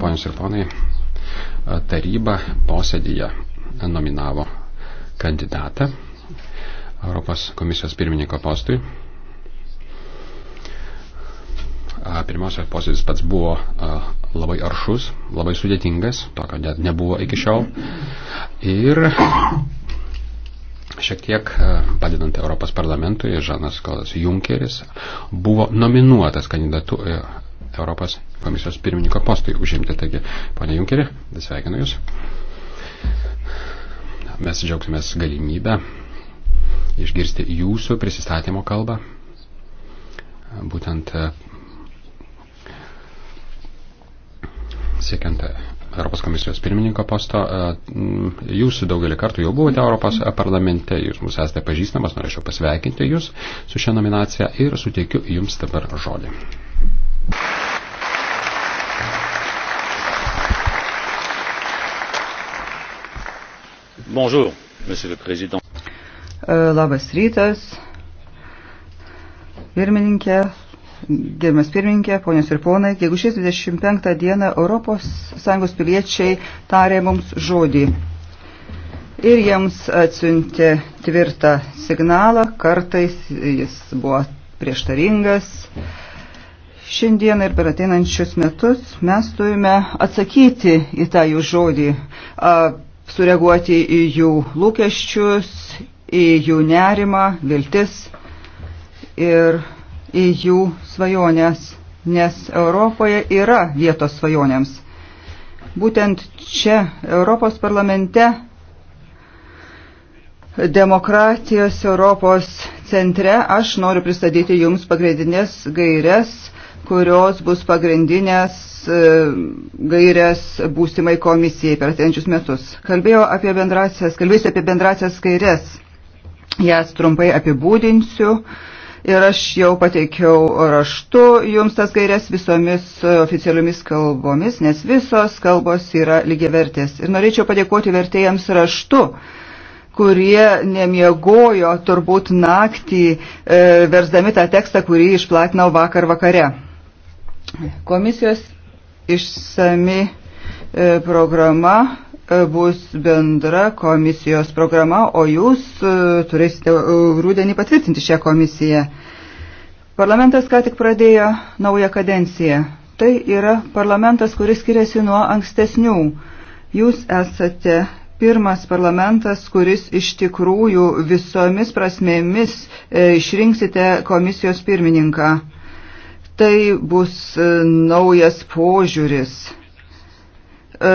Ponios ir ponai, taryba posėdėje nominavo kandidatą Europos komisijos pirmininko postui. Pirmiausia, posėdis pats buvo labai aršus, labai sudėtingas, tokio net nebuvo iki šiol. Ir šiek tiek padedant Europos parlamentui, Žanas Kolas Junkeris buvo nominuotas kandidatu e, Europos komisijos pirmininko postui užimti. Taigi, ponė Junkerį, sveikinu Jūs. Mes džiaugsimės galimybę išgirsti Jūsų prisistatymo kalbą. Būtent siekiant Europos komisijos pirmininko posto. Jūs daugelį kartų jau buvote Europos parlamente, jūs mūsų esate pažįstamas, norėčiau pasveikinti jūs su šia nominacija ir suteikiu jums dabar žodį. Bonjour, monsieur le président. E, labas rytas, pirmininkė, Gerbiamas pirmininkė, ponios ir ponai, gegužės 25 dieną ES piliečiai tarė mums žodį. Ir jiems atsiuntė tvirtą signalą, kartais jis buvo prieštaringas, Šiandien ir per ateinančius metus mes turime atsakyti į tą jų žodį, sureaguoti į jų lūkesčius, į jų nerimą, viltis ir į jų svajonės, nes Europoje yra vietos svajonėms. Būtent čia, Europos parlamente, demokratijos Europos centre, aš noriu pristatyti Jums pagrindinės gairias kurios bus pagrindinės e, gairias būsimai komisijai per atenčius metus. Kalbėjau apie bendrasias, kalbėsiu apie bendrasias gairias. Jas trumpai apibūdinsiu ir aš jau pateikiau raštu jums tas gairias visomis oficialiomis kalbomis, nes visos kalbos yra lygiavertės. Ir norėčiau padėkoti vertėjams raštu kurie nemiegojo turbūt naktį e, versdami tą tekstą, kurį išplatinau vakar vakare. Komisijos išsami e, programa e, bus bendra komisijos programa, o jūs e, turėsite rūdienį patvirtinti šią komisiją. Parlamentas ką tik pradėjo naują kadenciją. Tai yra parlamentas, kuris skiriasi nuo ankstesnių. Jūs esate pirmas parlamentas, kuris iš tikrųjų visomis prasmėmis išrinksite komisijos pirmininką tai bus e, naujas požiūris. E,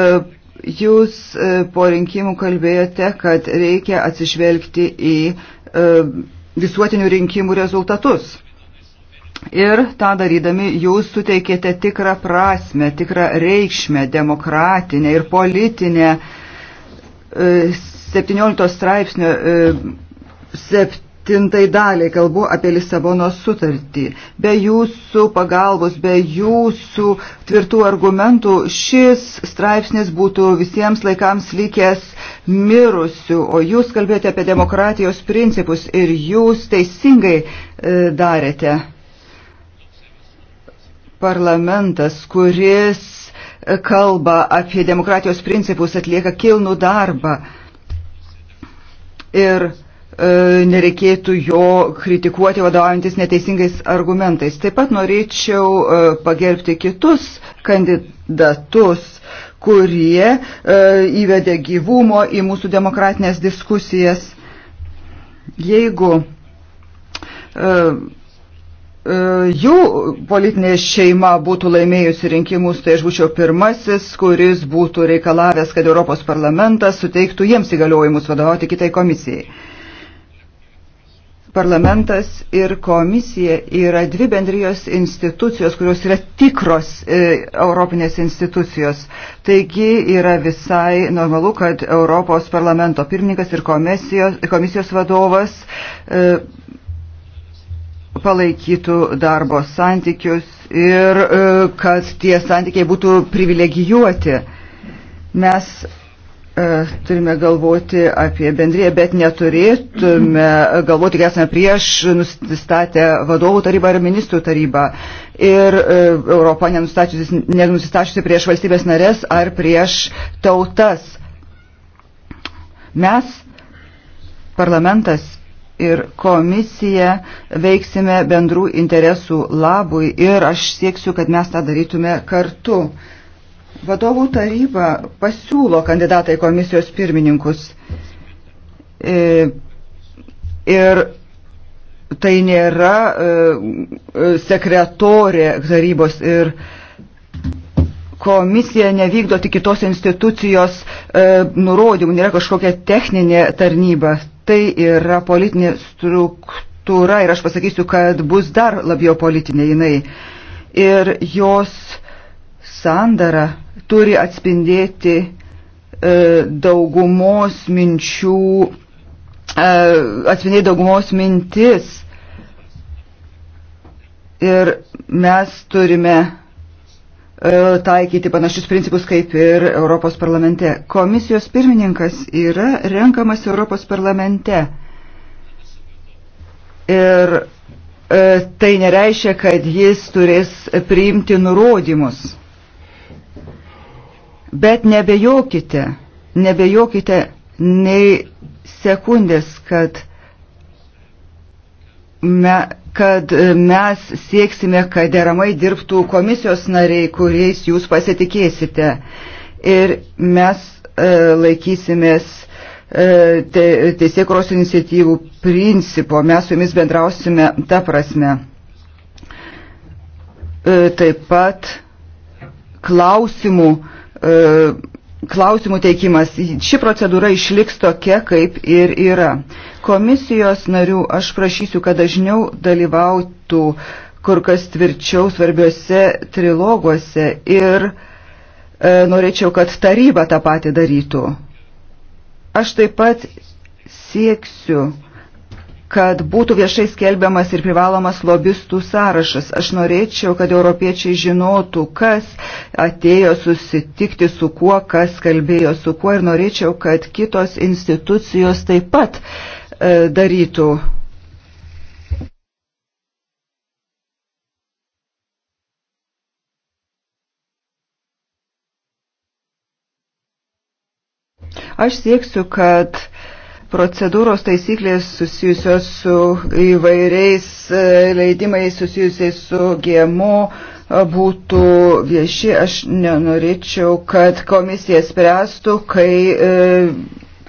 jūs e, po rinkimų kalbėjote, kad reikia atsižvelgti į visuotinių rinkimų rezultatus. Ir tą darydami jūs suteikėte tikrą prasme, tikrą reikšmę demokratinę ir politinę 17 straipsnio 7 septintai daliai kalbu apie Lisabonos sutartį. Be jūsų pagalbos, be jūsų tvirtų argumentų šis straipsnis būtų visiems laikams likęs mirusių, o jūs kalbėjote apie demokratijos principus ir jūs teisingai e, darėte. Parlamentas, kuris e, kalba apie demokratijos principus, atlieka kilnų darbą. Ir E, nereikėtų jo kritikuoti vadovaujantis neteisingais argumentais. Taip pat norėčiau e, pagerbti kitus kandidatus, kurie e, įvedė gyvumo į mūsų demokratinės diskusijas. Jeigu jų politinė šeima būtų laimėjusi rinkimus, tai aš būčiau pirmasis, kuris būtų reikalavęs, kad Europos parlamentas suteiktų jiems įgaliojimus vadovauti kitai komisijai. Parlamentas ir komisija yra dvi bendrijos institucijos, kurios yra tikros e, europinės institucijos. Taigi yra visai normalu, kad Europos parlamento pirmininkas ir komisijos, komisijos vadovas e, palaikytų darbo santykius ir e, kad tie santykiai būtų privilegijuoti. Mes E, turime galvoti apie bendriją, bet neturėtume galvoti, kad esame prieš nusistatę vadovų tarybą ar ministrų tarybą. Ir e, Europa nenusistačiusi prieš valstybės narės ar prieš tautas. Mes, parlamentas ir komisija, veiksime bendrų interesų labui ir aš sieksiu, kad mes tą darytume kartu. Vadovų taryba pasiūlo kandidatą į komisijos pirmininkus. E, ir tai nėra e, sekretorė tarybos ir komisija nevykdo tik kitos institucijos e, nurodymų, nėra kažkokia techninė tarnyba. Tai yra politinė struktūra ir aš pasakysiu, kad bus dar labiau politinė jinai. Ir jos sandara turi atspindėti e, daugumos minčių, e, atspindėti daugumos mintis. Ir mes turime e, taikyti panašius principus kaip ir Europos parlamente. Komisijos pirmininkas yra renkamas Europos parlamente. Ir e, tai nereiškia, kad jis turės priimti nurodymus. Bet nebejokite, nebejokite nei sekundės, kad, me, kad e, mes sieksime, kad deramai dirbtų komisijos nariai, kuriais jūs pasitikėsite. Ir mes e, laikysimės e, te, teisėkros iniciatyvų principo, mes su jumis bendrausime tą prasme. E, taip pat klausimų, e, E, klausimų teikimas. Ši procedūra išliks tokia, kaip ir yra. Komisijos narių aš prašysiu, kad dažniau dalyvautų kur kas tvirčiau svarbiuose triloguose ir e, norėčiau, kad taryba tą patį darytų. Aš taip pat sieksiu kad būtų viešai skelbiamas ir privalomas lobistų sąrašas. Aš norėčiau, kad europiečiai žinotų, kas atėjo susitikti su kuo, kas kalbėjo su kuo ir norėčiau, kad kitos institucijos taip pat e, darytų. Aš sieksiu, kad Procedūros taisyklės susijusios su įvairiais e, leidimais susijusiais su GMO e, būtų vieši. Aš nenorėčiau, kad komisija spręstų, kai e,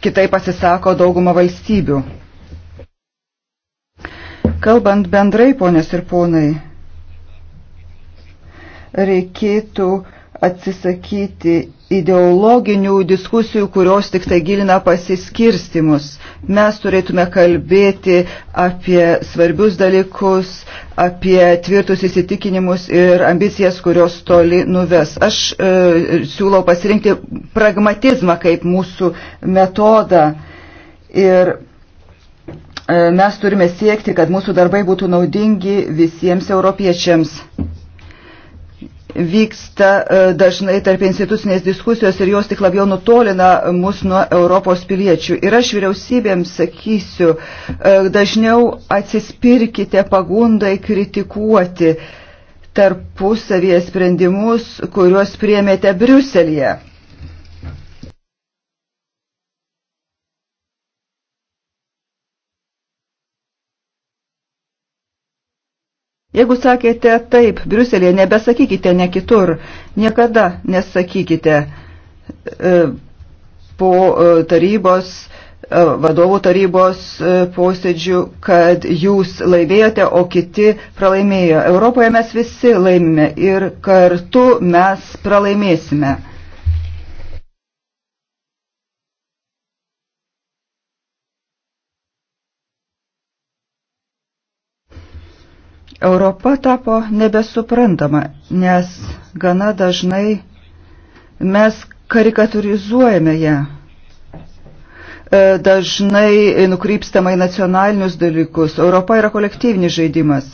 kitai pasisako dauguma valstybių. Kalbant bendrai, ponės ir ponai, reikėtų e, atsisakyti ideologinių diskusijų, kurios tik tai gilina pasiskirstimus. Mes turėtume kalbėti apie svarbius dalykus, apie tvirtus įsitikinimus ir ambicijas, kurios toli nuves. Aš e, siūlau pasirinkti pragmatizmą kaip mūsų metodą. Ir e, mes turime siekti, kad mūsų darbai būtų naudingi visiems europiečiams vyksta e, dažnai tarp institucinės diskusijos ir jos tik labiau nutolina mus nuo Europos piliečių. Ir aš vyriausybėms sakysiu, e, dažniau atsispirkite pagundai kritikuoti tarpusavėje sprendimus, kuriuos priemėte Briuselėje. Jeigu sakėte taip, Briuselėje nebesakykite ne kitur, niekada nesakykite e, po e, tarybos, e, vadovų tarybos e, posėdžių, kad jūs laimėjote, o kiti pralaimėjo. Europoje mes visi laimime ir kartu mes pralaimėsime. Europa tapo nebesuprantama, nes gana dažnai mes karikaturizuojame ją. E, dažnai nukrypstama į nacionalinius dalykus. Europa yra kolektyvinis žaidimas.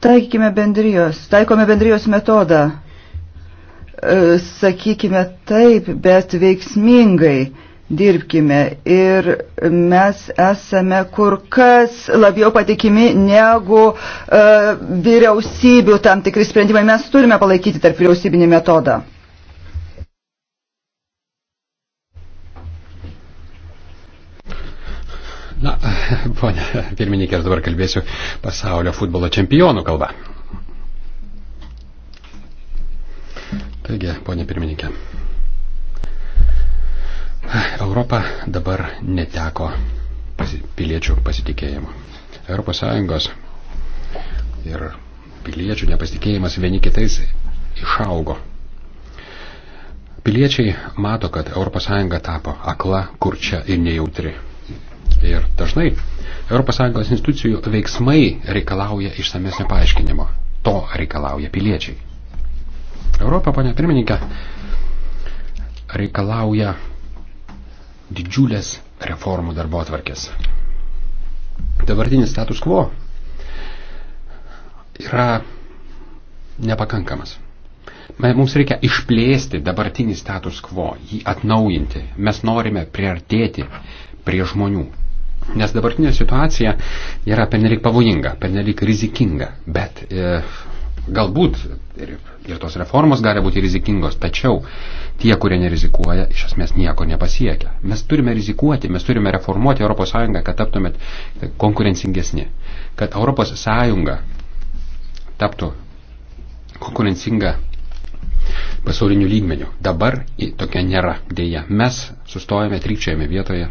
Taikime bendrijos, taikome bendrijos metodą. E, sakykime taip, bet veiksmingai dirbkime ir mes esame kur kas labiau patikimi negu uh, vyriausybių tam tikri sprendimai. Mes turime palaikyti tarp vyriausybinį metodą. Na, ponia pirmininkė, aš dabar kalbėsiu pasaulio futbolo čempionų kalbą. Taigi, ponia pirmininkė. Europa dabar neteko pasi, piliečių pasitikėjimo. ES ir piliečių nepasitikėjimas vieni kitais išaugo. Piliečiai mato, kad ES tapo akla, kurčia ir nejautri. Ir dažnai ES institucijų veiksmai reikalauja išsamesnio paaiškinimo. To reikalauja piliečiai. Europa, ponia pirmininkė, reikalauja didžiulės reformų darbo atvarkės. Dabartinis status quo yra nepakankamas. Mums reikia išplėsti dabartinį status quo, jį atnaujinti. Mes norime priartėti prie žmonių. Nes dabartinė situacija yra pernelik pavojinga, pernelik rizikinga, bet e, Galbūt ir, ir tos reformos gali būti rizikingos, tačiau tie, kurie nerizikuoja, iš esmės nieko nepasiekia. Mes turime rizikuoti, mes turime reformuoti ES, kad taptumėt konkurencingesni, kad ES taptų konkurencinga pasauliniu lygmeniu. Dabar tokia nėra dėja. Mes sustojame, trykčiajame vietoje.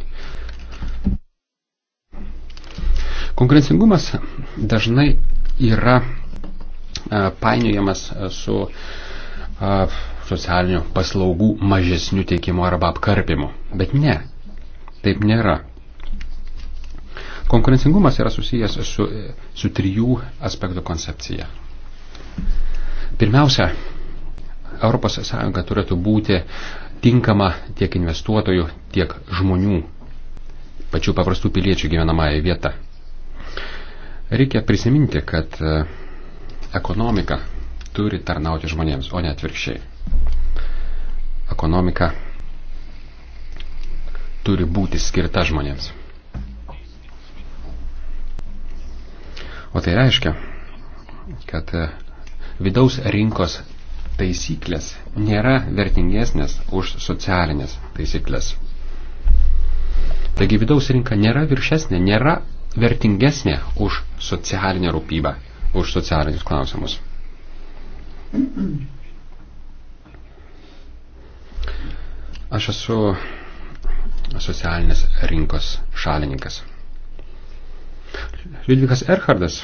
Konkurencingumas dažnai yra painiojamas su socialinių paslaugų mažesnių teikimo arba apkarpimu. Bet ne, taip nėra. Konkurencingumas yra susijęs su, su trijų aspektų koncepcija. Pirmiausia, ES turėtų būti tinkama tiek investuotojų, tiek žmonių, pačių paprastų piliečių gyvenamąją vietą. Reikia prisiminti, kad ekonomika turi tarnauti žmonėms, o ne atvirkščiai. Ekonomika turi būti skirta žmonėms. O tai reiškia, kad e, vidaus rinkos taisyklės nėra vertingesnės už socialinės taisyklės. Taigi vidaus rinka nėra viršesnė, nėra vertingesnė už socialinę rūpybą už socialinius klausimus. Aš esu socialinės rinkos šalininkas. Liudvikas Erhardas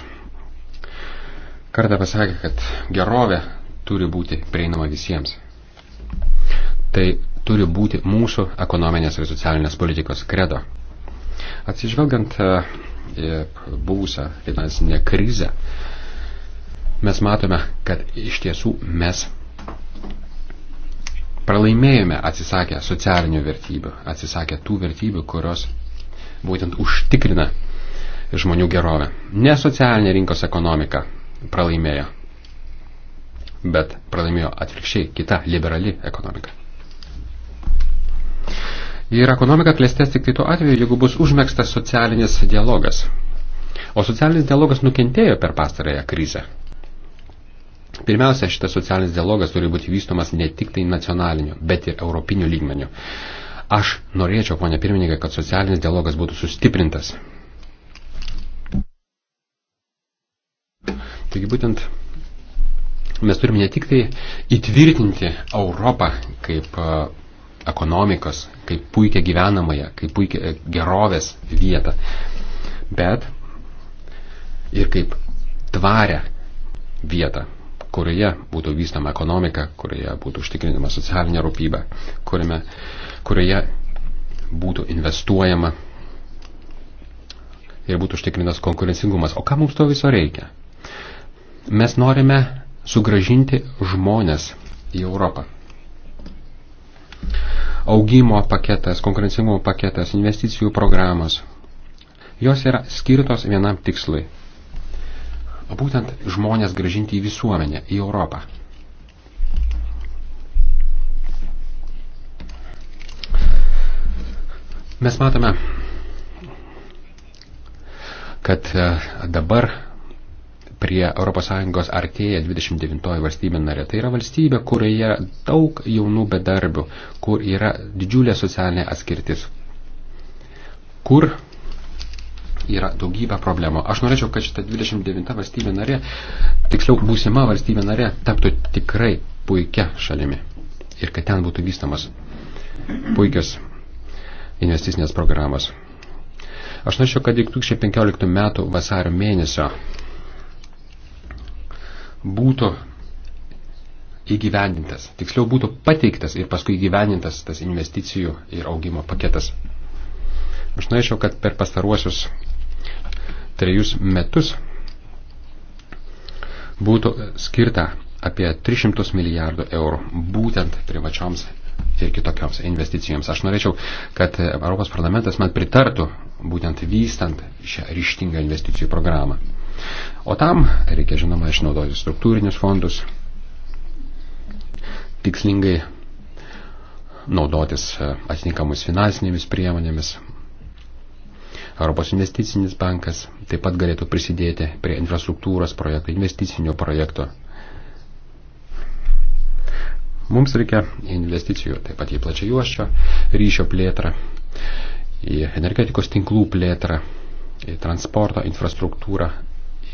kartą pasakė, kad gerovė turi būti prieinama visiems. Tai turi būti mūsų ekonominės ir socialinės politikos kredo. Atsižvelgiant e, į buvusią finansinę krizę, mes matome, kad iš tiesų mes pralaimėjome atsisakę socialinių vertybių, atsisakę tų vertybių, kurios būtent užtikrina žmonių gerovę. Ne socialinė rinkos ekonomika pralaimėjo, bet pralaimėjo atvirkščiai kita liberali ekonomika. Ir ekonomika klestės tik tai tuo atveju, jeigu bus užmėgstas socialinis dialogas. O socialinis dialogas nukentėjo per pastarąją krizę. Pirmiausia, šitas socialinis dialogas turi būti vystomas ne tik tai nacionaliniu, bet ir europiniu lygmeniu. Aš norėčiau, ponia pirmininkė, kad socialinis dialogas būtų sustiprintas. Taigi būtent mes turime ne tik tai įtvirtinti Europą kaip e, ekonomikos, kaip puikia gyvenamąją, kaip puikia e, gerovės vietą, bet ir kaip tvarę vietą, kurioje būtų vystama ekonomika, kurioje būtų užtikrinama socialinė rūpyba, kuriame, kurioje būtų investuojama ir būtų užtikrintas konkurencingumas. O ką mums to viso reikia? Mes norime sugražinti žmonės į Europą. Augimo paketas, konkurencingumo paketas, investicijų programos. Jos yra skirtos vienam tikslui būtent žmonės gražinti į visuomenę, į Europą. Mes matome, kad e, dabar prie ES artėja 29 valstybė narė. Tai yra valstybė, kurioje yra daug jaunų bedarbių, kur yra didžiulė socialinė atskirtis, kur yra daugybė problemų. Aš norėčiau, kad šita 29 valstybė narė, tiksliau būsima valstybė narė, taptų tikrai puikia šalimi. Ir kad ten būtų vystamas puikios investicinės programos. Aš norėčiau, kad 2015 metų vasario mėnesio būtų įgyvendintas, tiksliau būtų pateiktas ir paskui įgyvendintas tas investicijų ir augimo paketas. Aš norėčiau, kad per pastaruosius trejus metus būtų skirta apie 300 milijardų eurų būtent privačioms ir kitokioms investicijoms. Aš norėčiau, kad Europos parlamentas man pritartų būtent vystant šią ryštingą investicijų programą. O tam reikia, žinoma, išnaudoti struktūrinius fondus, tikslingai naudotis atitinkamus finansinėmis priemonėmis, Europos investicinis bankas taip pat galėtų prisidėti prie infrastruktūros projektų, investicinio projekto. Mums reikia investicijų taip pat į plačią juoščio ryšio plėtrą, į energetikos tinklų plėtrą, į transporto infrastruktūrą,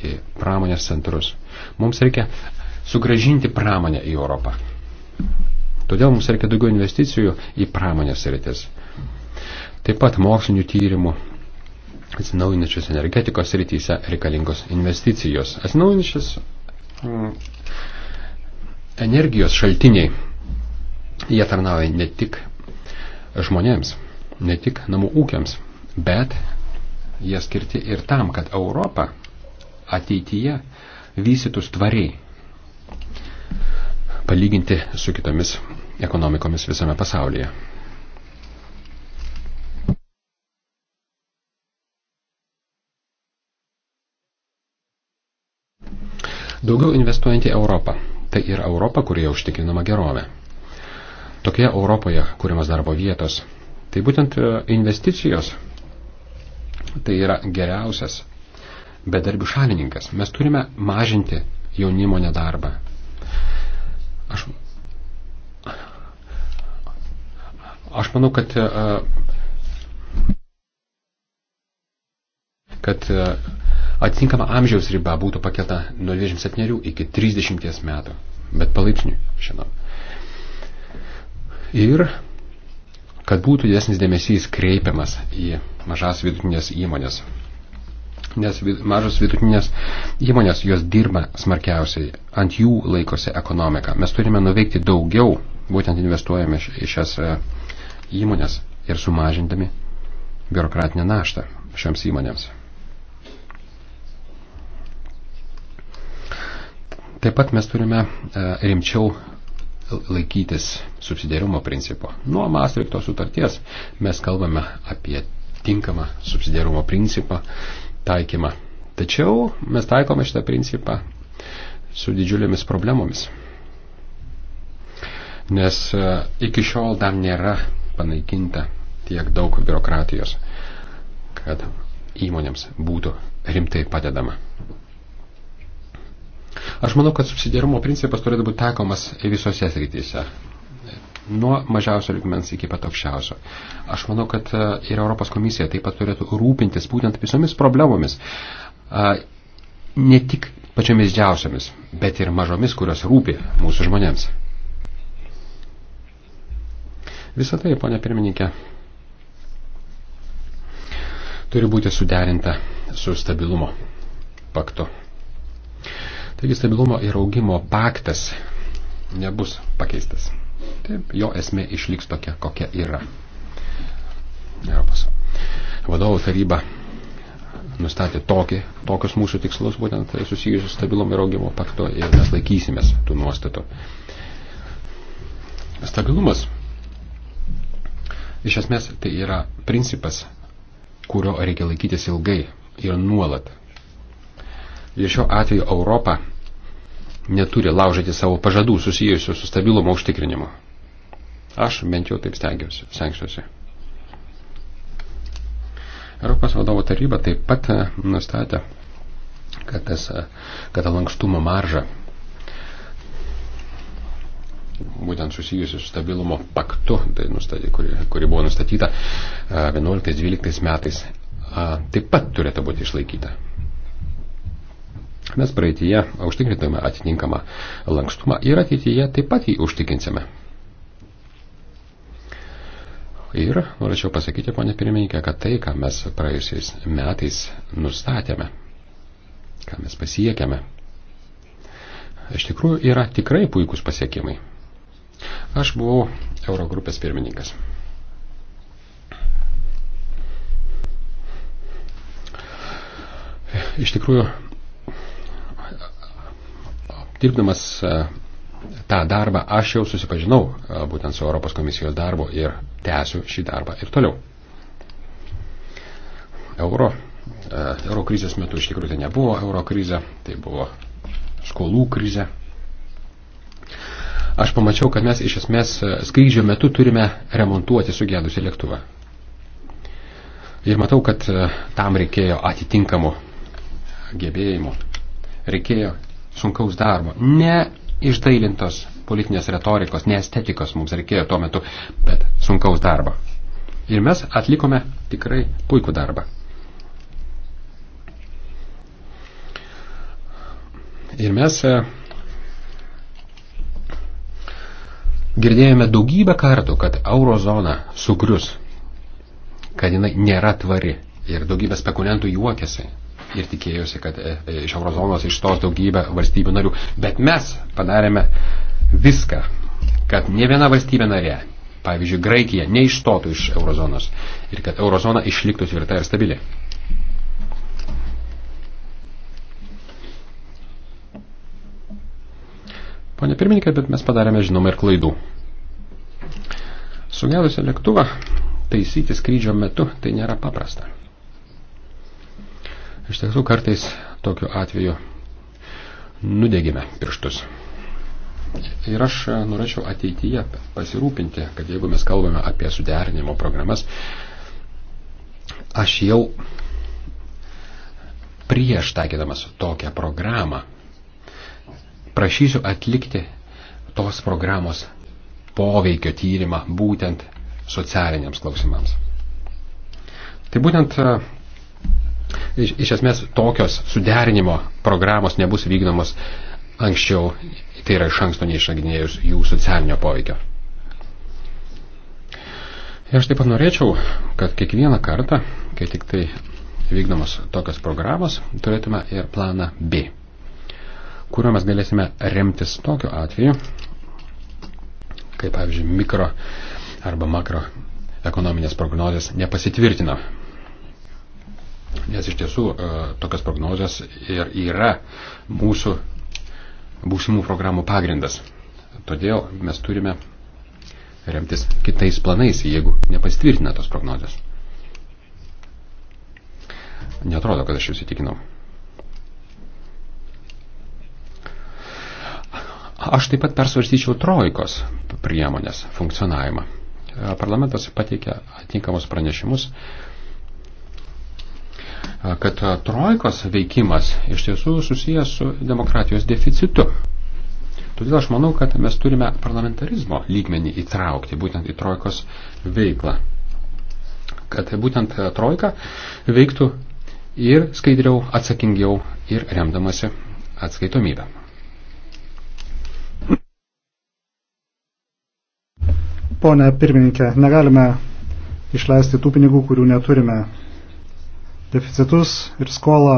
į pramonės centrus. Mums reikia sugražinti pramonę į Europą. Todėl mums reikia daugiau investicijų į pramonės rytis. Taip pat mokslinių tyrimų, atsinaujinančios energetikos rytyse reikalingos investicijos. Atsinaujinančios mm, energijos šaltiniai, jie tarnauja ne tik žmonėms, ne tik namų ūkiams, bet jie skirti ir tam, kad Europa ateityje vystytus tvariai, palyginti su kitomis ekonomikomis visame pasaulyje. Daugiau investuojant į Europą. Tai yra Europa, kurioje užtikrinama gerovė. Tokioje Europoje kūrimas darbo vietos. Tai būtent e, investicijos tai yra geriausias bedarbių šalininkas. Mes turime mažinti jaunimo nedarbą. Aš, aš manau, kad, e, e, kad atitinkama amžiaus riba būtų pakelta nuo 27 iki 30 metų, bet palaipsniui, žinoma. Ir kad būtų didesnis dėmesys kreipiamas į mažas vidutinės įmonės. Nes vid, mažos vidutinės įmonės, jos dirba smarkiausiai, ant jų laikosi ekonomika. Mes turime nuveikti daugiau, būtent investuojame į šias e, įmonės ir sumažindami biurokratinę naštą šioms įmonėms. Taip pat mes turime e, rimčiau laikytis subsidiarumo principo. Nuo Maastrichto sutarties mes kalbame apie tinkamą subsidiarumo principą taikymą. Tačiau mes taikome šitą principą su didžiulėmis problemomis. Nes e, iki šiol dar nėra panaikinta tiek daug biurokratijos, kad įmonėms būtų rimtai padedama. Aš manau, kad subsidiarumo principas turėtų būti taikomas visose srityse. Nuo mažiausio lygmens iki pat aukščiausio. Aš manau, kad e, ir Europos komisija taip pat turėtų rūpintis būtent visomis problemomis. E, ne tik pačiomis didžiausiamis, bet ir mažomis, kurios rūpi mūsų žmonėms. Visą tai, ponia pirmininkė, turi būti suderinta su stabilumo paktu. Taigi stabilumo ir augimo paktas nebus pakeistas. Taip, jo esmė išliks tokia, kokia yra. Europos vadovų taryba nustatė tokį, tokius mūsų tikslus, būtent tai susijusius stabilumo ir augimo pakto ir mes laikysimės tų nuostatų. Stabilumas iš esmės tai yra principas, kurio reikia laikytis ilgai ir nuolat. Ir šiuo atveju Europa neturi laužyti savo pažadų susijusių su stabilumo užtikrinimu. Aš bent jau taip stengiuosi, stengsiuosi. Europos vadovo taryba taip pat e, nustatė, kad, tas, e, kad ta lankstumo marža, būtent susijusi su stabilumo paktu, tai nustatė, kuri, kuri buvo nustatyta 11-12 e, metais, taip pat turėtų būti išlaikyta. Mes praeitie užtikrintume atitinkamą lankstumą ir ateityje taip pat jį užtikrinsime. Ir norėčiau pasakyti, ponė pirmininkė, kad tai, ką mes praėjusiais metais nustatėme, ką mes pasiekėme, iš tikrųjų yra tikrai puikūs pasiekimai. Aš buvau Eurogrupės pirmininkas. Iš tikrųjų, Dirbdamas e, tą darbą aš jau susipažinau e, būtent su Europos komisijos darbu ir tęsiu šį darbą ir toliau. Euro, e, euro krizės metu iš tikrųjų tai nebuvo euro krizė, tai buvo skolų krizė. Aš pamačiau, kad mes iš esmės skrydžio metu turime remontuoti sugedusią lėktuvą. Ir matau, kad tam reikėjo atitinkamų gebėjimų. Reikėjo sunkaus darbo, ne išdailintos politinės retorikos, ne estetikos mums reikėjo tuo metu, bet sunkaus darbo. Ir mes atlikome tikrai puikų darbą. Ir mes e, girdėjome daugybę kartų, kad eurozona sugrius, kad jinai nėra tvari. Ir daugybė spekuliantų juokiasi, ir tikėjosi, kad e, e, iš eurozonos išstos daugybę valstybių narių. Bet mes padarėme viską, kad ne viena valstybė narė, pavyzdžiui, Graikija, neišstotų iš eurozonos ir kad eurozona išliktų tvirta ir stabili. Pone pirmininkė, bet mes padarėme žinoma ir klaidų. Sugedusią lėktuvą taisyti skrydžio metu tai nėra paprasta. Iš tiesų kartais tokiu atveju nudegime pirštus. Ir aš norėčiau ateityje pasirūpinti, kad jeigu mes kalbame apie suderinimo programas, aš jau prieš taikydamas tokią programą prašysiu atlikti tos programos poveikio tyrimą būtent socialiniams klausimams. Tai būtent iš, iš esmės tokios suderinimo programos nebus vykdomos anksčiau, tai yra iš anksto neišnagrinėjus jų socialinio poveikio. Ir aš taip pat norėčiau, kad kiekvieną kartą, kai tik tai vykdomos tokios programos, turėtume ir planą B, kuriuo mes galėsime remtis tokiu atveju, kaip pavyzdžiui mikro arba makro ekonominės prognozės nepasitvirtina Nes iš tiesų e, tokios prognozijos ir yra mūsų būsimų programų pagrindas. Todėl mes turime remtis kitais planais, jeigu nepastvirtina tos prognozijos. Netrodo, kad aš jūs įtikinau. Aš taip pat persvarstyčiau trojkos priemonės funkcionavimą. Parlamentas pateikė atitinkamus pranešimus kad trojkos veikimas iš tiesų susijęs su demokratijos deficitu. Todėl aš manau, kad mes turime parlamentarizmo lygmenį įtraukti būtent į trojkos veiklą. Kad būtent trojka veiktų ir skaidriau, atsakingiau ir remdamasi atskaitomybę. Pone pirmininkė, negalime išleisti tų pinigų, kurių neturime deficitus ir skolą.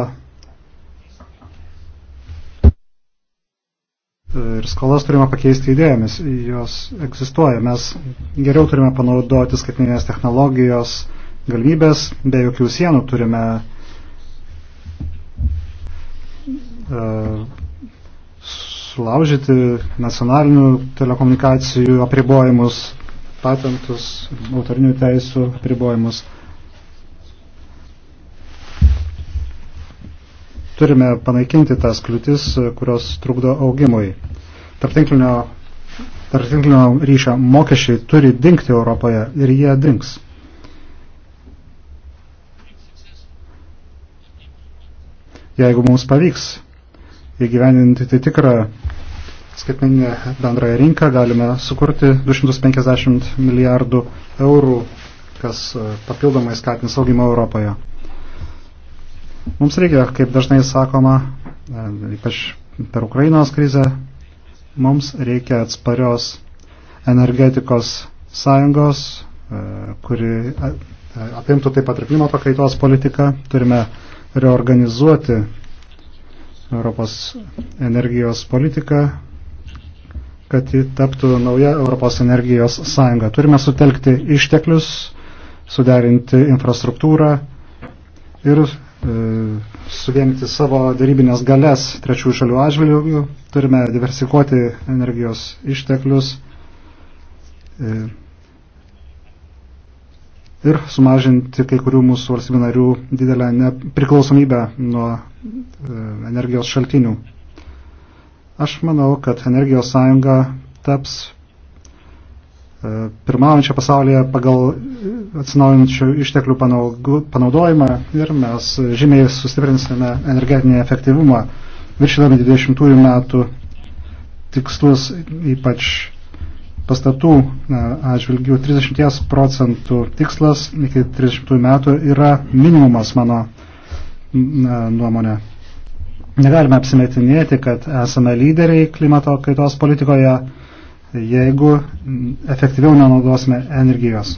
Ir skolas turime pakeisti idėjomis, jos egzistuoja. Mes geriau turime panaudoti skaitminės technologijos galimybės, be jokių sienų turime uh, sulaužyti nacionalinių telekomunikacijų apribojimus, patentus, autorinių teisų apribojimus. Uh, Turime panaikinti tas kliūtis, kurios trukdo augimui. Tarptinklinio, tarptinklinio ryšio mokesčiai turi dinkti Europoje ir jie dinks. Jeigu mums pavyks įgyveninti tai tikrą skaitmeninę bendrąją rinką, galime sukurti 250 milijardų eurų, kas papildomai skatins augimą Europoje. Mums reikia, kaip dažnai sakoma, e, ypač per Ukrainos krizę, mums reikia atsparios energetikos sąjungos, e, kuri apimtų taip pat ir klimato kaitos politiką. Turime reorganizuoti Europos energijos politiką, kad ji taptų nauja Europos energijos sąjunga. Turime sutelkti išteklius, suderinti infrastruktūrą ir E, suvienyti savo darybinės galės trečiųjų šalių atžvilgių, turime diversikuoti energijos išteklius e, ir sumažinti kai kurių mūsų valstybių narių didelę priklausomybę nuo e, energijos šaltinių. Aš manau, kad energijos sąjunga taps E, pirmaujančią pasaulyje pagal atsinaujinančių išteklių panaudojimą ir mes žymiai sustiprinsime energetinį efektyvumą, viršydami 20 metų tikslus, ypač pastatų e, atžvilgių 30 procentų tikslas iki 30 metų yra minimumas mano e, nuomonė. Negalime apsimetinėti, kad esame lyderiai klimato kaitos politikoje jeigu efektyviau nenaudosime energijos.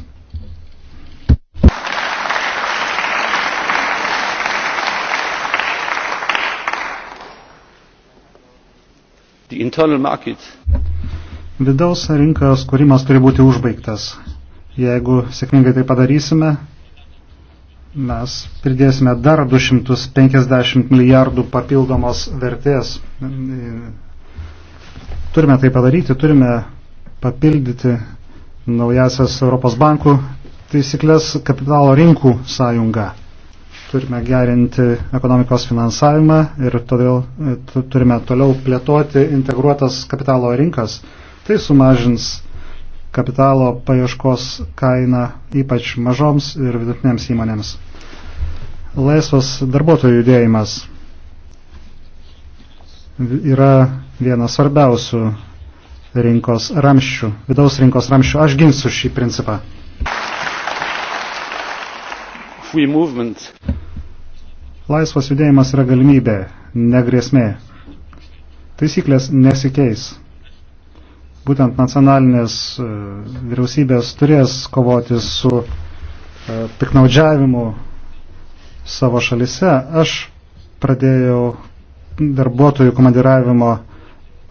Vidaus rinkos kūrimas turi būti užbaigtas. Jeigu sėkmingai tai padarysime, mes pridėsime dar 250 milijardų papildomos vertės Turime tai padaryti, turime papildyti naujasias Europos bankų taisyklės kapitalo rinkų sąjungą. Turime gerinti ekonomikos finansavimą ir todėl e, turime toliau plėtoti integruotas kapitalo rinkas. Tai sumažins kapitalo paieškos kainą ypač mažoms ir vidutinėms įmonėms. Laisvas darbuotojų judėjimas yra vienas svarbiausių rinkos ramščių, vidaus rinkos ramščių. Aš ginsiu šį principą. Laisvas judėjimas yra galimybė, negrėsmė. Taisyklės nesikeis. Būtent nacionalinės e, vyriausybės turės kovoti su e, piknaudžiavimu savo šalise. Aš pradėjau darbuotojų komandiravimo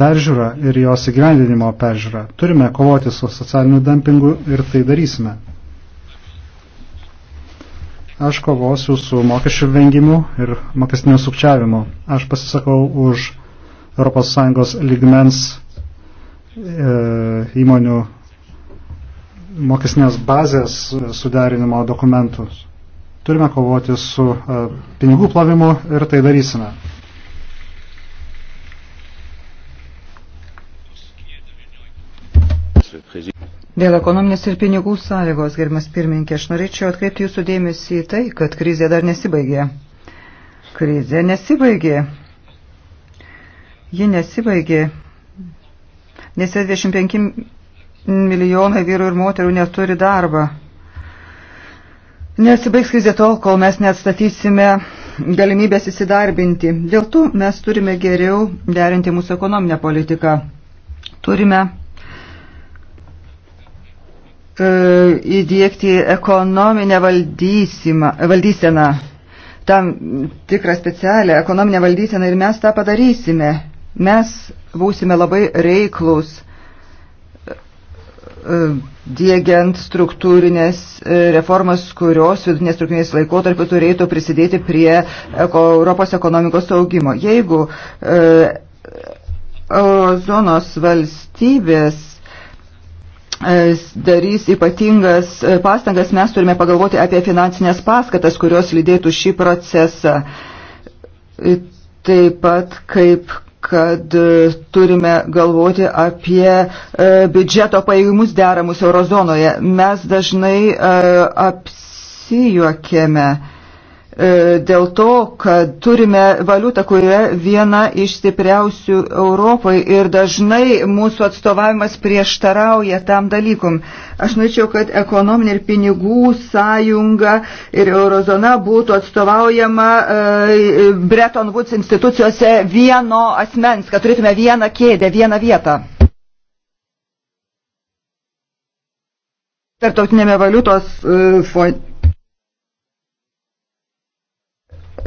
peržiūrą ir jos įgyvendinimo peržiūrą. Turime kovoti su socialiniu dumpingu ir tai darysime. Aš kovosiu su mokesčių vengimu ir mokestiniu sukčiavimu. Aš pasisakau už ES lygmens e, įmonių mokesnės bazės suderinimo dokumentus. Turime kovoti su e, pinigų plovimu ir tai darysime. Dėl ekonominės ir pinigų sąlygos, gerbimas pirmininkė, aš norėčiau atkreipti jūsų dėmesį į tai, kad krizė dar nesibaigė. Krizė nesibaigė. Ji nesibaigė, nes 25 milijonai vyrų ir moterų neturi darbą. Nesibaigs krizė tol, kol mes neatstatysime galimybės įsidarbinti. Dėl to mes turime geriau derinti mūsų ekonominę politiką. Turime E, įdėkti ekonominę valdyseną, tam tikrą specialią ekonominę valdyseną ir mes tą padarysime. Mes būsime labai reiklus e, dėgiant struktūrinės e, reformas, kurios vidutinės struktūrinės laikotarpiu turėtų prisidėti prie Europos ekonomikos augimo. Jeigu eurozonos valstybės E, darys ypatingas e, pastangas, mes turime pagalvoti apie finansinės paskatas, kurios lydėtų šį procesą. E, taip pat kaip kad turime galvoti apie biudžeto pajėgumus deramus eurozonoje. Mes dažnai apsijuokėme E, dėl to, kad turime valiutą, kurioje viena iš stipriausių Europoje ir dažnai mūsų atstovavimas prieštarauja tam dalykum. Aš norėčiau, kad ekonominė ir pinigų sąjunga ir eurozona būtų atstovaujama e, Bretton Woods institucijose vieno asmens, kad turėtume vieną kėdę, vieną vietą. Tartautinėme valiutos e, fonde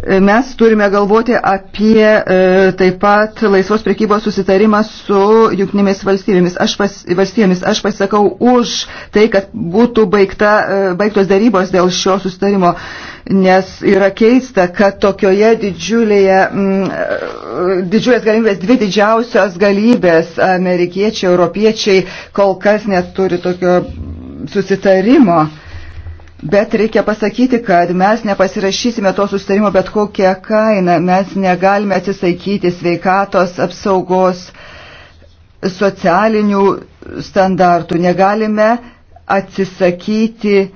Mes turime galvoti apie e, taip pat laisvos prekybos susitarimą su jungtinėmis valstybėmis. Aš, pas, valstybėmis. aš pasisakau už tai, kad būtų baigta, e, baigtos darybos dėl šio susitarimo, nes yra keista, kad tokioje didžiulėje, m, e, didžiulės galimybės, dvi didžiausios galimybės amerikiečiai, europiečiai kol kas neturi tokio susitarimo. Bet reikia pasakyti, kad mes nepasirašysime to sustarimo bet kokią kainą. Mes negalime atsisakyti sveikatos apsaugos socialinių standartų. Negalime atsisakyti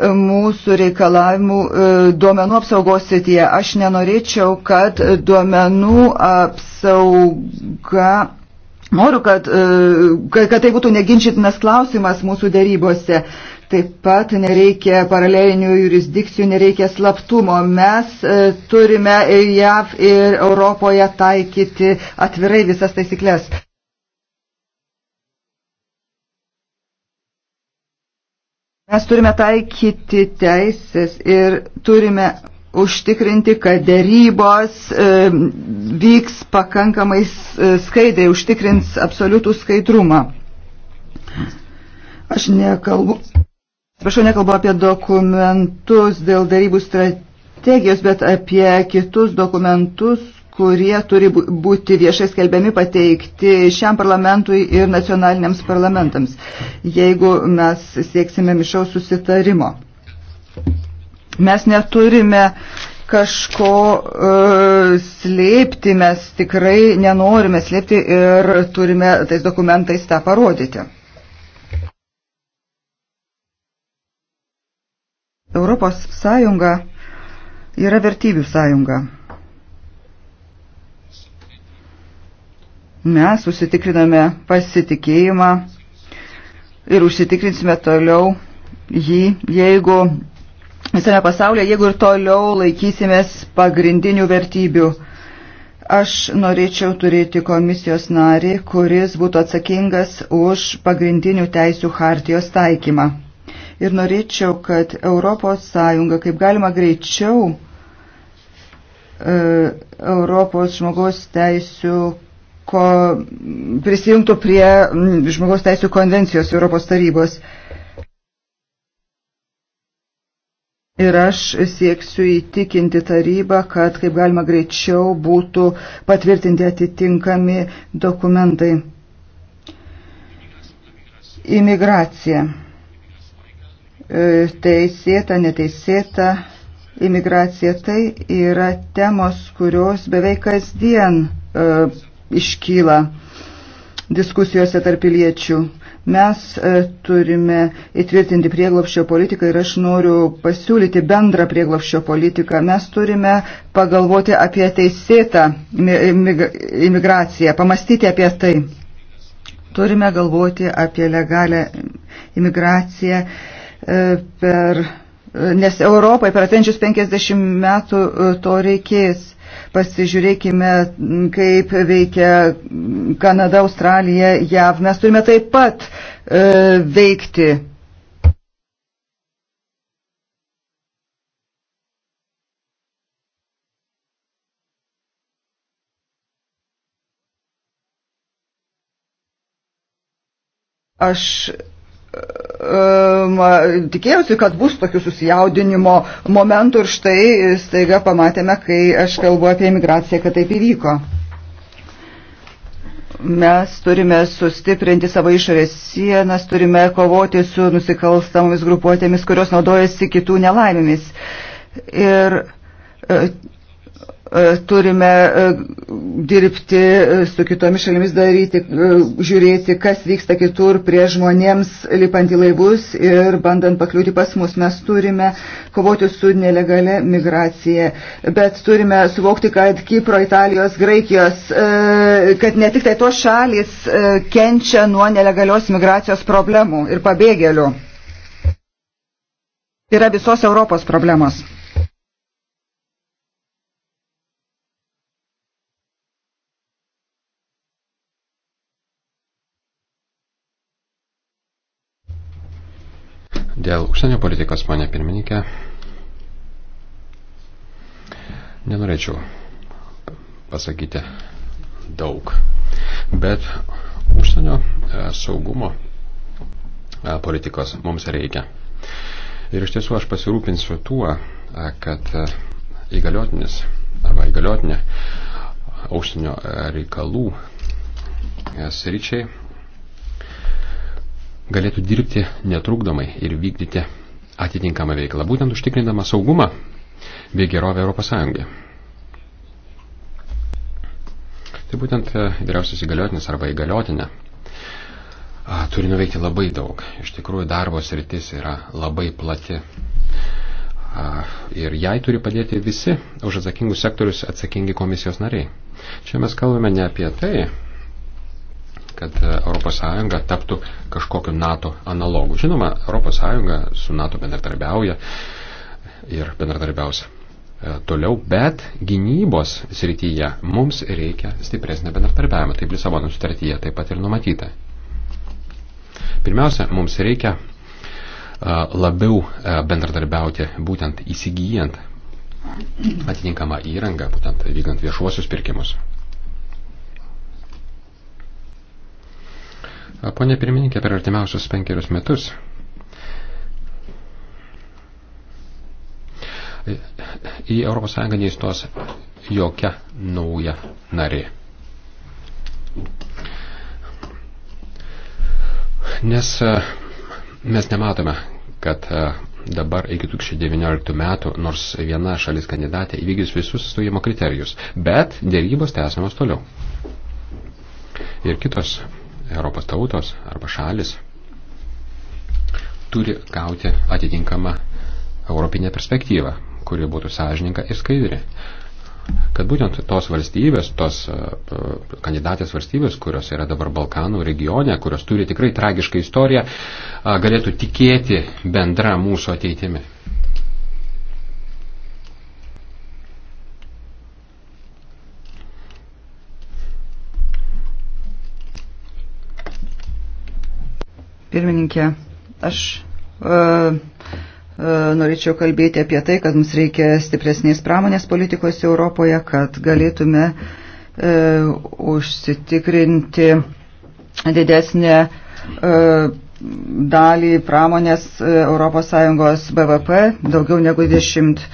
mūsų reikalavimų e, duomenų apsaugos srityje. Aš nenorėčiau, kad duomenų apsauga. Noriu, kad, e, kad tai būtų neginčytinas klausimas mūsų darybose. Taip pat nereikia paralelinių jurisdikcijų, nereikia slaptumo. Mes e, turime ir JAV, ir Europoje taikyti atvirai visas taisyklės. Mes turime taikyti teisės ir turime užtikrinti, kad dėrybos e, vyks pakankamai e, skaidriai, užtikrins absoliutų skaidrumą. Aš nekalbu Atsiprašau, nekalbu apie dokumentus dėl darybų strategijos, bet apie kitus dokumentus, kurie turi būti viešai skelbiami pateikti šiam parlamentui ir nacionaliniams parlamentams, jeigu mes sieksime mišaus susitarimo. Mes neturime kažko uh, slėpti, mes tikrai nenorime slėpti ir turime tais dokumentais tą parodyti. Europos sąjunga yra vertybių sąjunga. Mes susitikriname pasitikėjimą ir užsitikrinsime toliau jį, jeigu visame pasaulyje, jeigu ir toliau laikysimės pagrindinių vertybių. Aš norėčiau turėti komisijos narį, kuris būtų atsakingas už pagrindinių teisių hartijos taikymą ir norėčiau, kad ES kaip galima greičiau e, Europos žmogaus teisų ko, prisijungtų prie žmogaus teisų konvencijos Europos tarybos. Ir aš sieksiu įtikinti tarybą, kad kaip galima greičiau būtų patvirtinti atitinkami dokumentai. Imigracija. E, teisėta, neteisėta imigracija. Tai yra temos, kurios beveik kasdien e, iškyla diskusijose tarp piliečių. Mes e, turime įtvirtinti prieglopščio politiką ir aš noriu pasiūlyti bendrą prieglopščio politiką. Mes turime pagalvoti apie teisėtą imigraciją, pamastyti apie tai. Turime galvoti apie legalę imigraciją E, per, e, nes Europai per atenčius 50 metų e, to reikės. Pasižiūrėkime, kaip veikia Kanada, Australija, JAV. Mes turime taip pat e, veikti. Aš Ehm, tikėjausi, kad bus tokių susijaudinimo momentų ir štai staiga pamatėme, kai aš kalbu apie imigraciją, kad taip įvyko. Mes turime sustiprinti savo išorės sienas, turime kovoti su nusikalstamomis grupuotėmis, kurios naudojasi kitų nelaimėmis. Ir e, E, turime e, dirbti e, su kitomis šalimis, daryti, žiūrėti, kas vyksta kitur prie žmonėms lipant į laivus ir bandant pakliūti pas mus. Mes turime kovoti su nelegale migracija, bet turime suvokti, kad Kipro, Italijos, Graikijos, kad ne tik tai tos šalis kenčia nuo nelegalios migracijos problemų ir pabėgėlių. Yra visos Europos problemos. Dėl užsienio politikos, ponė pirmininkė, nenorėčiau pasakyti daug, bet užsienio e, saugumo e, politikos mums reikia. Ir iš tiesų aš pasirūpinsiu tuo, e, kad įgaliotinis arba įgaliotinė užsienio reikalų sričiai galėtų dirbti netrukdomai ir vykdyti atitinkamą veiklą, būtent užtikrindama saugumą bei gerovę Europos Sąjungai. Tai būtent e, vyriausias įgaliotinis arba įgaliotinė turi nuveikti labai daug. Iš tikrųjų, darbo sritis yra labai plati. Ir jai turi padėti visi už atsakingus sektorius atsakingi komisijos nariai. Čia mes kalbame ne apie tai, kad ES taptų kažkokiu NATO analogu. Žinoma, ES su NATO bendradarbiauja ir bendradarbiausia e, toliau, bet gynybos srityje mums reikia stipresnio bendradarbiavimo. Taip Lisabono sutartyje taip pat ir numatyta. Pirmiausia, mums reikia e, labiau e, bendradarbiauti būtent įsigijant atitinkamą įrangą, būtent vykdant viešuosius pirkimus. Pone pirmininkė, per artimiausius penkerius metus į ES neįstos jokia nauja narė. Nes e, mes nematome, kad e, dabar iki 2019 metų nors viena šalis kandidatė įvykdys visus stojimo kriterijus, bet dėrybos tęsiamos toliau. Ir kitos Europos tautos arba šalis turi gauti atitinkamą europinę perspektyvą, kuri būtų sąžininga ir skaidri. Kad būtent tos valstybės, tos e, e, kandidatės valstybės, kurios yra dabar Balkanų regione, kurios turi tikrai tragišką istoriją, galėtų tikėti bendra mūsų ateitimi. Pirmininkė, aš uh, norėčiau kalbėti apie tai, kad mums reikia stipresnės pramonės politikos Europoje, kad galėtume e, užsitikrinti didesnę e, dalį pramonės ES BVP, daugiau negu 20 e,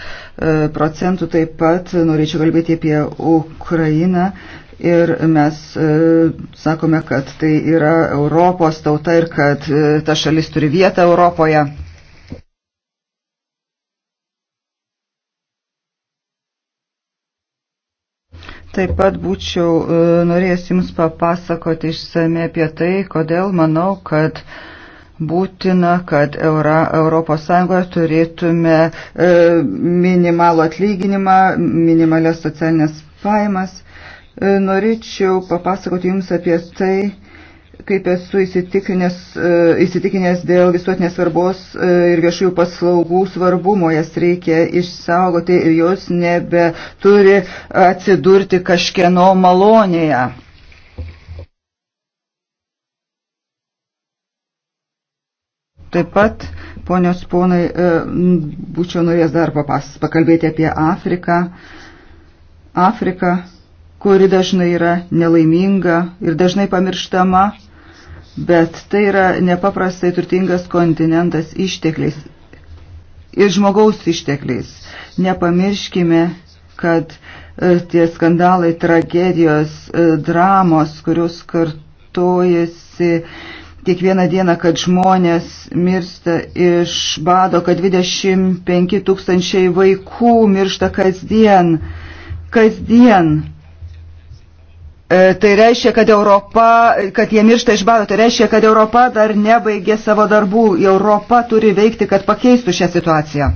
procentų. Taip pat norėčiau kalbėti apie Ukrainą. E, Ir mes e, sakome, kad tai yra Europos tauta ir kad e, ta šalis turi vietą Europoje. Taip pat būčiau e, norėjęs Jums papasakoti išsame apie tai, kodėl manau, kad būtina, kad Eura, Europos Sąjungoje turėtume e, minimalų atlyginimą, minimalės socialinės pajamas. E, norėčiau papasakoti Jums apie tai, kaip esu įsitikinęs, e, įsitikinęs dėl visuotinės svarbos e, ir viešųjų paslaugų svarbumo, jas reikia išsaugoti ir jos nebeturi atsidurti kažkieno malonėje. Taip pat, ponios ponai, būčiau norėjęs dar papas, pakalbėti apie Afriką. Afrika. Afrika kuri dažnai yra nelaiminga ir dažnai pamirštama, bet tai yra nepaprastai turtingas kontinentas ištekliais ir žmogaus ištekliais. Nepamirškime, kad e, tie skandalai, tragedijos, e, dramos, kurios kartojasi kiekvieną dieną, kad žmonės mirsta iš bado, kad 25 tūkstančiai vaikų miršta kasdien, kasdien E, tai reiškia, kad Europa, kad jie miršta iš bado, tai reiškia, kad Europa dar nebaigė savo darbų. Europa turi veikti, kad pakeistų šią situaciją.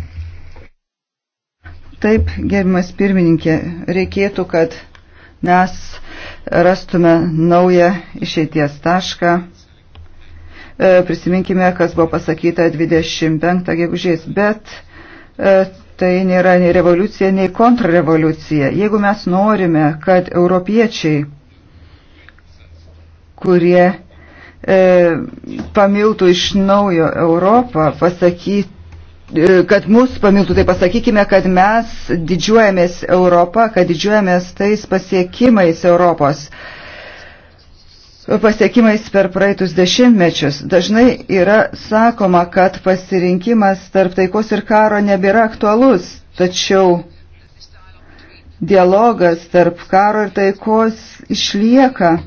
Taip, gerbimas pirmininkė, reikėtų, kad mes rastume naują išeities tašką. E, prisiminkime, kas buvo pasakyta 25 gegužės, bet e, tai nėra nei revoliucija, nei kontrrevoliucija. Jeigu mes norime, kad europiečiai kurie e, pamiltų iš naujo Europą, pasakyti e, kad mus pamiltų, tai pasakykime, kad mes didžiuojamės Europą, kad didžiuojamės tais pasiekimais Europos, pasiekimais per praeitus dešimtmečius. Dažnai yra sakoma, kad pasirinkimas tarp taikos ir karo nebėra aktualus, tačiau dialogas tarp karo ir taikos išlieka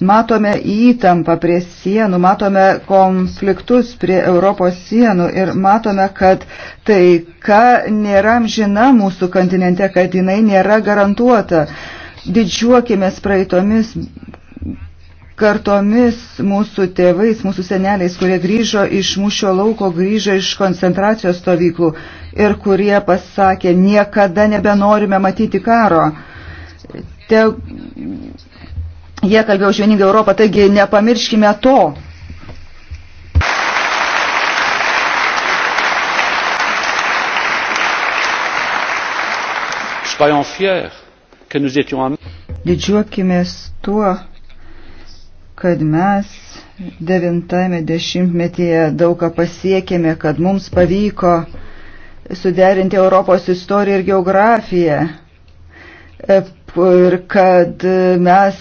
Matome įtampą prie sienų, matome konfliktus prie Europos sienų ir matome, kad taika nėra amžina mūsų kontinente, kad jinai nėra garantuota. Didžiuokimės praeitomis kartomis mūsų tėvais, mūsų seneliais, kurie grįžo iš mūšio lauko, grįžo iš koncentracijos stovyklų ir kurie pasakė, niekada nebenorime matyti karo. Te, Jie kalbėjo už vieningą Europą, taigi nepamirškime to. Didžiuokimės tuo, kad mes devintame dešimtmetyje daugą pasiekėme, kad mums pavyko suderinti Europos istoriją ir geografiją. E, ir kad mes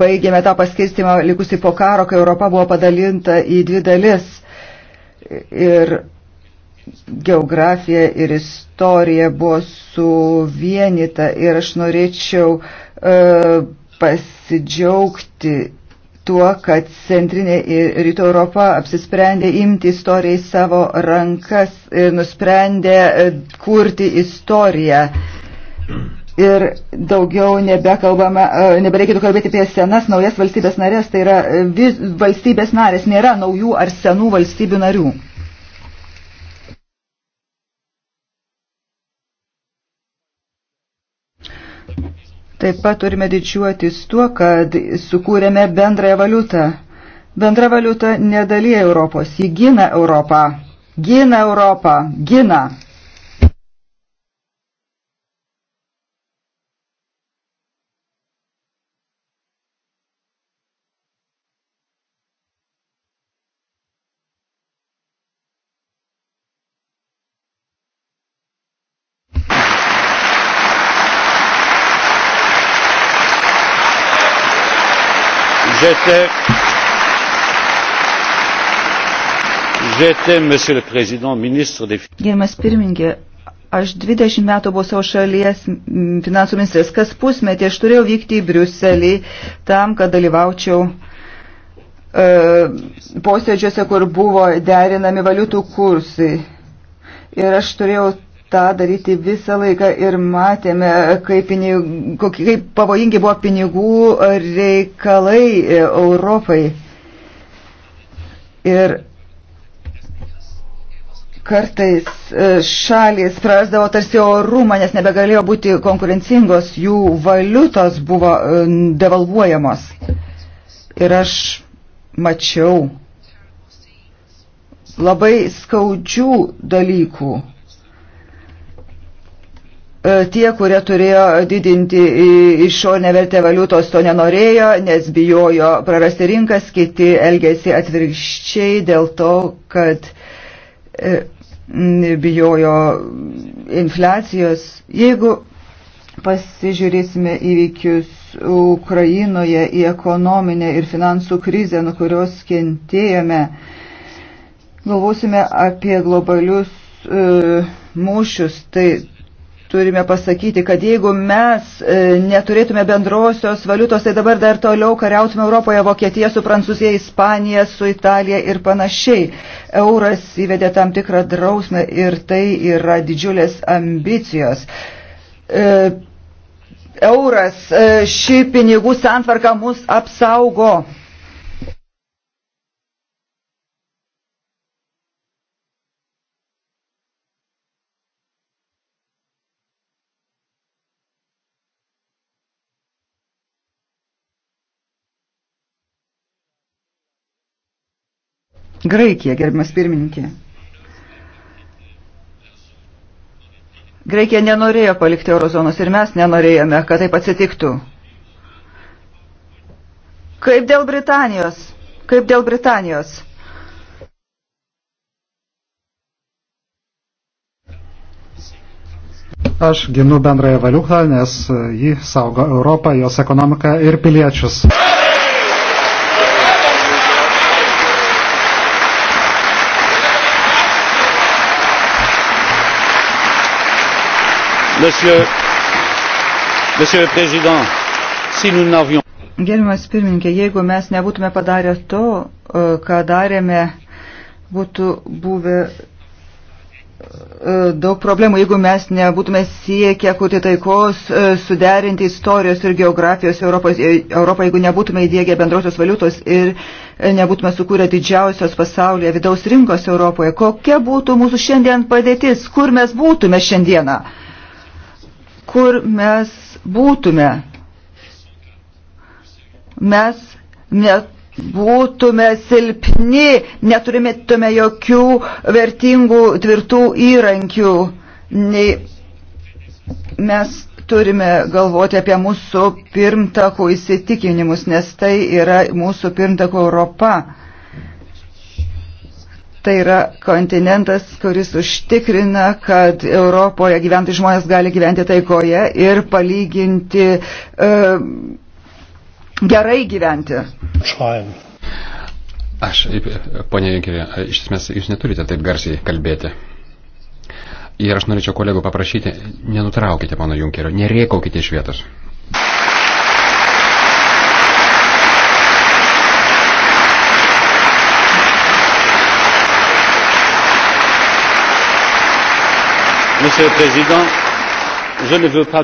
baigėme tą paskirstimą likusi po karo, kai Europa buvo padalinta į dvi dalis. Ir geografija ir istorija buvo suvienita ir aš norėčiau e, pasidžiaugti tuo, kad Centrinė ir Rytų Europa apsisprendė imti istoriją į savo rankas ir nusprendė e, kurti istoriją. Ir daugiau e, nebereikėtų kalbėti apie senas naujas valstybės narės, tai yra e, vis, valstybės narės, nėra naujų ar senų valstybių narių. Taip pat turime didžiuotis tuo, kad sukūrėme bendrąją valiutą. Bendra valiuta nedalyja Europos, ji gina Europą, gina Europą, gina. Europą. gina. Gerbiamas pirmininkė, aš 20 metų buvau savo šalies finansų ministras. Kas pusmetį aš turėjau vykti į Briuselį tam, kad dalyvaučiau e, posėdžiuose, kur buvo derinami valiutų kursai. Ir aš turėjau tą daryti visą laiką ir matėme, kaip, pinigų, kaip pavojingi buvo pinigų reikalai e, Europai. Ir kartais e, šalys prarasdavo tarsi orumą, nes nebegalėjo būti konkurencingos, jų valiutos buvo e, devalvuojamos. Ir aš mačiau labai skaudžių dalykų E, tie, kurie turėjo didinti išorinę vertę valiutos, to nenorėjo, nes bijojo prarasti rinkas, kiti elgėsi atvirkščiai dėl to, kad e, bijojo infliacijos. Jeigu pasižiūrėsime įvykius Ukrainoje į ekonominę ir finansų krizę, nuo kurios kentėjome, galvosime apie globalius e, mūšius, tai turime pasakyti, kad jeigu mes e, neturėtume bendrosios valiutos, tai dabar dar toliau kariautume Europoje Vokietija su Prancūzija, Ispanija, su Italija ir panašiai. Euras įvedė tam tikrą drausmę ir tai yra didžiulės ambicijos. E, Euras, e, ši pinigų santvarka mus apsaugo Graikija, gerbimas pirmininkė. Graikija nenorėjo palikti eurozonos ir mes nenorėjome, kad taip atsitiktų. Kaip dėl Britanijos? Kaip dėl Britanijos? Aš ginu bendrąją valiutą, nes ji saugo Europą, jos ekonomiką ir piliečius. Monsieur le Président, si nous n'avions. Gerbiamas pirmininkė, jeigu mes nebūtume padarę to, e, ką darėme, būtų buvę e, daug problemų, jeigu mes nebūtume siekę kurti taikos, e, suderinti istorijos ir geografijos Europos, Europą, jeigu nebūtume įdėgę bendrosios valiutos ir nebūtume sukūrę didžiausios pasaulyje vidaus rinkos Europoje. Kokia būtų mūsų šiandien padėtis, kur mes būtume šiandieną? kur mes būtume. Mes nebūtume silpni, neturime jokių vertingų, tvirtų įrankių. Nei mes turime galvoti apie mūsų pirmtakų įsitikinimus, nes tai yra mūsų pirmtakų Europa. Tai yra kontinentas, kuris užtikrina, kad Europoje gyventai žmonės gali gyventi taikoje ir palyginti e, gerai gyventi. Šlaim. Aš, ponė Junkerė, iš esmės jūs neturite taip garsiai kalbėti. Ir aš norėčiau kolegų paprašyti, nenutraukite mano Junkerio, nerėkaukite iš vietos. Monsieur le Président, je ne veux pas.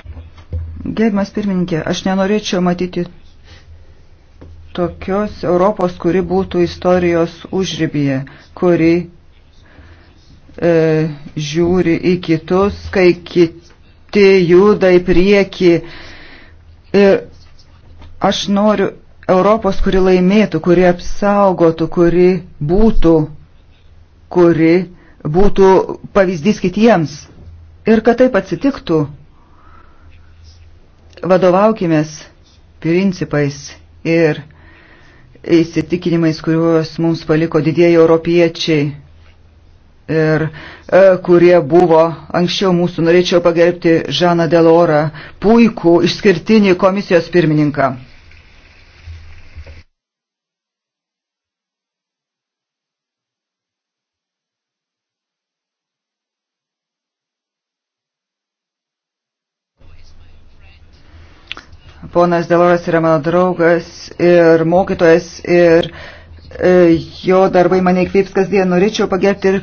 Gerbiamas pirmininkė, aš nenorėčiau matyti tokios Europos, kuri būtų istorijos užrybėje, kuri e, žiūri į kitus, kai kiti juda į priekį. Ir e, aš noriu Europos, kuri laimėtų, kuri apsaugotų, kuri būtų, kuri būtų pavyzdys kitiems. Ir kad taip atsitiktų, vadovaukimės principais ir įsitikinimais, kuriuos mums paliko didieji europiečiai ir e, kurie buvo anksčiau mūsų. Norėčiau pagerbti Žaną Delorą, puikų, išskirtinį komisijos pirmininką. Ponas Deloras yra mano draugas ir mokytojas ir e, jo darbai mane įkvėps kasdien. Norėčiau pagerbti ir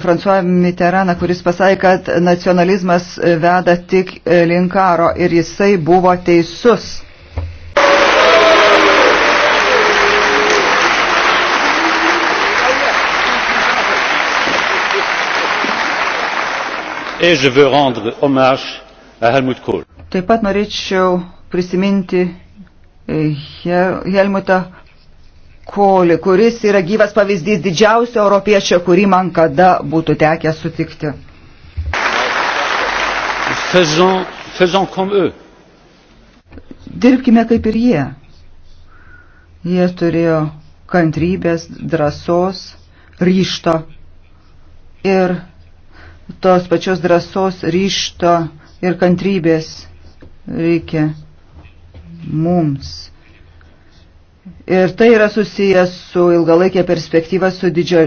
François Mitteraną, kuris pasakė, kad nacionalizmas veda tik e, link karo ir jisai buvo teisus. Et je veux rendre hommage à Helmut Kohl. Taip pat norėčiau prisiminti e, Helmutą Kolį, kuris yra gyvas pavyzdys didžiausio europiečio, kurį man kada būtų tekę sutikti. Faisons, faisons comme eux. Dirbkime kaip ir jie. Jie turėjo kantrybės, drąsos, ryšto ir tos pačios drąsos, ryšto ir kantrybės reikia mums. Ir tai yra susijęs su ilgalaikė perspektyva, su didžio,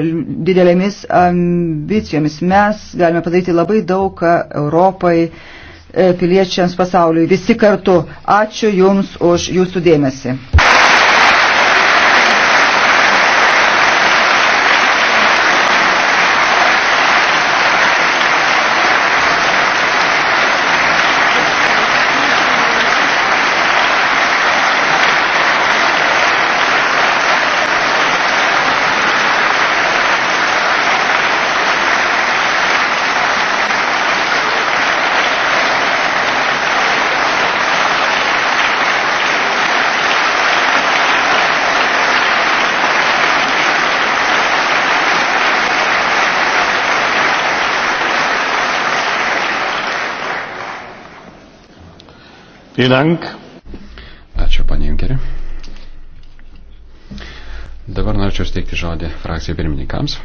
didelėmis ambicijomis. Mes galime padaryti labai daug Europai, e, piliečiams, pasauliui. Visi kartu. Ačiū Jums už Jūsų dėmesį. Dank. Ačiū, panė Junkeri. Dabar norėčiau steigti žodį frakcijai pirmininkams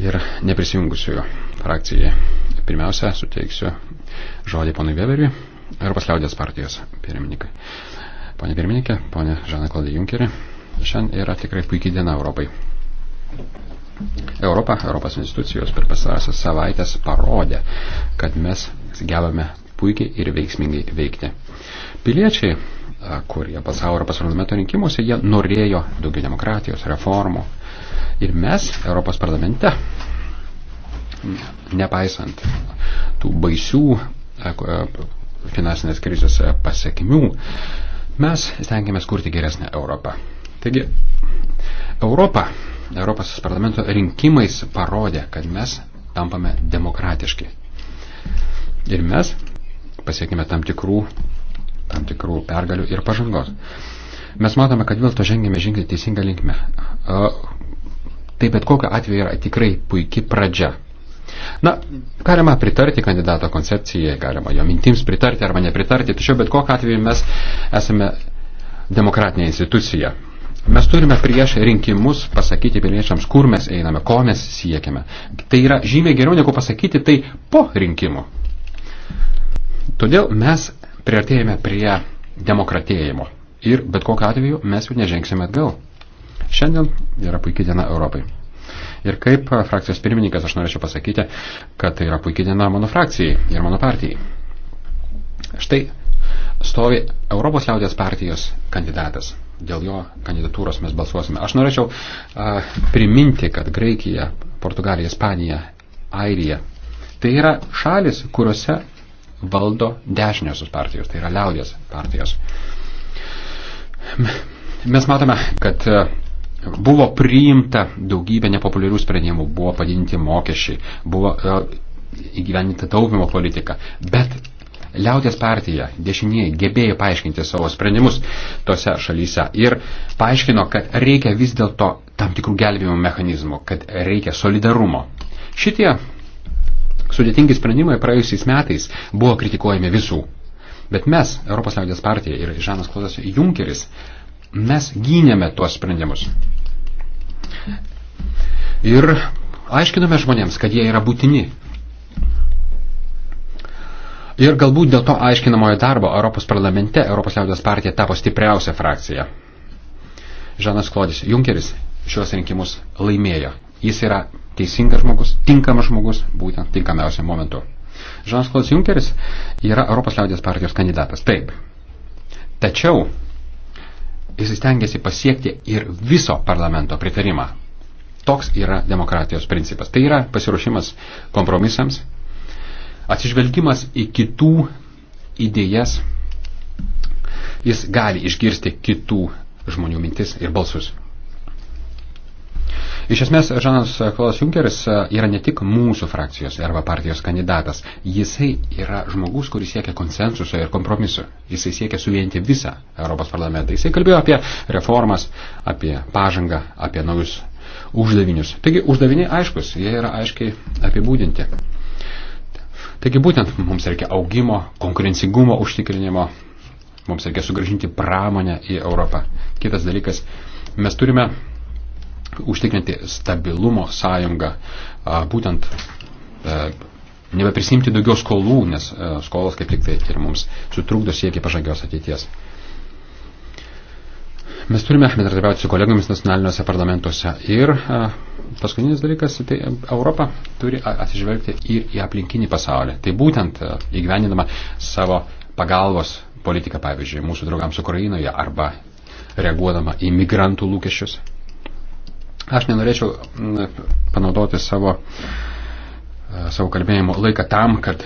ir neprisijungusiojo frakcijai. Pirmiausia, suteiksiu žodį ponui Weberiui, Europos liaudės partijos pirmininkai. Pone pirmininkė, ponė Žana Klaudė Junkerį, šiandien yra tikrai puikiai diena Europai. Europa, Europos institucijos per pasarasias savaitės parodė, kad mes gebame puikiai ir veiksmingai veikti. Piliečiai, kurie pasaulio Europos parlamento rinkimuose, jie norėjo daugiau demokratijos, reformų. Ir mes Europos parlamente, nepaisant tų baisių finansinės krizės pasiekmių, mes stengiamės kurti geresnę Europą. Taigi, Europa, Europos parlamento rinkimais parodė, kad mes tampame demokratiški. Ir mes pasiekime tam tikrų, tam tikrų pergalių ir pažangos. Mes matome, kad vėl to žengėme žingsnį teisingą linkmę. Tai bet kokiu atveju yra tikrai puikia pradžia. Na, galima pritarti kandidato koncepcijai, galima jo mintims pritarti arba nepritarti, tačiau bet kokiu atveju mes esame demokratinė institucija. Mes turime prieš rinkimus pasakyti piliečiams, kur mes einame, ko mes siekiame. Tai yra žymiai geriau negu pasakyti tai po rinkimų. Todėl mes priartėjame prie demokratėjimo ir bet kokiu atveju mes jau nežengsime atgal. Šiandien yra puikia diena Europai. Ir kaip frakcijos pirmininkas aš norėčiau pasakyti, kad tai yra puikia diena mano frakcijai ir mano partijai. Štai stovi Europos liaudės partijos kandidatas. Dėl jo kandidatūros mes balsuosime. Aš norėčiau a, priminti, kad Graikija, Portugalija, Ispanija, Airija tai yra šalis, kuriuose valdo dešiniosios partijos, tai yra liaudės partijos. Mes matome, kad e, buvo priimta daugybė nepopuliarių sprendimų, buvo padidinti mokesčiai, buvo e, įgyveninta taupimo politika, bet Liaudės partija, dešinieji, gebėjo paaiškinti savo sprendimus tose šalyse ir paaiškino, kad reikia vis dėlto tam tikrų gelbėjimo mechanizmų, kad reikia solidarumo. Šitie sudėtingi sprendimai praėjusiais metais buvo kritikuojami visų. Bet mes, Europos liaudės partija ir Žanas Klaudas Junkeris, mes gynėme tuos sprendimus. Ir aiškiname žmonėms, kad jie yra būtini. Ir galbūt dėl to aiškinamojo darbo Europos parlamente Europos liaudės partija tapo stipriausia frakcija. Žanas Klodis Junkeris šios rinkimus laimėjo Jis yra teisingas žmogus, tinkamas žmogus, būtent tinkamiausiam momentu. Žanas Klaus Junkeris yra Europos liaudės partijos kandidatas. Taip. Tačiau jis stengiasi pasiekti ir viso parlamento pritarimą. Toks yra demokratijos principas. Tai yra pasiruošimas kompromisams, atsižvelgimas į kitų idėjas. Jis gali išgirsti kitų žmonių mintis ir balsus. Iš esmės, Žanas Klaus Junkeris e, yra ne tik mūsų frakcijos arba partijos kandidatas, jisai yra žmogus, kuris siekia konsensuso ir kompromiso. Jisai siekia suvienyti visą Europos parlamentą. Jisai kalbėjo apie reformas, apie pažangą, apie naujus uždavinius. Taigi uždaviniai aiškus, jie yra aiškiai apibūdinti. Taigi būtent mums reikia augimo, konkurencingumo užtikrinimo, mums reikia sugražinti pramonę į Europą. Kitas dalykas, mes turime užtikrinti stabilumo sąjungą, būtent nebeprisimti daugiau skolų, nes skolos kaip tik tai ir mums sutrukdo siekti pažangios ateities. Mes turime bendradarbiauti su kolegomis nacionaliniuose parlamentuose ir paskutinis dalykas, tai Europa turi atsižvelgti ir į aplinkinį pasaulį. Tai būtent įgyvendinama savo pagalbos politiką, pavyzdžiui, mūsų draugams Ukrainoje arba reaguodama į migrantų lūkesčius Aš nenorėčiau mm, panaudoti savo, e, savo kalbėjimo laiką tam, kad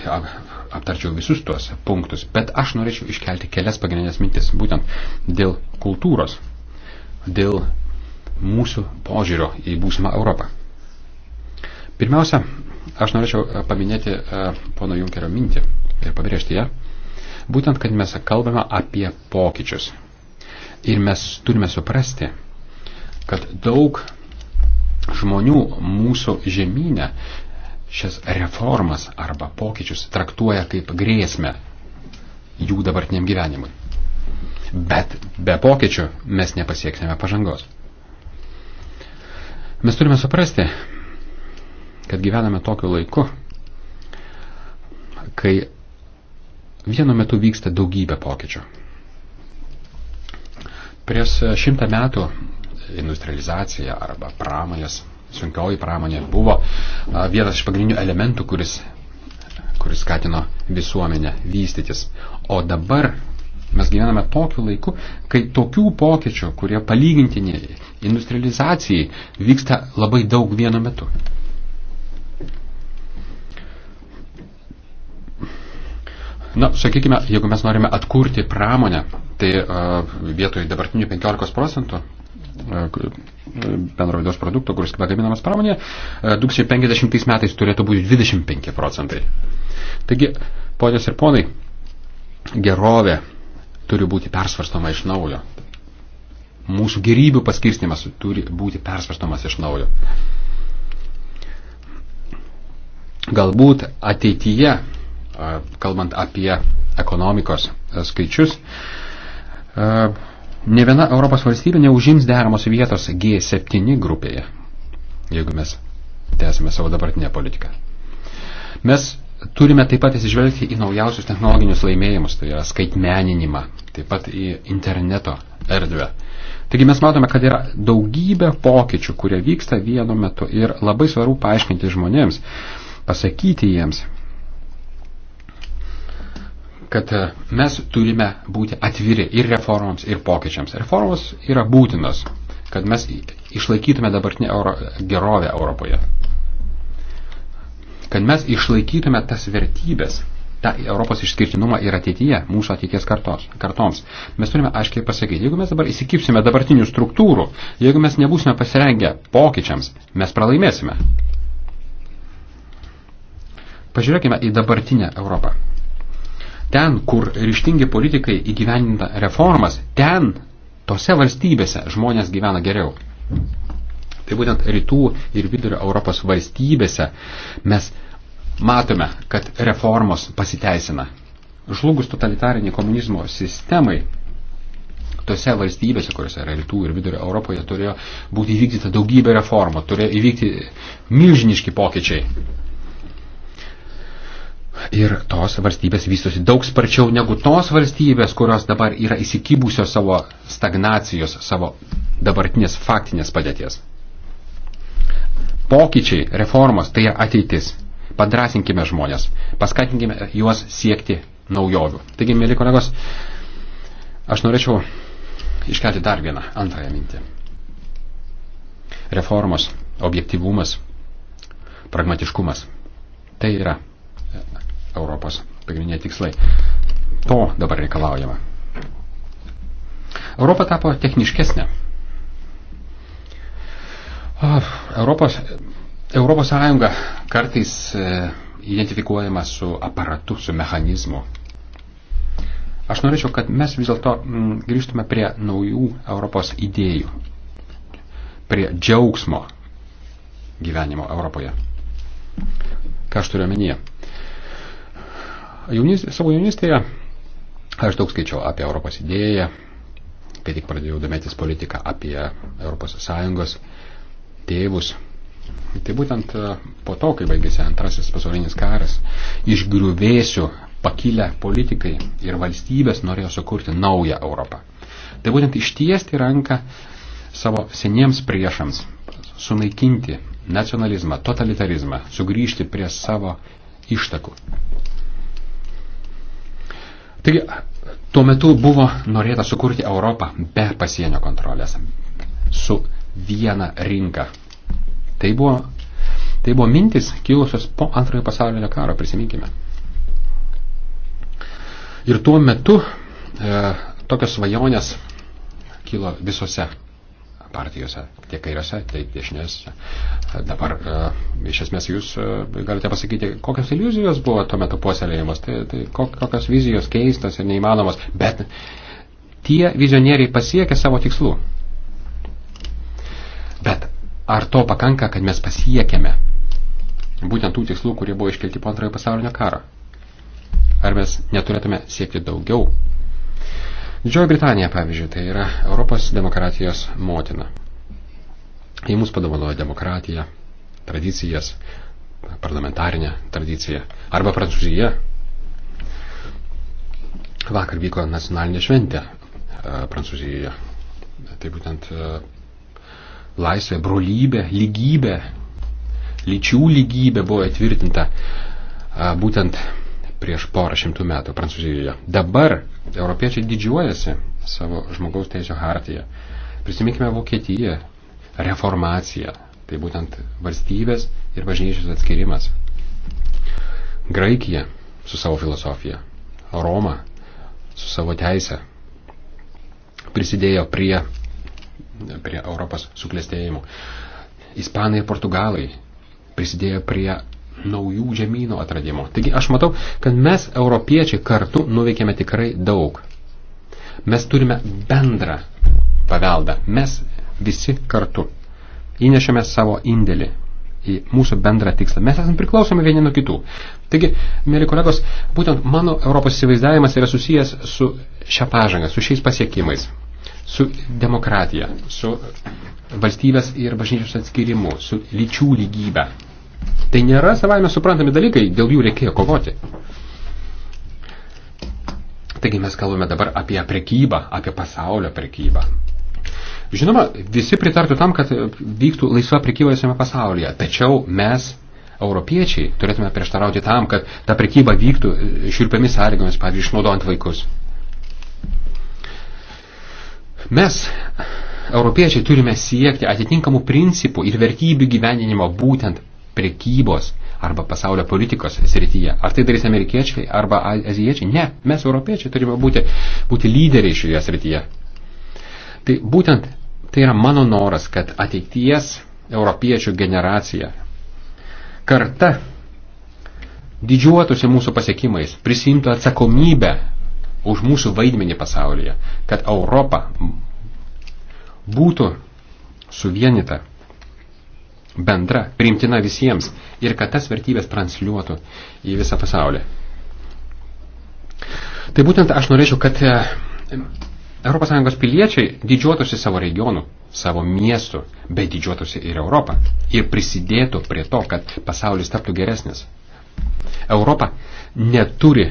aptarčiau visus tuos punktus, bet aš norėčiau iškelti kelias pagrindinės mintis, būtent dėl kultūros, dėl mūsų požiūrio į būsimą Europą. Pirmiausia, aš norėčiau e, paminėti e, pono Junkerio mintį ir pabrėžti ją, būtent, kad mes kalbame apie pokyčius. Ir mes turime suprasti, kad daug žmonių mūsų žemynę šias reformas arba pokyčius traktuoja kaip grėsmę jų dabartiniam gyvenimui. Bet be pokyčių mes nepasieksime pažangos. Mes turime suprasti, kad gyvename tokiu laiku, kai vienu metu vyksta daugybė pokyčių. Prieš šimtą metų industrializacija arba pramonės, sunkioji pramonė buvo vienas iš pagrindinių elementų, kuris, kuris skatino visuomenę vystytis. O dabar mes gyvename tokiu laiku, kai tokių pokyčių, kurie palygintini industrializacijai, vyksta labai daug vienu metu. Na, sakykime, jeigu mes norime atkurti pramonę, tai uh, vietoj dabartinių 15 procentų E, e, bendro vidaus produkto, kuris pagaminamas pramonėje, 2050 e, metais turėtų būti 25 procentai. Taigi, ponios ir ponai, gerovė turi būti persvarstoma iš naujo. Mūsų gerybių paskirstimas turi būti persvarstomas iš naujo. Galbūt ateityje, kalbant apie ekonomikos skaičius, Ne viena Europos valstybė neužims deramos vietos G7 grupėje, jeigu mes tęsime savo dabartinę politiką. Mes turime taip pat įsižvelgti į naujausius technologinius laimėjimus, tai yra skaitmeninimą, taip pat į interneto erdvę. Taigi mes matome, kad yra daugybė pokyčių, kurie vyksta vienu metu ir labai svarbu paaiškinti žmonėms, pasakyti jiems, kad e, mes turime būti atviri ir reformoms, ir pokyčiams. Reformos yra būtinos, kad mes išlaikytume dabartinę euro, gerovę Europoje. Kad mes išlaikytume tas vertybės, tą Europos išskirtinumą ir ateityje, mūsų ateities kartos, kartoms. Mes turime aiškiai pasakyti, jeigu mes dabar įsikipsime dabartinių struktūrų, jeigu mes nebūsime pasirengę pokyčiams, mes pralaimėsime. Pažiūrėkime į dabartinę Europą ten, kur ryštingi politikai įgyvendina reformas, ten, tose valstybėse žmonės gyvena geriau. Tai būtent rytų ir vidurio Europos valstybėse mes matome, kad reformos pasiteisina. Žlugus totalitarinį komunizmo sistemai, tose valstybėse, kuriuose yra rytų ir vidurio Europoje, turėjo būti įvykdyta daugybė reformų, turėjo įvykti milžiniški pokyčiai. Ir tos valstybės vystosi daug sparčiau negu tos valstybės, kurios dabar yra įsikibusios savo stagnacijos, savo dabartinės faktinės padėties. Pokyčiai, reformos tai ateitis. Padrasinkime žmonės, paskatinkime juos siekti naujovių. Taigi, mėly kolegos, aš norėčiau iškelti dar vieną antrąją mintį. Reformos, objektivumas, pragmatiškumas. Tai yra Europos pagrindiniai tikslai. To dabar reikalaujama. Europa tapo techniškesnė. Europos, Europos Sąjunga kartais e, identifikuojama su aparatu, su mechanizmu. Aš norėčiau, kad mes vis dėlto grįžtume prie naujų Europos idėjų, prie džiaugsmo gyvenimo Europoje. Ką aš turiu omenyje? Jaunys, savo jaunystėje aš daug skaičiau apie Europos idėją, kai tik pradėjau domėtis politiką apie ES tėvus. Tai būtent e, po to, kai baigėsi antrasis pasaulinis karas, iš griuvėsių pakilę politikai ir valstybės norėjo sukurti naują Europą. Tai būtent ištiesti ranką savo seniems priešams, sunaikinti nacionalizmą, totalitarizmą, sugrįžti prie savo ištakų. Taigi, tuo metu buvo norėta sukurti Europą be pasienio kontrolės, su viena rinka. Tai buvo, tai buvo mintis kilusios po antrojo pasaulinio karo, prisiminkime. Ir tuo metu e, tokios svajonės kilo visose partijose, tiek kairiose, tiek dešinėse. Dabar e, iš esmės jūs e, galite pasakyti, kokios iliuzijos buvo tuo metu puoselėjimas, tai, tai kokios vizijos keistas ir neįmanomas, bet tie vizionieriai pasiekė savo tikslų. Bet ar to pakanka, kad mes pasiekėme būtent tų tikslų, kurie buvo iškelti po antrojo pasaulinio karo? Ar mes neturėtume siekti daugiau Didžioji Britanija, pavyzdžiui, tai yra Europos demokratijos motina. Jie mus padovanojo demokratiją, tradicijas, parlamentarinę tradiciją. Arba Prancūzija. Vakar vyko nacionalinė šventė e, Prancūzijoje. Tai būtent e, laisvė, brolybė, lygybė, lyčių lygybė buvo įtvirtinta e, būtent prieš porą šimtų metų Prancūzijoje. Dabar Europiečiai didžiuojasi savo žmogaus teisų hartiją. Prisiminkime Vokietiją, reformaciją, tai būtent valstybės ir bažnyčios atskirimas. Graikija su savo filosofija, Roma su savo teise prisidėjo prie, prie Europos suklestėjimų. Ispanai ir Portugalai prisidėjo prie naujų žemynų atradimo. Taigi aš matau, kad mes, europiečiai, kartu nuveikėme tikrai daug. Mes turime bendrą paveldą. Mes visi kartu įnešėme savo indėlį į mūsų bendrą tikslą. Mes esame priklausomi vieni nuo kitų. Taigi, mėly kolegos, būtent mano Europos įsivaizdavimas yra susijęs su šią pažangą, su šiais pasiekimais, su demokratija, su valstybės ir bažnyčios atskirimu, su lyčių lygybė, Tai nėra savaime suprantami dalykai, dėl jų reikėjo kovoti. Taigi mes kalbame dabar apie prekybą, apie pasaulio prekybą. Žinoma, visi pritartų tam, kad vyktų laisva prekyba visame pasaulyje, tačiau mes, europiečiai, turėtume prieštarauti tam, kad ta prekyba vyktų šilpiamis sąlygomis, pavyzdžiui, išnaudojant vaikus. Mes, europiečiai, turime siekti atitinkamų principų ir vertybių gyveninimo būtent prekybos arba pasaulio politikos srityje. Ar tai darys amerikiečiai arba azijiečiai? Ne, mes europiečiai turime būti, būti lyderiai šioje srityje. Tai būtent tai yra mano noras, kad ateities europiečių generacija, karta didžiuotųsi mūsų pasiekimais, prisimtų atsakomybę už mūsų vaidmenį pasaulyje, kad Europa būtų suvienita bendra, priimtina visiems ir kad tas vertybės transliuotų į visą pasaulį. Tai būtent aš norėčiau, kad ES piliečiai didžiuotųsi savo regionų, savo miestų, bet didžiuotųsi ir Europą ir prisidėtų prie to, kad pasaulis taptų geresnis. Europa neturi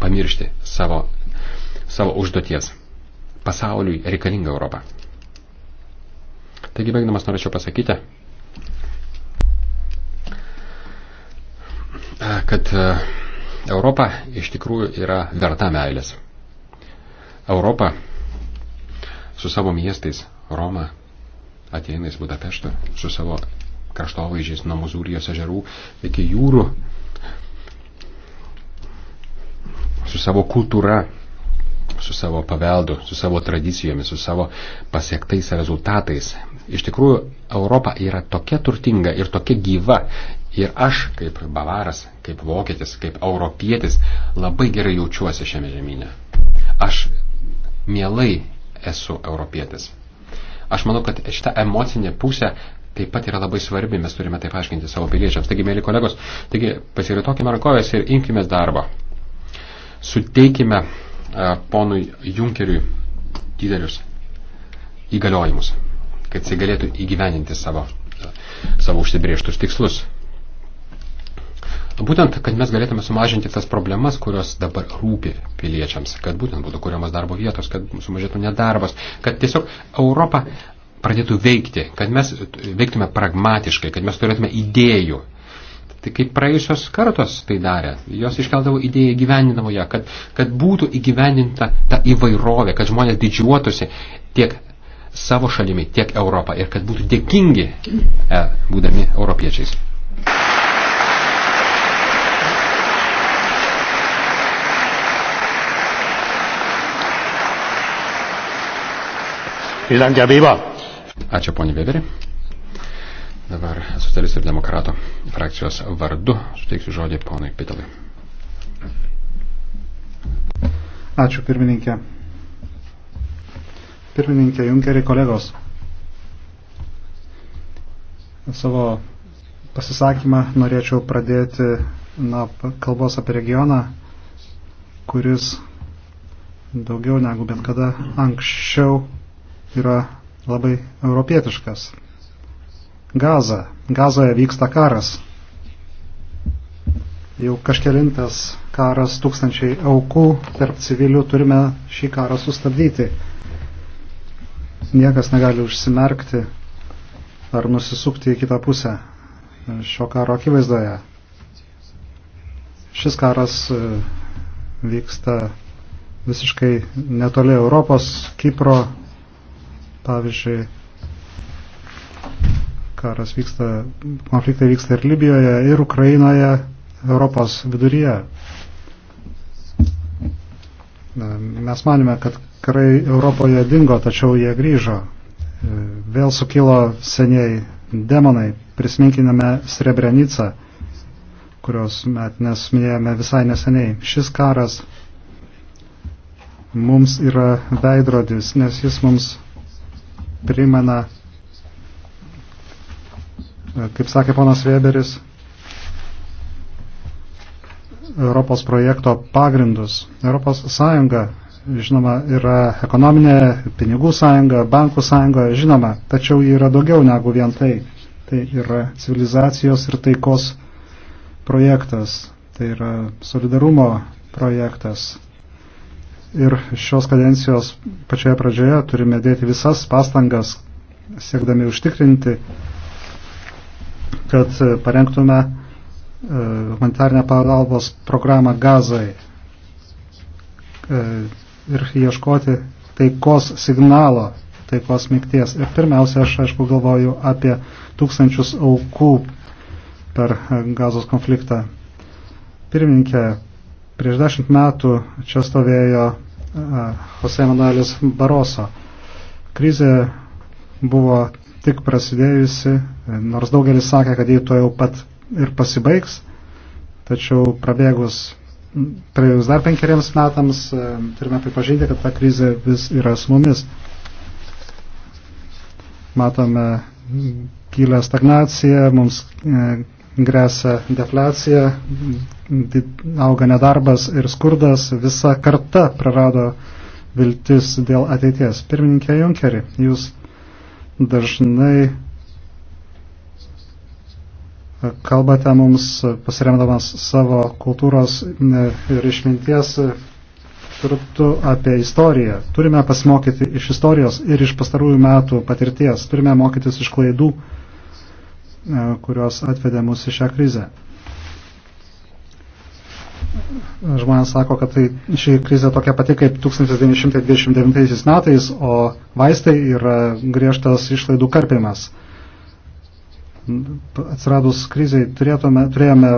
pamiršti savo, savo užduoties. Pasauliui reikalinga Europa. Taigi, baigdamas, norėčiau pasakyti, kad Europa iš tikrųjų yra verta meilės. Europa su savo miestais Roma, Atenais, Budapeštą, su savo kraštovaizdžiais nuo Muzūrijos ežerų iki jūrų, su savo kultūra, su savo paveldu, su savo tradicijomis, su savo pasiektais rezultatais. Iš tikrųjų, Europa yra tokia turtinga ir tokia gyva Ir aš, kaip bavaras, kaip vokietis, kaip europietis, labai gerai jaučiuosi šiame žemynė. Aš mielai esu europietis. Aš manau, kad šita emocinė pusė taip pat yra labai svarbi, mes turime tai paaiškinti savo piliečiams. Taigi, mėly kolegos, taigi pasiritokime rankovės ir imkime darbo. Suteikime uh, ponui Junkeriui didelius įgaliojimus, kad jis galėtų įgyveninti savo, e, savo užsibrieštus tikslus. Būtent, kad mes galėtume sumažinti tas problemas, kurios dabar rūpi piliečiams, kad būtent būtų kuriamas darbo vietos, kad sumažėtų nedarbas, kad tiesiog Europa pradėtų veikti, kad mes veiktume pragmatiškai, kad mes turėtume idėjų. Tai kaip praėjusios kartos tai darė, jos iškeldavo idėją įgyvendinamo ją, kad, kad būtų įgyvendinta ta įvairovė, kad žmonės didžiuotųsi tiek savo šalimi, tiek Europą ir kad būtų dėkingi e, būdami europiečiais. Ačiū, ponė Weberi. Dabar socialistų ir demokratų frakcijos vardu suteiksiu žodį ponui Pitalui. Ačiū, pirmininkė. Pirmininkė Junkeri, kolegos. Savo pasisakymą norėčiau pradėti nuo kalbos apie regioną, kuris daugiau negu bet kada anksčiau yra labai europietiškas. Gaza. Gazoje vyksta karas. Jau kažkelintas karas, tūkstančiai aukų tarp civilių turime šį karą sustabdyti. Niekas negali užsimerkti ar nusisukti į kitą pusę šio karo akivaizdoje. Šis karas e, vyksta visiškai netoli Europos, Kipro, Pavyzdžiui, karas vyksta, konfliktai vyksta ir Libijoje, ir Ukrainoje, Europos viduryje. Mes manime, kad karai Europoje dingo, tačiau jie grįžo. E, vėl sukilo seniai demonai. Prisiminkime Srebrenicą, kurios mes minėjome visai neseniai. Šis karas mums yra veidrodis, nes jis mums primena, e, kaip sakė ponas Weberis, Europos projekto pagrindus. Europos Sąjunga, žinoma, yra ekonominė, pinigų sąjunga, bankų sąjunga, žinoma, tačiau ji yra daugiau negu vien tai. Tai yra civilizacijos ir taikos projektas, tai yra solidarumo projektas, Ir šios kadencijos pačioje pradžioje turime dėti visas pastangas, siekdami užtikrinti, kad parengtume e, humanitarnę pagalbos programą gazai e, ir ieškoti taikos signalo, taikos mygties. Ir pirmiausia, aš aišku galvoju apie tūkstančius aukų per e, gazos konfliktą. Pirmininkė, prieš dešimt metų čia stovėjo Jose Manuelis Baroso. Krizė buvo tik prasidėjusi, nors daugelis sakė, kad jį to jau pat ir pasibaigs, tačiau prabėgus praėjus dar penkeriems metams turime pripažinti, kad ta krizė vis yra su mumis. Matome gilę stagnaciją, mums grėsia deflecija, auga nedarbas ir skurdas, visa karta prarado viltis dėl ateities. Pirmininkė Junkeri, jūs dažnai kalbate mums pasiremdamas savo kultūros e, ir išminties e, turtu apie istoriją. Turime pasimokyti iš istorijos ir iš pastarųjų metų patirties. Turime mokytis iš klaidų E, kurios atvedė mus į šią krizę. Žmonės sako, kad tai, ši krizė tokia pati kaip 1929 metais, o vaistai yra griežtas išlaidų karpimas. Atsiradus kriziai turėtume, turėjome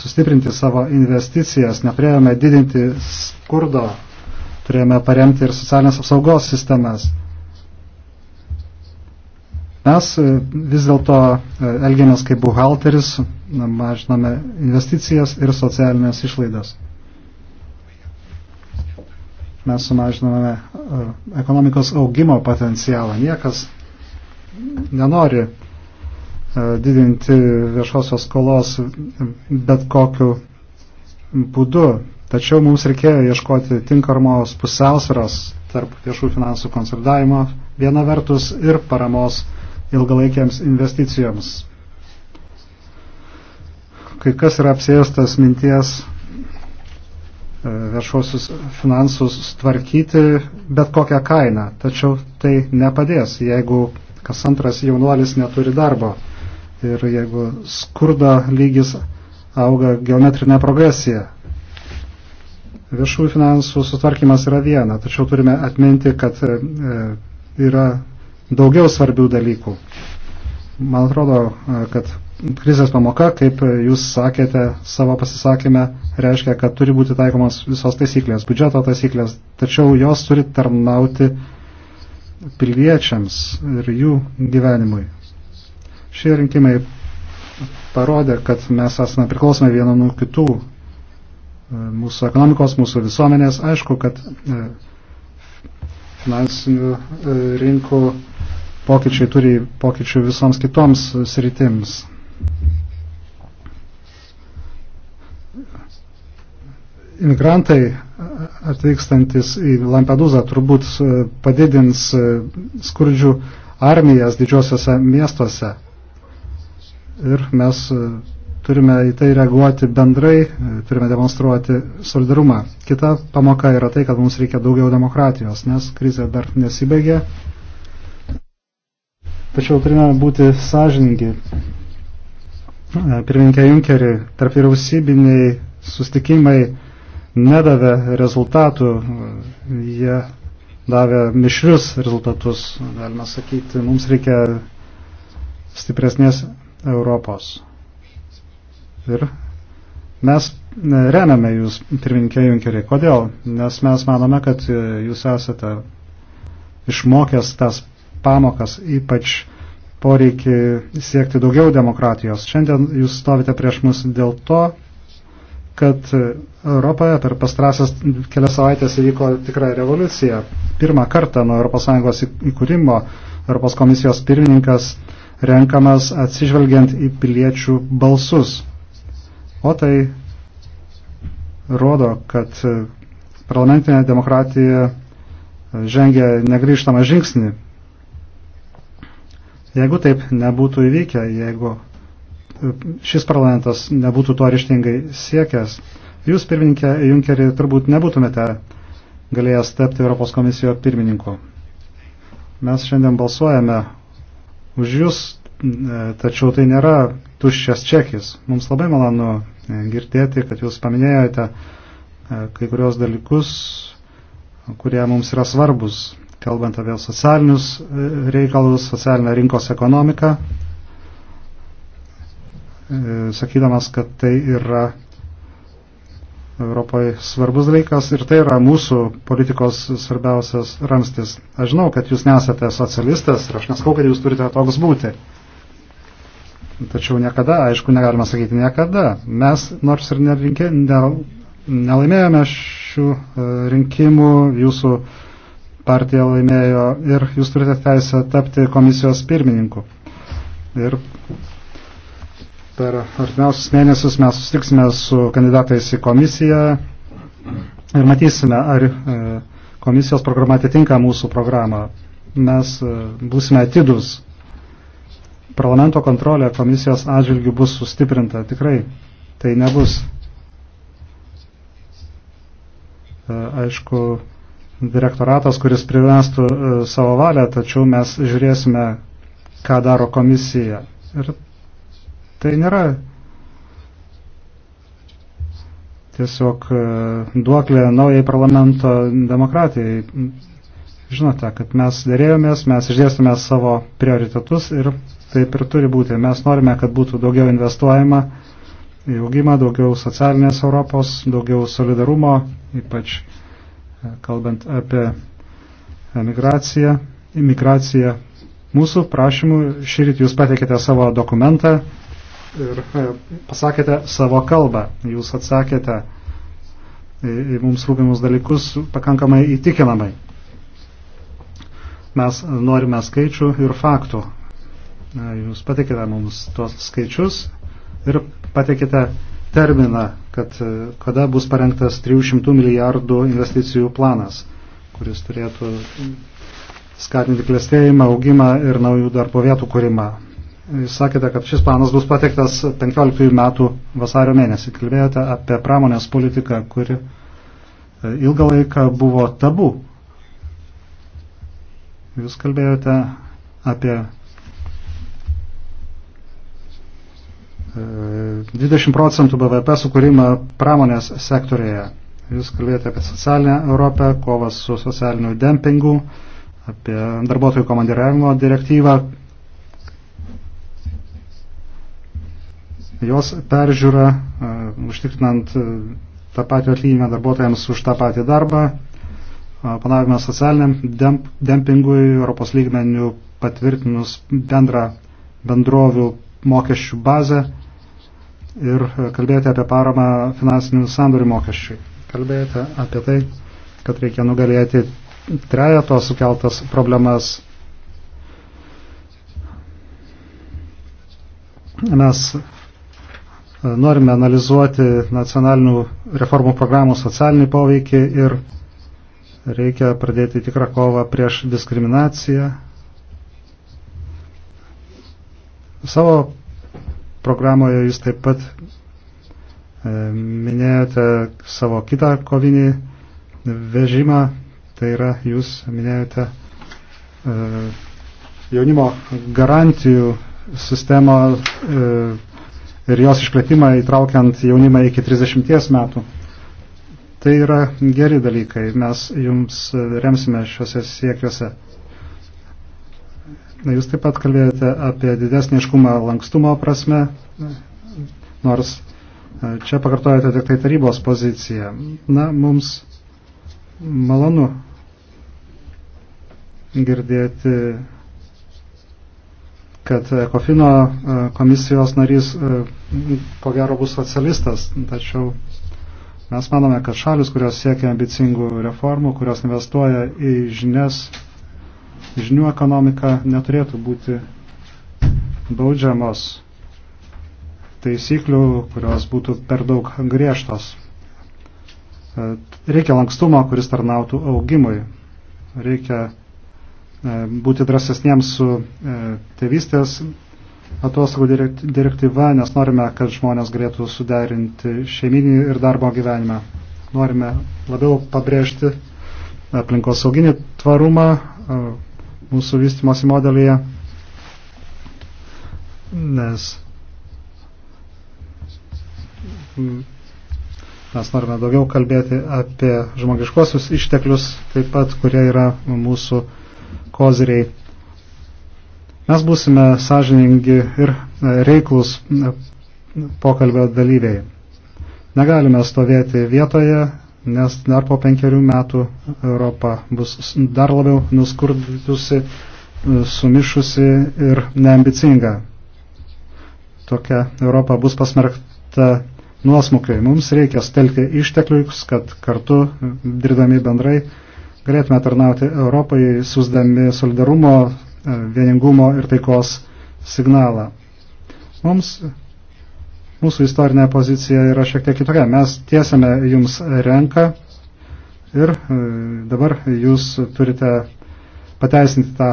sustiprinti savo investicijas, neturėjome didinti skurdo, turėjome paremti ir socialinės apsaugos sistemas. Mes e, vis dėlto e, elgiamės kaip buhalteris, mažiname investicijas ir socialinės išlaidas. Mes sumažiname e, ekonomikos augimo potencialą. Niekas nenori didinti viešosios skolos bet kokiu būdu. Tačiau mums reikėjo ieškoti tinkamos pusiausvėros tarp viešų finansų konsolidavimo viena vertus ir paramos ilgalaikiams investicijoms. Kai kas yra apsėstas minties e, viešuosius finansus tvarkyti bet kokią kainą, tačiau tai nepadės, jeigu kas antras jaunuolis neturi darbo ir jeigu skurdo lygis auga geometrinė progresija. Viešųjų finansų sutvarkymas yra viena, tačiau turime atminti, kad e, e, yra daugiau svarbių dalykų. Man atrodo, kad krizės pamoka, kaip jūs sakėte savo pasisakymę, reiškia, kad turi būti taikomos visos taisyklės, biudžeto taisyklės, tačiau jos turi tarnauti piliečiams ir jų gyvenimui. Šie rinkimai parodė, kad mes esame priklausomi vieno nuo kitų e, mūsų ekonomikos, mūsų visuomenės. Aišku, kad e, finansinių e, rinkų pokyčiai turi pokyčių visoms kitoms sritims. Imigrantai atvykstantis į Lampedusą turbūt e, padidins e, skurdžių armijas didžiosiuose miestuose. Ir mes e, turime į tai reaguoti bendrai, turime demonstruoti solidarumą. Kita pamoka yra tai, kad mums reikia daugiau demokratijos, nes krizė dar nesibaigė. Tačiau turime būti sąžiningi. E, Pirminkė Junkerį, tarp vyriausybiniai sustikimai nedavė rezultatų, e, jie davė mišrius rezultatus, galima sakyti, mums reikia stipresnės Europos. Ir mes e, remiame jūs, pirmininkė Junkerį. Kodėl? Nes mes manome, kad jūs esate išmokęs tas pamokas, ypač poreikį siekti daugiau demokratijos. Šiandien jūs stovite prieš mus dėl to, kad Europoje per pastrasias kelias savaitės įvyko tikra revoliucija. Pirmą kartą nuo ES įkūrimo Europos komisijos pirmininkas renkamas atsižvelgiant į piliečių balsus. O tai rodo, kad parlamentinė demokratija žengia negryžtamą žingsnį Jeigu taip nebūtų įvykę, jeigu e, šis parlamentas nebūtų to ryštingai siekęs, jūs, pirmininkė Junkerį, turbūt nebūtumėte galėjęs tapti Europos komisijo pirmininku. Mes šiandien balsuojame už jūs, e, tačiau tai nėra tuščias čekis. Mums labai malonu e, girdėti, kad jūs paminėjote kai kurios dalykus, kurie mums yra svarbus kalbant apie socialinius e, reikalus, socialinę rinkos ekonomiką, e, sakydamas, kad tai yra Europoje svarbus dalykas ir tai yra mūsų politikos svarbiausias ramstis. Aš žinau, kad jūs nesate socialistas ir aš neskau, kad jūs turite toks būti. Tačiau niekada, aišku, negalima sakyti niekada. Mes nors ir nerinkė, nelaimėjome šių e, rinkimų, jūsų uh, partija laimėjo ir jūs turite teisę tapti komisijos pirmininku. Ir per artimiausius mėnesius mes susitiksime su kandidatais į komisiją ir matysime, ar e, komisijos programa atitinka mūsų programą. Mes e, būsime atidus. Parlamento kontrolė komisijos atžvilgių bus sustiprinta. Tikrai tai nebus. E, aišku, direktoratas, kuris privestų e, savo valią, tačiau mes žiūrėsime, ką daro komisija. Ir tai nėra tiesiog e, duoklė naujai parlamento demokratijai. Žinote, kad mes dėrėjomės, mes išdėstume savo prioritetus ir taip ir turi būti. Mes norime, kad būtų daugiau investuojama į augimą, daugiau socialinės Europos, daugiau solidarumo, ypač kalbant apie migraciją, imigraciją. Mūsų prašymų šįryt jūs pateikėte savo dokumentą ir e, pasakėte savo kalbą. Jūs atsakėte į mums rūpimus dalykus pakankamai įtikinamai. Mes norime skaičių ir faktų. E, jūs pateikite mums tuos skaičius ir pateikite terminą, kad e, kada bus parengtas 300 milijardų investicijų planas, kuris turėtų skatinti klėstėjimą, augimą ir naujų darbo vietų kūrimą. Jūs sakėte, kad šis planas bus pateiktas 15 metų vasario mėnesį. Kalbėjote apie pramonės politiką, kuri e, ilgą laiką buvo tabu. Jūs kalbėjote apie 20 procentų BVP sukūrimą pramonės sektorėje. Jūs kalbėjote apie socialinę Europą, kovą su socialiniu dempingu, apie darbuotojų komandiravimo direktyvą. Jos peržiūra, e, užtikrinant e, tą patį atlyginimą darbuotojams už tą patį darbą, panavimą socialiniam dempingui Europos lygmenių patvirtinus bendrą bendrovių mokesčių bazę ir kalbėjote apie paramą finansinių sandorių mokesčiui. Kalbėjote apie tai, kad reikia nugalėti trejato sukeltas problemas. Mes e, norime analizuoti nacionalinių reformų programų socialinį poveikį ir reikia pradėti tikrą kovą prieš diskriminaciją. Savo programoje jūs taip pat e, minėjote savo kitą kovinį vežimą, tai yra jūs minėjote e, jaunimo garantijų sistemą e, ir jos išplėtimą įtraukiant jaunimą iki 30 metų. Tai yra geri dalykai, mes jums remsime šiuose siekiuose. Jūs taip pat kalbėjote apie didesnį iškumą lankstumo prasme, nors e, čia pakartojate tik tai tarybos poziciją. Na, mums malonu girdėti, kad Kofino e, komisijos narys e, ko gero bus socialistas, tačiau mes manome, kad šalis, kurios siekia ambicingų reformų, kurios investuoja į žinias, žinių ekonomika neturėtų būti baudžiamos taisyklių, kurios būtų per daug griežtos. E, reikia lankstumo, kuris tarnautų augimui. Reikia e, būti drąsesniems su e, tėvystės atostogų direktyva, nes norime, kad žmonės galėtų suderinti šeiminį ir darbo gyvenimą. Norime labiau pabrėžti aplinkos sauginį tvarumą, mūsų vystimosi modelyje, nes mes norime daugiau kalbėti apie žmogiškosius išteklius, taip pat kurie yra mūsų koziriai. Mes būsime sąžiningi ir reiklus pokalbio dalyviai. Negalime stovėti vietoje nes dar po penkerių metų Europa bus dar labiau nuskurdusi, sumišusi ir neambicinga. Tokia Europa bus pasmerkta nuosmukiai. Mums reikia stelkti išteklius, kad kartu, dirbdami bendrai, galėtume tarnauti Europai, susdami solidarumo, vieningumo ir taikos signalą. Mums Mūsų istorinė pozicija yra šiek tiek kitokia. Mes tiesiame jums renką ir e, dabar jūs turite pateisinti tą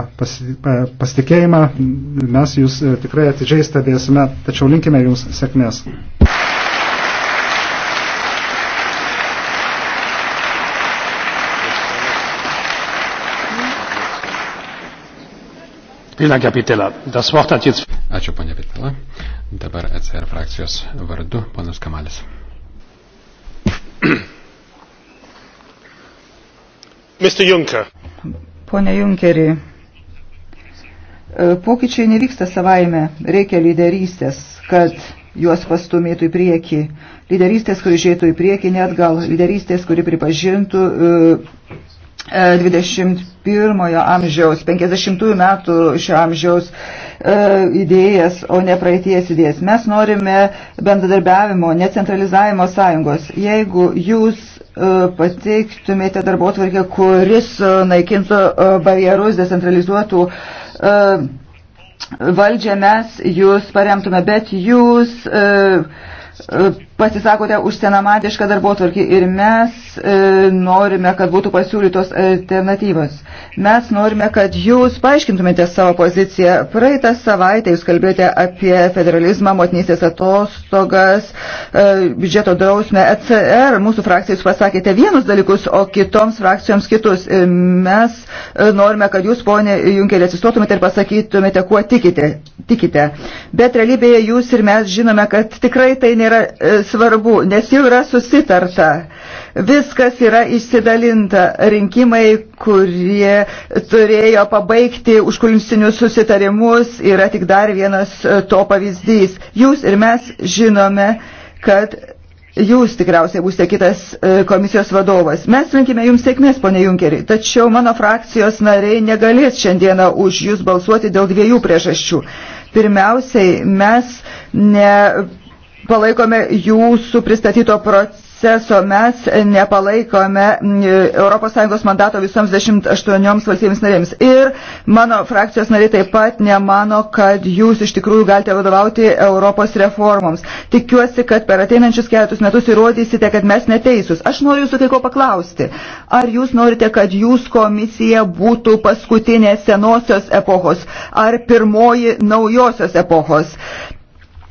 pasitikėjimą. Mes jūs e, tikrai atidžiai stebėsime, tačiau linkime jums sėkmės. Ačiū, ponė Pitela. Dabar ECR frakcijos vardu, ponas Kamalis. Mr. Juncker. Pone Junkeri, e, pokyčiai nevyksta savaime, reikia lyderystės, kad juos pastumėtų į priekį. Lyderystės, kuri žėtų į priekį, ne atgal. Lyderystės, kuri pripažintų uh, 21 e, amžiaus, 50 metų šio amžiaus e, idėjas, o ne praeities idėjas. Mes norime bendradarbiavimo, necentralizavimo sąjungos. Jeigu jūs e, pateiktumėte darbo tvarkę, kuris naikintų barjerus, decentralizuotų valdžią, mes jūs paremtume, bet jūs pasisakote už senamadišką darbotvarkį ir mes e, norime, kad būtų pasiūlytos alternatyvos. Mes norime, kad jūs paaiškintumėte savo poziciją. Praeitą savaitę jūs kalbėjote apie federalizmą, motinystės atostogas, e, biudžeto drausmę, ECR. Mūsų frakcijai jūs pasakėte vienus dalykus, o kitoms frakcijoms kitus. Ir e, mes e, norime, kad jūs, ponė Junkerė, atsistotumėte ir pasakytumėte, kuo tikite. tikite. Bet realybėje jūs ir mes žinome, kad tikrai tai nėra. E, svarbu, nes jau yra susitarta. Viskas yra išsidalinta. Rinkimai, kurie turėjo pabaigti užkulisinius susitarimus, yra tik dar vienas e, to pavyzdys. Jūs ir mes žinome, kad Jūs tikriausiai būsite kitas e, komisijos vadovas. Mes linkime Jums sėkmės, ponė Junkeri, tačiau mano frakcijos nariai negalės šiandieną už Jūs balsuoti dėl dviejų priežasčių. Pirmiausiai, mes ne palaikome jūsų pristatyto proceso, mes nepalaikome ES mandato visoms 28 valstybėms narėms. Ir mano frakcijos nariai taip pat nemano, kad jūs iš tikrųjų galite vadovauti Europos reformoms. Tikiuosi, kad per ateinančius keletus metus įrodysite, kad mes neteisūs. Aš noriu jūsų kai ko paklausti. Ar jūs norite, kad jūs komisija būtų paskutinė senosios epochos ar pirmoji naujosios epochos?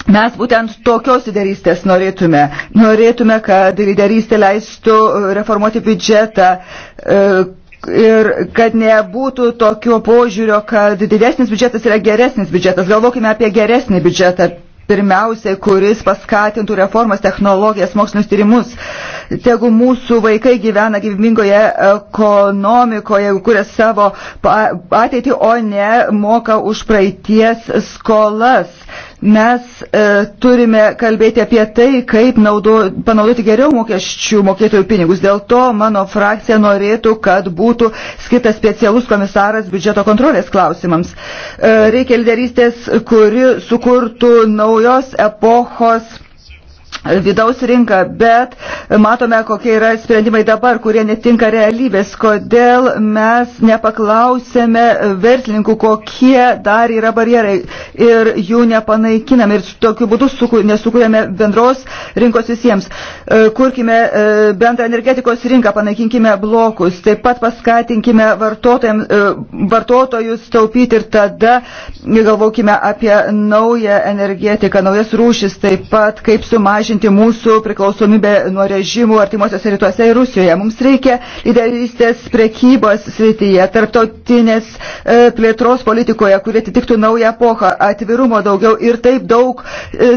Mes būtent tokios lyderystės norėtume. Norėtume, kad lyderystė leistų uh, reformuoti biudžetą uh, ir kad nebūtų tokio požiūrio, kad didesnis biudžetas yra geresnis biudžetas. Galvokime apie geresnį biudžetą, pirmiausiai, kuris paskatintų reformas, technologijas, mokslinius tyrimus. Tegu mūsų vaikai gyvena gyvybingoje ekonomikoje, kuria savo ateitį, o ne moka už praeities skolas. Mes e, turime kalbėti apie tai, kaip naudo, panaudoti geriau mokesčių mokėtojų pinigus. Dėl to mano frakcija norėtų, kad būtų skirtas specialus komisaras biudžeto kontrolės klausimams. E, reikia lyderystės, kuri sukurtų naujos epochos vidaus rinką, bet matome, kokie yra sprendimai dabar, kurie netinka realybės, kodėl mes nepaklausėme verslininkų, kokie dar yra barjerai ir jų nepanaikiname ir tokiu būdu nesukūrėme bendros rinkos visiems. E, kurkime e, bendrą energetikos rinką, panaikinkime blokus, taip pat paskatinkime e, vartotojus taupyti ir tada galvokime apie naują energetiką, naujas rūšis, taip pat kaip sumažinti sumažinti mūsų priklausomybę nuo režimų artimuosiuose rytuose ir Rusijoje. Mums reikia lyderystės prekybos srityje, tarptautinės e, plėtros politikoje, kurie atitiktų naują epochą, atvirumo daugiau ir taip daug, e,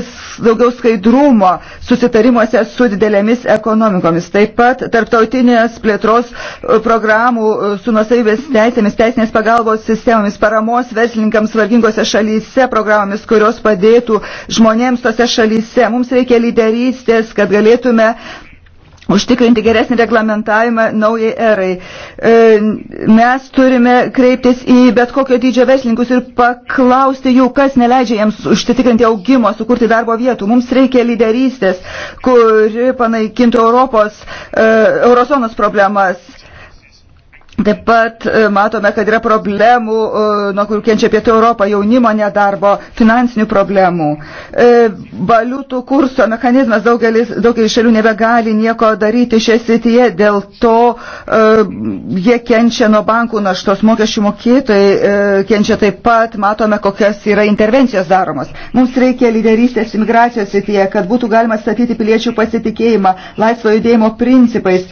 daugiau skaidrumo susitarimuose su didelėmis ekonomikomis. Taip pat tarptautinės plėtros e, programų e, su nusavybės teisėmis, teisinės pagalbos sistemomis, paramos verslininkams vargingose šalyse programomis, kurios padėtų žmonėms tose šalyse. Mums reikia lyderystės partnerystės, kad galėtume užtikrinti geresnį reglamentavimą naujai erai. E, mes turime kreiptis į bet kokio dydžio verslininkus ir paklausti jų, kas neleidžia jiems užtikrinti augimo, sukurti darbo vietų. Mums reikia lyderystės, kuri panaikintų Europos, e, Eurozonos problemas Taip pat e, matome, kad yra problemų, e, nuo kurių kenčia Pietų Europą jaunimo nedarbo, finansinių problemų. E, valiutų kurso mechanizmas daugelis, daugelis šalių nebegali nieko daryti šią srityje, dėl to jie kenčia nuo bankų naštos mokesčių mokėtojai, kenčia taip pat, matome, kokias yra intervencijos daromos. Mums reikia lyderystės imigracijos srityje, kad būtų galima statyti piliečių pasitikėjimą laisvo judėjimo principais.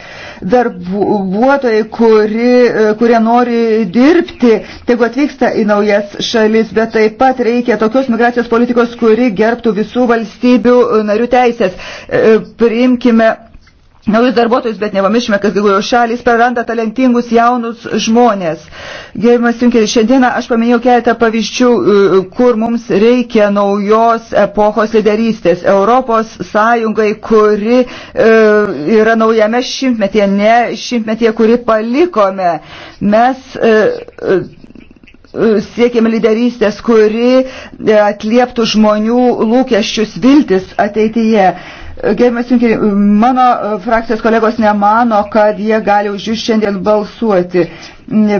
Darbuotojai, kuri nori, e, kurie nori dirbti, tegu atvyksta į naujas šalis, bet taip pat reikia tokios migracijos politikos, kuri gerbtų visų valstybių narių teisės. E, e, priimkime naujus darbuotojus, bet nepamiršime, kad kai kurios šalys praranda talentingus jaunus žmonės. Gerimas Junkeris, šiandieną aš paminėjau keletą pavyzdžių, e, kur mums reikia naujos epochos lyderystės. Europos Sąjungai, kuri e, yra naujame šimtmetyje, ne šimtmetyje, kurį palikome. Mes e, e, siekiame lyderystės, kuri e, atlieptų žmonių lūkesčius viltis ateityje. Gerbiamas Junkerį, mano frakcijos kolegos nemano, kad jie gali už jūs šiandien balsuoti.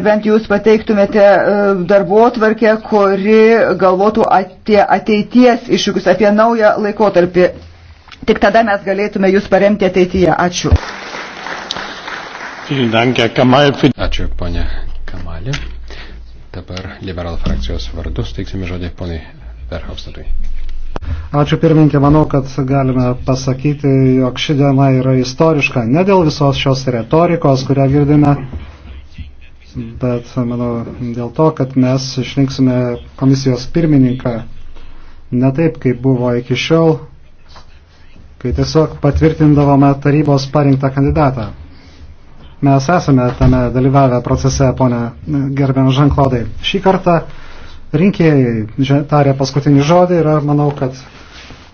Bent jūs pateiktumėte e, darbo tvarkę, kuri galvotų apie ateities iššūkius, apie naują laikotarpį. Tik tada mes galėtume jūs paremti ateityje. Ačiū. Ačiū, ponė Kamalė. Dabar liberal frakcijos vardu steiksime žodį poniai Verhofstadui. Ačiū pirmininkė, manau, kad galime pasakyti, jog ši diena yra istoriška. Ne dėl visos šios retorikos, kurią girdime, bet, manau, dėl to, kad mes išrinksime komisijos pirmininką ne taip, kaip buvo iki šiol, kai tiesiog patvirtindavome tarybos parinktą kandidatą. Mes esame tame dalyvavę procese, ponė gerbiam Žanklodai. Šį kartą rinkėjai tarė paskutinį žodį ir manau, kad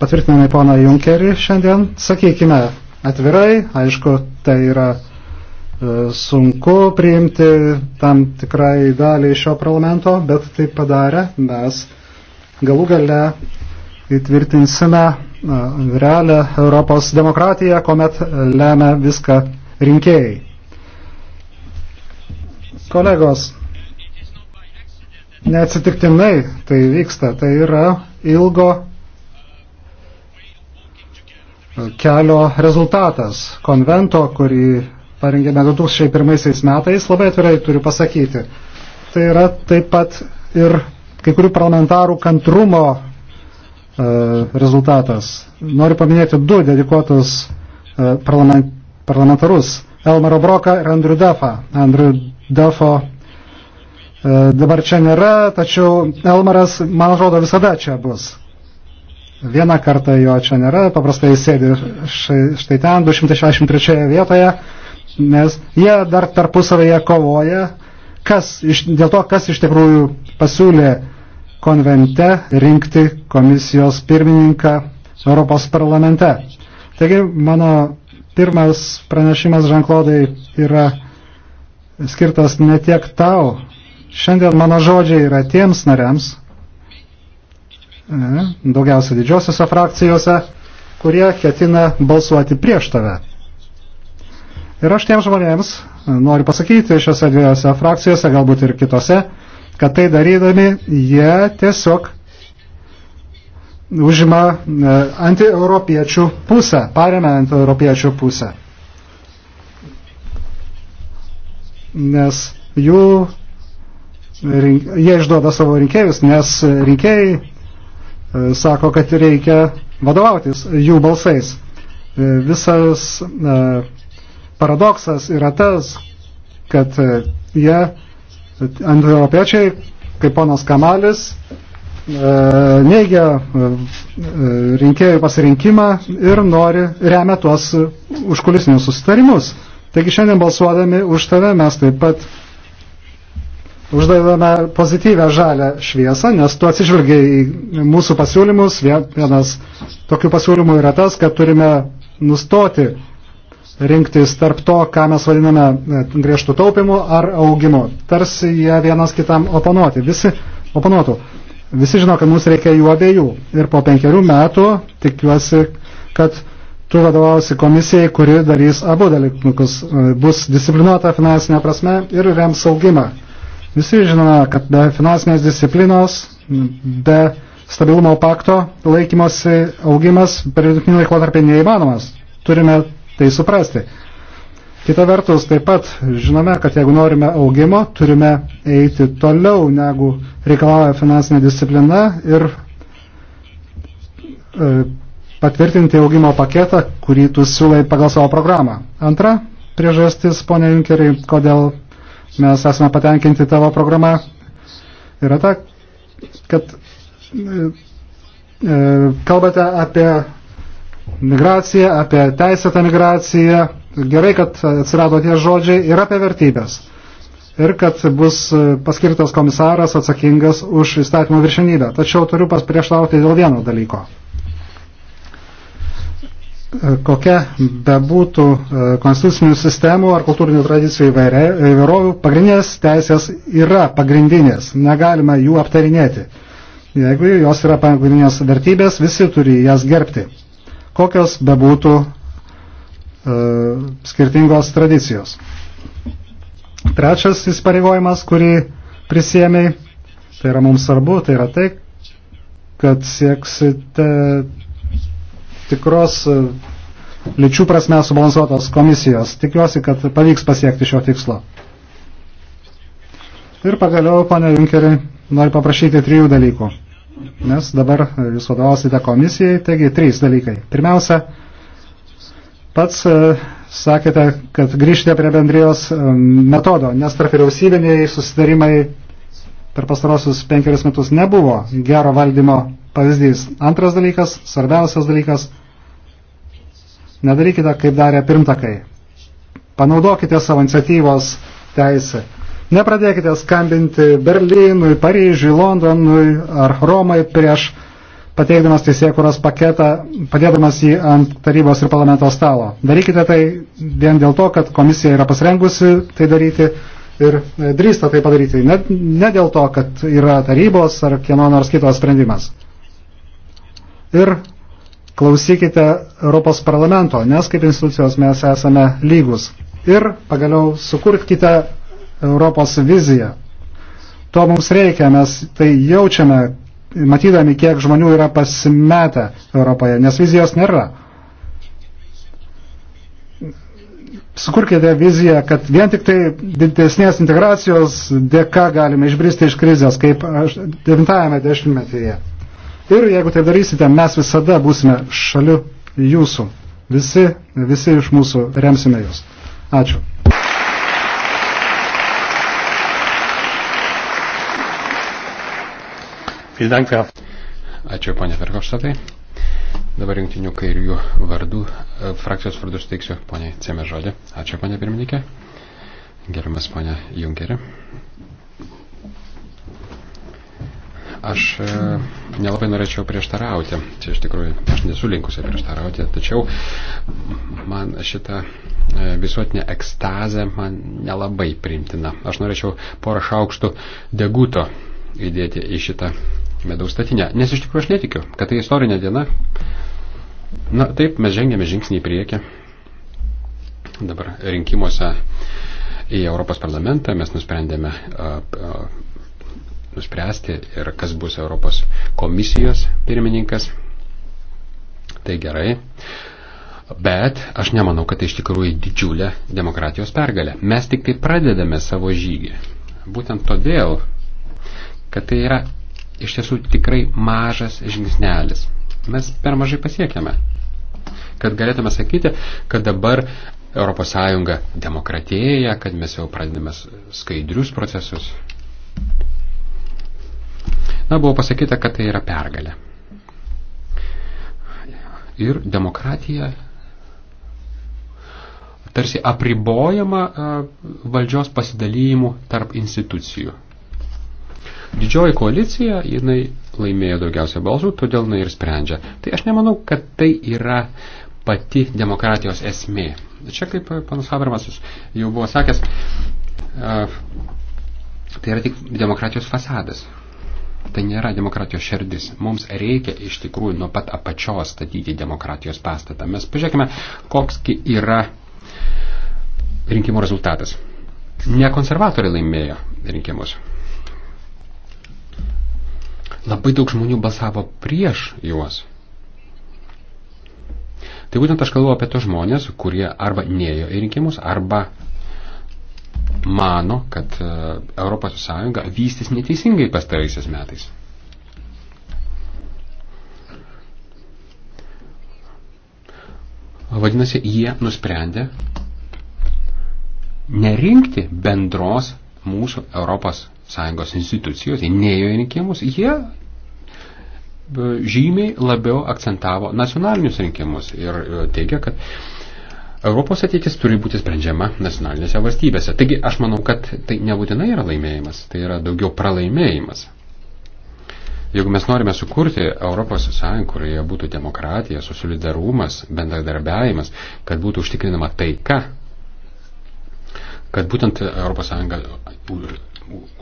patvirtiname poną Junkerį šiandien. Sakykime atvirai, aišku, tai yra e, sunku priimti tam tikrai daliai šio parlamento, bet tai padarę mes galų gale įtvirtinsime e, realią Europos demokratiją, kuomet lemia viską rinkėjai. Kolegos, neatsitiktinai tai vyksta. Tai yra ilgo kelio rezultatas konvento, kurį parengėme 2001 metais, labai atvirai turiu pasakyti. Tai yra taip pat ir kai kurių parlamentarų kantrumo e, rezultatas. Noriu paminėti du dedikuotus e, parlament, parlamentarus. Elmaro Broką ir Andrew Duffą. Andrew Duffo E, dabar čia nėra, tačiau Elmaras, man atrodo, visada čia bus. Vieną kartą jo čia nėra, paprastai sėdi štai ten, 263 vietoje, nes jie dar tarpusavėje kovoja, kas, iš, dėl to, kas iš tikrųjų pasiūlė konvente rinkti komisijos pirmininką Europos parlamente. Taigi mano pirmas pranešimas, Žanklodai, yra skirtas ne tiek tau, Šiandien mano žodžiai yra tiems nariams, e, daugiausia didžiosiose frakcijose, kurie ketina balsuoti prieš tave. Ir aš tiems žmonėms e, noriu pasakyti šiose dviejose frakcijose, galbūt ir kitose, kad tai darydami jie tiesiog užima e, antieuropiečių pusę, paremia antieuropiečių pusę. Nes jų rink, jie išduoda savo rinkėjus, nes rinkėjai e, sako, kad reikia vadovautis jų balsais. E, visas e, paradoksas yra tas, kad jie, antieuropiečiai, kaip ponas Kamalis, neigia rinkėjų pasirinkimą ir nori remia tuos užkulisinius susitarimus. Taigi šiandien balsuodami už tave mes taip pat uždavėme pozityvę žalę šviesą, nes tu atsižvelgiai į mūsų pasiūlymus. Vienas tokių pasiūlymų yra tas, kad turime nustoti rinktis tarp to, ką mes vadiname e, griežtų taupimu ar augimu. Tarsi jie vienas kitam oponuoti. Visi oponuotų. Visi žino, kad mums reikia jų abiejų. Ir po penkerių metų tikiuosi, kad tu vadovausi komisijai, kuri darys abu dalykus. E, bus disciplinuota finansinė prasme ir rems augimą. Visi žinome, kad be finansinės disciplinos, be stabilumo pakto laikymosi augimas per vidutinį laikotarpį neįmanomas. Turime tai suprasti. Kita vertus, taip pat žinome, kad jeigu norime augimo, turime eiti toliau, negu reikalauja finansinė disciplina ir e, patvirtinti augimo paketą, kurį tu siūlai pagal savo programą. Antra priežastis, ponia Junkeriai, kodėl mes esame patenkinti tavo programą, yra ta, kad e, e, kalbate apie migraciją, apie teisėtą migraciją, gerai, kad atsirado tie žodžiai ir apie vertybės. Ir kad bus e, paskirtas komisaras atsakingas už įstatymų viršinybę. Tačiau turiu paspriešlauti dėl vieno dalyko kokia bebūtų e, konstitucinių sistemų ar kultūrinių tradicijų įvairovių, pagrindinės teisės yra pagrindinės, negalima jų aptarinėti. Jeigu jos yra pagrindinės vertybės, visi turi jas gerbti. Kokios bebūtų uh, skirtingos tradicijos. Trečias įsipareigojimas, kurį prisėmiai, tai yra mums svarbu, tai yra tai, kad sieksite tikros e, lyčių prasme subalansuotos komisijos. Tikiuosi, kad pavyks pasiekti šio tikslo. Ir pagaliau, pane Junkeri, noriu paprašyti trijų dalykų, nes dabar jūs vadovausite komisijai, taigi trys dalykai. Pirmiausia, pats e, sakėte, kad grįžtė prie bendrijos e, metodo, nes tarp vyriausybiniai susitarimai per pastarosius penkerius metus nebuvo gero valdymo pavyzdys. Antras dalykas, svarbiausias dalykas – Nedarykite, kaip darė pirmtakai. Panaudokite savo iniciatyvos teisę. Nepradėkite skambinti Berlynui, Paryžiui, Londonui ar Romai prieš pateikdamas teisėkuros paketą, padėdamas jį ant tarybos ir parlamento stalo. Darykite tai vien dėl to, kad komisija yra pasirengusi tai daryti ir e, drįsta tai padaryti. Ne, ne dėl to, kad yra tarybos ar kieno nors kitos sprendimas. Ir klausykite Europos parlamento, nes kaip institucijos mes esame lygus. Ir pagaliau sukurkite Europos viziją. To mums reikia, mes tai jaučiame, matydami, kiek žmonių yra pasimetę Europoje, nes vizijos nėra. Sukurkite viziją, kad vien tik tai didesnės integracijos dėka galime išbristi iš krizės, kaip 90-metyje. Ir jeigu taip darysite, mes visada būsime šaliu jūsų. Visi, visi iš mūsų remsime jūs. Ačiū. Ačiū, ponė Verhofstadai. Dabar jungtinių kairių vardų, e, frakcijos vardų suteiksiu poniai Ceme žodį. Ačiū, ponė pirmininkė. Gerbiamas ponė Junkerė. Aš e, nelabai norėčiau prieštarauti. Čia iš tikrųjų aš nesu linkusi prieštarauti, tačiau man šita e, visuotinė ekstazė man nelabai primtina. Aš norėčiau porą šaukštų deguto įdėti į šitą medaus statinę. Nes iš tikrųjų aš netikiu, kad tai istorinė diena. Na taip, mes žengėme žingsnį į priekį. Dabar rinkimuose į Europos parlamentą mes nusprendėme nuspręsti ir kas bus Europos komisijos pirmininkas. Tai gerai. Bet aš nemanau, kad tai iš tikrųjų didžiulė demokratijos pergalė. Mes tik tai pradedame savo žygį. Būtent todėl, kad tai yra iš tiesų tikrai mažas žingsnelis. Mes per mažai pasiekėme. Kad galėtume sakyti, kad dabar ES demokratėja, kad mes jau pradedame skaidrius procesus. Na, buvo pasakyta, kad tai yra pergalė. Ir demokratija tarsi apribojama e, valdžios pasidalymų tarp institucijų. Didžioji koalicija, jinai laimėjo daugiausia balsų, todėl jinai ir sprendžia. Tai aš nemanau, kad tai yra pati demokratijos esmė. Čia kaip panas Habermas jau buvo sakęs, e, tai yra tik demokratijos fasadas. Tai nėra demokratijos šerdis. Mums reikia iš tikrųjų nuo pat apačios statyti demokratijos pastatą. Mes pažiūrėkime, koks yra rinkimų rezultatas. Ne konservatoriai laimėjo rinkimus. Labai daug žmonių balsavo prieš juos. Tai būtent aš kalbu apie tos žmonės, kurie arba nėjo į rinkimus, arba mano, kad ES vystys neteisingai pastaraisiais metais. Vadinasi, jie nusprendė nerinkti bendros mūsų ES institucijos, jie neėjo į rinkimus, jie e, žymiai labiau akcentavo nacionalinius rinkimus ir e, teigia, kad Europos ateitis turi būti sprendžiama nacionalinėse valstybėse. Taigi aš manau, kad tai nebūtinai yra laimėjimas, tai yra daugiau pralaimėjimas. Jeigu mes norime sukurti Europos Sąjungą, kurioje būtų demokratija, susolidarumas, bendradarbiavimas, kad būtų užtikrinama taika, kad būtent Europos Sąjunga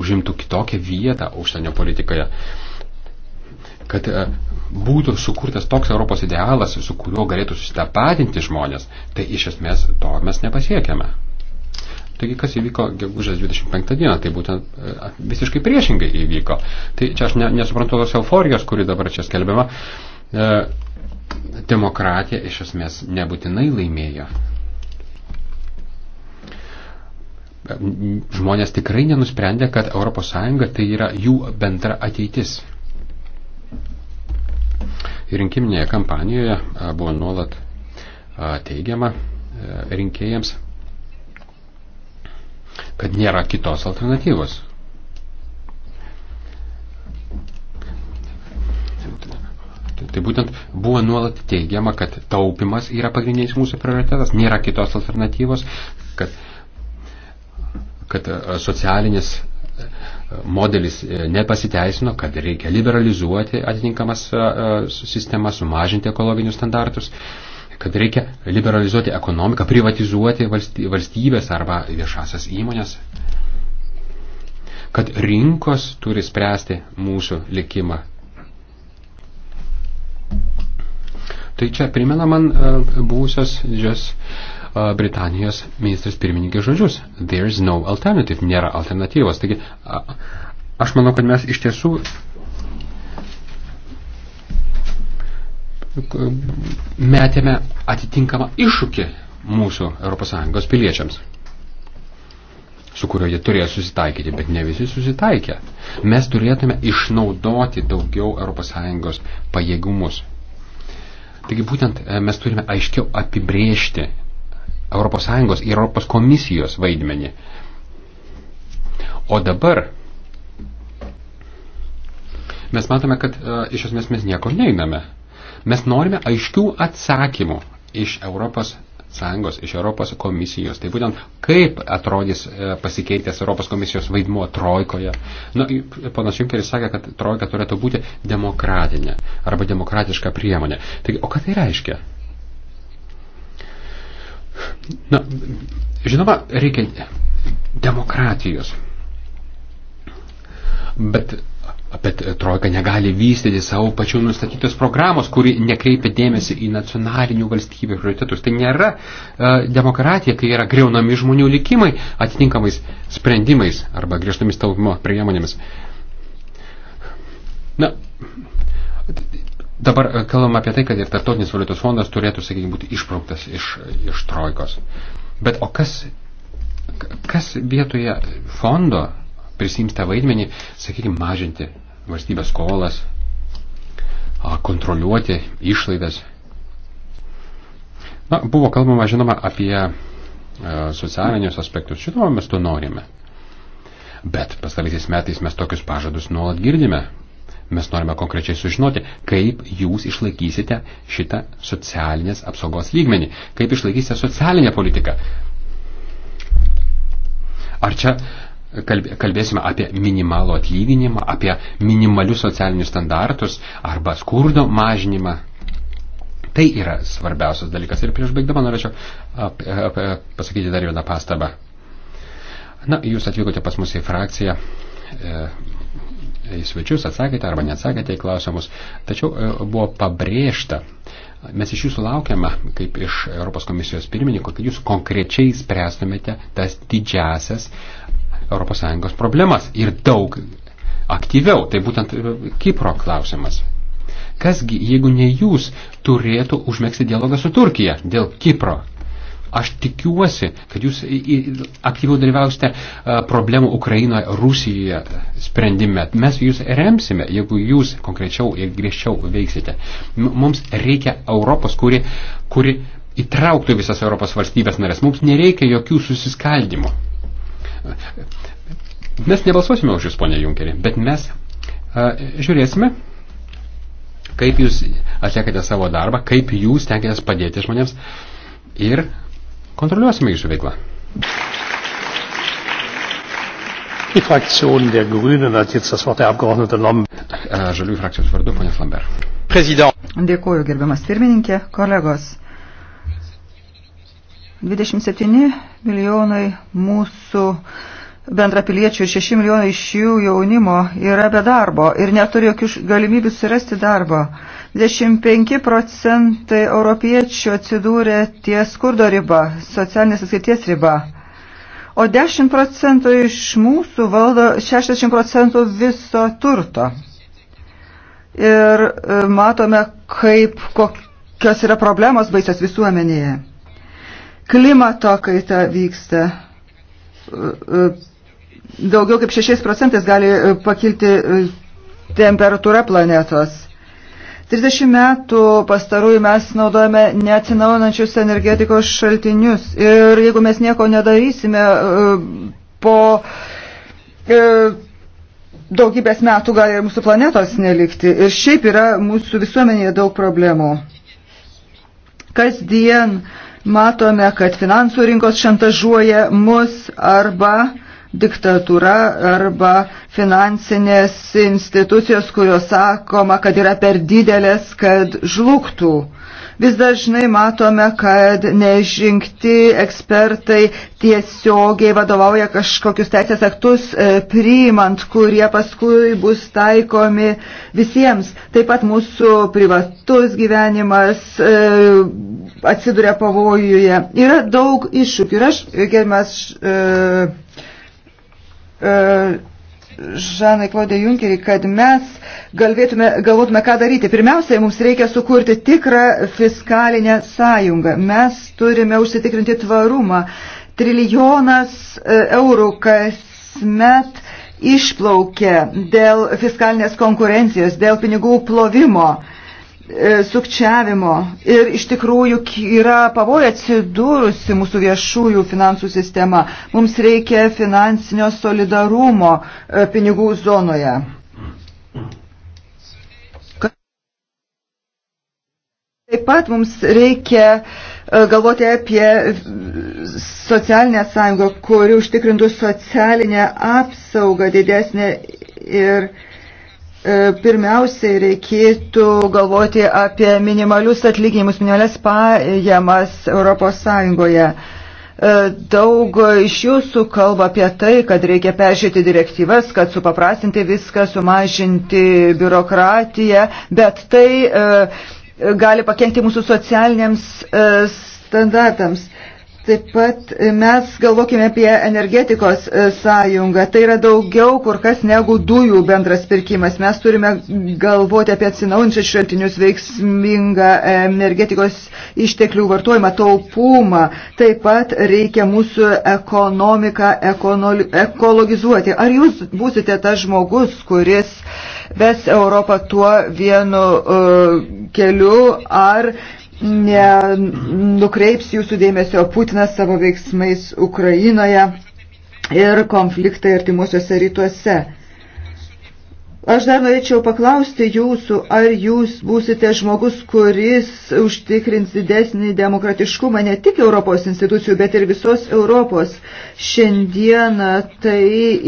užimtų kitokią vietą užsienio politikoje, kad e, būtų sukurtas toks Europos idealas, su kuriuo galėtų susitapatinti žmonės, tai iš esmės to mes nepasiekiame. Taigi, kas įvyko gegužės 25 dieną, tai būtent e, visiškai priešingai įvyko. Tai čia aš ne, nesuprantu tos euforijos, kuri dabar čia skelbiama. E, demokratija iš esmės nebūtinai laimėjo. Žmonės tikrai nenusprendė, kad ES tai yra jų bendra ateitis. Rinkiminėje kampanijoje buvo nuolat teigiama e, rinkėjams, kad nėra kitos alternatyvos. Tai, tai būtent buvo nuolat teigiama, kad taupimas yra pagrindinis mūsų prioritetas, nėra kitos alternatyvos, kad, kad socialinis modelis e, nepasiteisino, kad reikia liberalizuoti atitinkamas e, e, sistemas, sumažinti ekologinius standartus, kad reikia liberalizuoti ekonomiką, privatizuoti valstybės arba viešasias įmonės, kad rinkos turi spręsti mūsų likimą. Tai čia primena man buvusios didžios uh, Britanijos ministras pirmininkės žodžius. There is no alternative, nėra alternatyvos. Taigi, aš manau, kad mes iš tiesų metėme atitinkamą iššūkį mūsų ES piliečiams su kuriuo jie turėjo susitaikyti, bet ne visi susitaikė. Mes turėtume išnaudoti daugiau ES pajėgumus. Taigi būtent e, mes turime aiškiau apibrėžti ES ir ES komisijos vaidmenį. O dabar mes matome, kad e, iš esmės mes niekur neiname. Mes norime aiškių atsakymų iš Europos Sąjungos, iš Europos komisijos. Tai būtent kaip atrodys e, pasikeitęs Europos komisijos vaidmuo trojkoje. Na, nu, panas Junkeris sakė, kad trojka turėtų būti demokratinė arba demokratiška priemonė. Taigi, o ką tai reiškia? Na, žinoma, reikia demokratijos. Bet, bet trojka negali vystyti savo pačių nustatytos programos, kuri nekreipia dėmesį į nacionalinių valstybių prioritetus. Tai nėra uh, demokratija, kai yra greunami žmonių likimai atitinkamais sprendimais arba griežtomis taupimo priemonėmis. Na, Dabar e, kalbam apie tai, kad ir Tartotinis valiutos fondas turėtų, sakykime, būti išbrauktas iš, iš trojkos. Bet o kas, kas vietoje fondo prisims tą vaidmenį, sakykime, mažinti valstybės skolas, kontroliuoti išlaidas? Na, buvo kalbama, žinoma, apie e, socialinius aspektus. Žinoma, mes to norime. Bet pastaraisiais metais mes tokius pažadus nuolat girdime Mes norime konkrečiai sužinoti, kaip jūs išlaikysite šitą socialinės apsaugos lygmenį, kaip išlaikysite socialinę politiką. Ar čia kalbėsime apie minimalų atlyginimą, apie minimalius socialinius standartus arba skurdo mažinimą. Tai yra svarbiausias dalykas. Ir prieš baigdama norėčiau ap, ap, pasakyti dar vieną pastabą. Na, jūs atvykote pas mus į frakciją. E, į svečius, atsakėte arba neatsakėte į klausimus, tačiau e, buvo pabrėžta, mes iš jūsų laukiame, kaip iš Europos komisijos pirmininko, kad jūs konkrečiai spręstumėte tas didžiasias ES problemas ir daug aktyviau, tai būtent e, Kipro klausimas. Kasgi, jeigu ne jūs, turėtų užmėgsti dialogą su Turkija dėl Kipro Aš tikiuosi, kad jūs aktyviau dalyvausite e, problemų Ukrainoje, Rusijoje sprendime. Mes jūs remsime, jeigu jūs konkrečiau ir griežčiau veiksite. Mums reikia Europos, kuri, kuri įtrauktų visas Europos valstybės narės. Mums nereikia jokių susiskaldimų. Mes nebalsuosime už jūs, ponė Junkerį, bet mes a, e, žiūrėsime, kaip jūs atliekate savo darbą, kaip jūs tenkitės padėti žmonėms ir Kontroliuosime jūsų veiklą. Die Fraktion der Grünen hat jetzt das Wort der Abgeordnete Lambert. Äh, Žaliųjų frakcijos vardu, ponas Lambert. Prezident. Dėkuoju, gerbiamas pirmininkė, kolegos. 27 milijonai mūsų bendrapiliečių ir 6 milijonai iš jų jaunimo yra be darbo ir neturi jokių galimybių surasti darbo. 25 procentai europiečių atsidūrė ties skurdo riba, socialinės atskirties riba. O 10 procentų iš mūsų valdo 60 procentų viso turto. Ir e, matome, kaip kokios yra problemos baisios visuomenėje. Klimato kaita vyksta. E, e, daugiau kaip 6 procentais gali pakilti temperatūra planetos 30 metų pastarųjų mes naudojame neatsinaunančius energetikos šaltinius ir jeigu mes nieko nedarysime e, po e, daugybės metų gali ir mūsų planetos nelikti. Ir šiaip yra mūsų visuomenėje daug problemų. Kasdien matome, kad finansų rinkos šantažuoja mus arba diktatūra arba finansinės institucijos, kurios sakoma, kad yra per didelės, kad žlugtų. Vis dažnai matome, kad nežinkti ekspertai tiesiogiai vadovauja kažkokius teisės aktus e, priimant, kurie paskui bus taikomi visiems. Taip pat mūsų privatus gyvenimas e, atsiduria pavojuje. Yra daug iššūkių ir aš, gerbiamas e, E, Žanai Klaudė Junkerį, kad mes galvėtume, galvotume, ką daryti. Pirmiausiai mums reikia sukurti tikrą fiskalinę sąjungą. Mes turime užsitikrinti tvarumą. Trilijonas e, eurų kasmet išplaukia dėl fiskalinės konkurencijos, dėl pinigų plovimo. E, sukčiavimo ir iš tikrųjų yra pavoja atsidūrusi mūsų viešųjų finansų sistema. Mums reikia finansinio solidarumo e, pinigų zonoje. Taip pat mums reikia e, galvoti apie socialinę sąjungą, kuri užtikrintų socialinę apsaugą didesnę ir uh, E, Pirmiausiai reikėtų galvoti apie minimalius atlyginimus, minimalias pajamas Europos Sąjungoje. E, daug iš jūsų kalba apie tai, kad reikia peržiūrėti direktyvas, kad supaprastinti viską, sumažinti biurokratiją, bet tai e, gali pakengti mūsų socialiniams standartams. Taip pat mes galvokime apie energetikos e, sąjungą. Tai yra daugiau kur kas negu dujų bendras pirkimas. Mes turime galvoti apie atsinaujančius šaltinius, veiksmingą e, energetikos išteklių vartojimą, taupumą. Taip pat reikia mūsų ekonomiką ekologizuoti. Ar jūs būsite tas žmogus, kuris ves Europą tuo vienu uh, keliu, ar uh, nenukreips jūsų dėmesio Putinas savo veiksmais Ukrainoje ir konfliktai artimuosiuose rytuose. Aš dar norėčiau paklausti jūsų, ar jūs būsite žmogus, kuris užtikrins didesnį demokratiškumą ne tik Europos institucijų, bet ir visos Europos. Šiandieną tai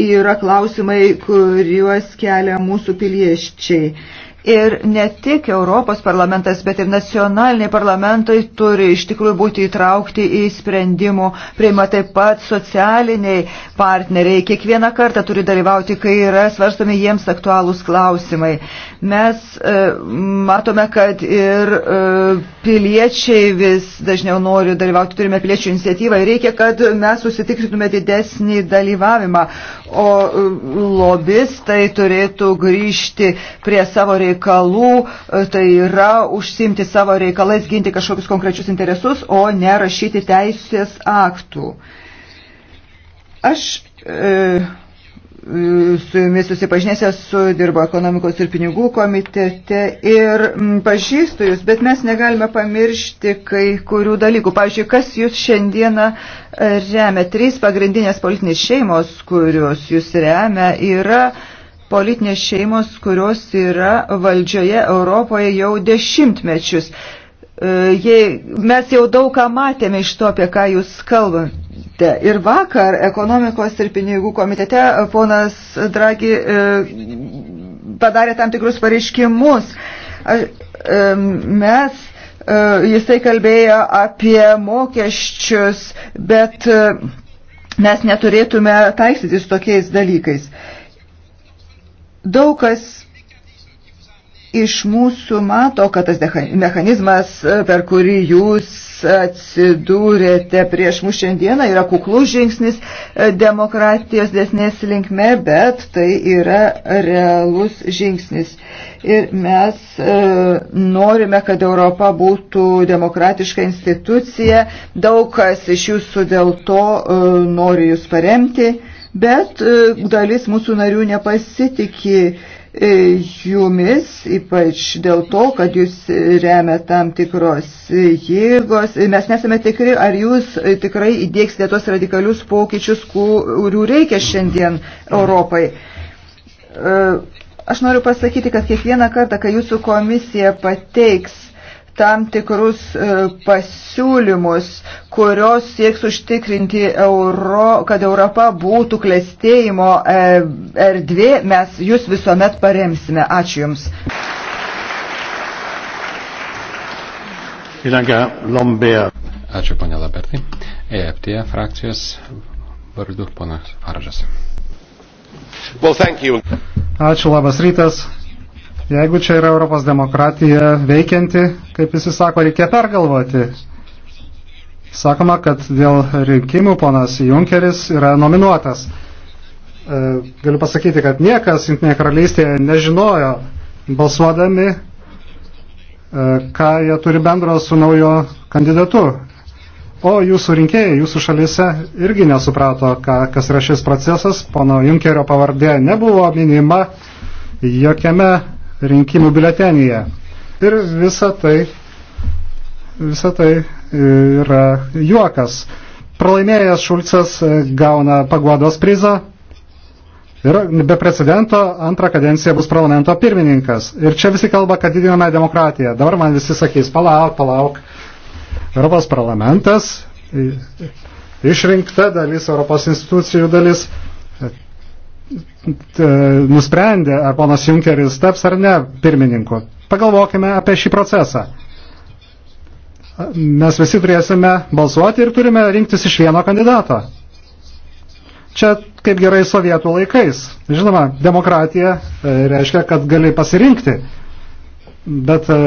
yra klausimai, kuriuos kelia mūsų piliečiai. Ir ne tik Europos parlamentas, bet ir nacionaliniai parlamentai turi iš tikrųjų būti įtraukti į sprendimų prieimą taip pat socialiniai partneriai. Kiekvieną kartą turi dalyvauti, kai yra svarstomi jiems aktualūs klausimai. Mes e, matome, kad ir e, piliečiai vis dažniau nori dalyvauti, turime piliečių iniciatyvą ir reikia, kad mes susitikrintume didesnį dalyvavimą, o e, lobistai turėtų grįžti prie savo reikalų reikalų, e, tai yra užsimti savo reikalais, ginti kažkokius konkrečius interesus, o ne rašyti teisės aktų. Aš e, e su jumis susipažinęs su dirbo ekonomikos ir pinigų komitete ir m, pažįstu jūs, bet mes negalime pamiršti kai kurių dalykų. Pavyzdžiui, kas jūs šiandieną e, remia? Trys pagrindinės politinės šeimos, kurios jūs remia, yra politinės šeimos, kurios yra valdžioje Europoje jau dešimtmečius. E, jei mes jau daug ką matėme iš to, apie ką jūs kalbate. Ir vakar ekonomikos ir pinigų komitete ponas Dragi e, padarė tam tikrus pareiškimus. E, mes jisai kalbėjo apie mokesčius, bet mes neturėtume taisytis tokiais dalykais. Daug kas iš mūsų mato, kad tas mechanizmas, e, per kurį jūs atsidūrėte prieš mus šiandieną, yra kuklus žingsnis e, demokratijos desnės linkme, bet tai yra realus žingsnis. Ir mes e, norime, kad Europa būtų demokratiška institucija. Daug kas iš jūsų dėl to e, nori jūs paremti. E, bet e, dalis mūsų narių nepasitikė e, jumis, ypač dėl to, kad jūs remia tam tikros jėgos. E, mes nesame tikri, ar jūs tikrai įdėksite tos radikalius pokyčius, kurių reikia šiandien Europai. Aš noriu pasakyti, kad kiekvieną kartą, kai jūsų komisija pateiks tam tikrus e, pasiūlymus, kurios sieks užtikrinti, Euro, kad Europa būtų klestėjimo e, erdvė, mes jūs visuomet paremsime. Ačiū Jums. Ačiū, ponė Labertai. EFT frakcijos vardu, ponas Faražas. Well, Ačiū, labas rytas. Jeigu čia yra Europos demokratija veikianti, kaip jis sako, reikia pergalvoti. Sakoma, kad dėl rinkimų ponas Junkeris yra nominuotas. E, galiu pasakyti, kad niekas Junktinėje karalystėje nežinojo balsuodami, e, ką jie turi bendro su naujo kandidatu. O jūsų rinkėjai, jūsų šalyse irgi nesuprato, ką, kas yra šis procesas. Pono Junkerio pavardė nebuvo minima jokiame rinkimų biuletenyje. Ir visa tai, visa tai e, yra juokas. Pralaimėjęs Šulcas e, gauna paguodos prizą ir be precedento antrą kadenciją bus parlamento pirmininkas. Ir čia visi kalba, kad didiname demokratiją. Dabar man visi sakys, palauk, palauk. Europos parlamentas, išrinkta dalis, Europos institucijų dalis nusprendė, ar ponas Junkeris taps ar ne pirmininku. Pagalvokime apie šį procesą. Mes visi turėsime balsuoti ir turime rinktis iš vieno kandidato. Čia kaip gerai sovietų laikais. Žinoma, demokratija e, reiškia, kad gali pasirinkti, bet e,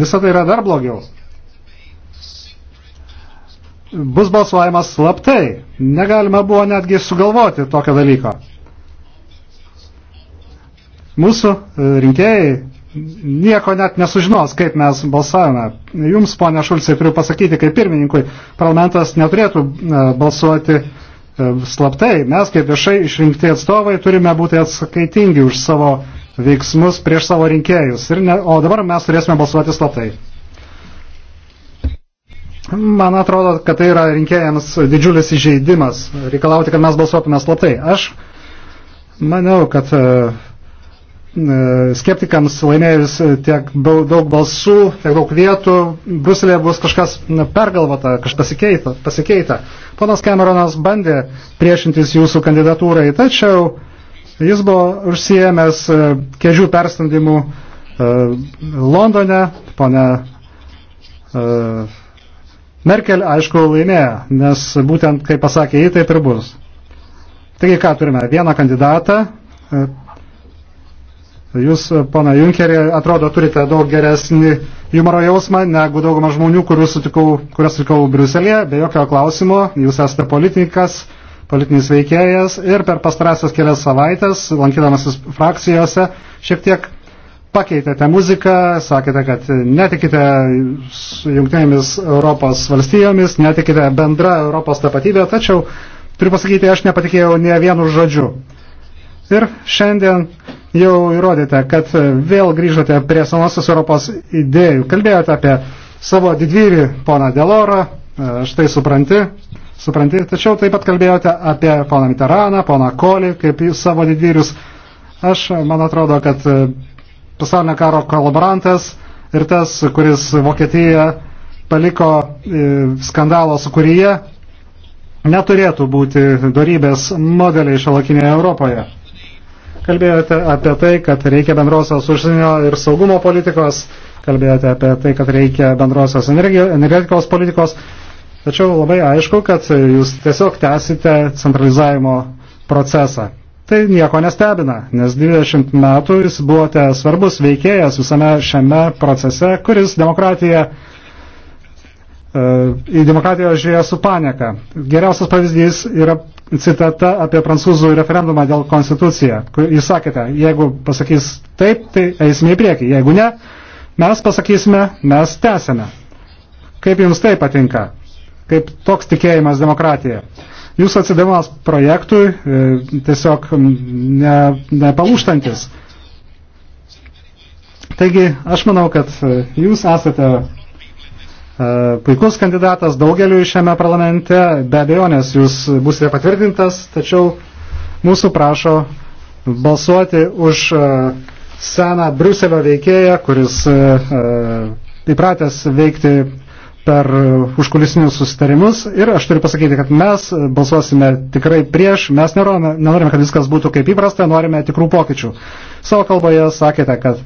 visą tai yra dar blogiau. Bus balsuojamas slaptai. Negalima buvo netgi sugalvoti tokio dalyko. Mūsų e, rinkėjai nieko net nesužinos, kaip mes balsavome. Jums, ponia Šulcai, turiu pasakyti, kaip pirmininkui, parlamentas neturėtų e, balsuoti e, slaptai. Mes, kaip viešai išrinkti atstovai, turime būti atskaitingi už savo veiksmus prieš savo rinkėjus. Ir ne, o dabar mes turėsime balsuoti slaptai. Man atrodo, kad tai yra rinkėjams didžiulis įžeidimas reikalauti, kad mes balsuotume slaptai. Aš maniau, kad uh, E, skeptikams laimėjus e, tiek daug balsų, tiek daug vietų, Bruselėje bus kažkas pergalvota, kažkas pasikeita. Ponas Cameronas bandė priešintis jūsų kandidatūrai, tačiau jis buvo užsiemęs e, kežių perstandimų Londone, ponė Merkel, aišku, laimėjo, nes būtent, kaip pasakė jį, taip ir bus. Taigi ką turime? Vieną kandidatą, Jūs, e, pana Junkerė, atrodo turite daug geresnį humoro jausmą negu dauguma žmonių, sutikau, kurias sutikau Briuselėje, be jokio klausimo. Jūs esate politikas, politinis veikėjas ir per pastarąsias kelias savaitės, lankydamasis frakcijose, šiek tiek pakeitėte muziką, sakėte, kad netikite jungtinėmis Europos valstijomis, netikite bendra Europos tapatybė, tačiau turiu pasakyti, aš nepatikėjau ne vienu žodžiu. Ir šiandien jau įrodėte, kad vėl grįžote prie senosios Europos idėjų. Kalbėjote apie savo didvyrį poną Delorą, e, štai supranti, supranti, tačiau taip pat kalbėjote apie poną Miteraną, poną Kolį, kaip jūs savo didvyrius. Aš, man atrodo, kad e, pasaulinio karo kolaborantas ir tas, kuris Vokietiją paliko e, skandalo sukūryje, neturėtų būti darybės modeliai šalakinėje Europoje. Kalbėjote apie tai, kad reikia bendrosios užsienio ir saugumo politikos, kalbėjote apie tai, kad reikia bendrosios energetikos politikos, tačiau labai aišku, kad jūs tiesiog tęsite centralizavimo procesą. Tai nieko nestebina, nes 20 metų jūs buvote svarbus veikėjas visame šiame procese, kuris demokratiją, e, į demokratiją žiūrėjo su panieka. Geriausias pavyzdys yra citata apie prancūzų referendumą dėl konstituciją. Jūs sakėte, jeigu pasakys taip, tai eisime į priekį. Jeigu ne, mes pasakysime, mes tęsime. Kaip jums tai patinka? Kaip toks tikėjimas demokratija? Jūsų atsidavimas projektui e, tiesiog nepalūštantis. Ne, ne Taigi, aš manau, kad e, jūs esate E, puikus kandidatas daugeliu šiame parlamente, be abejonės jūs būsite patvirtintas, tačiau mūsų prašo balsuoti už e, seną Briuselio veikėją, kuris e, įpratęs veikti per užkulisinius susitarimus ir aš turiu pasakyti, kad mes balsuosime tikrai prieš, mes nerome, nenorime, kad viskas būtų kaip įprasta, norime tikrų pokyčių. Savo kalboje sakėte, kad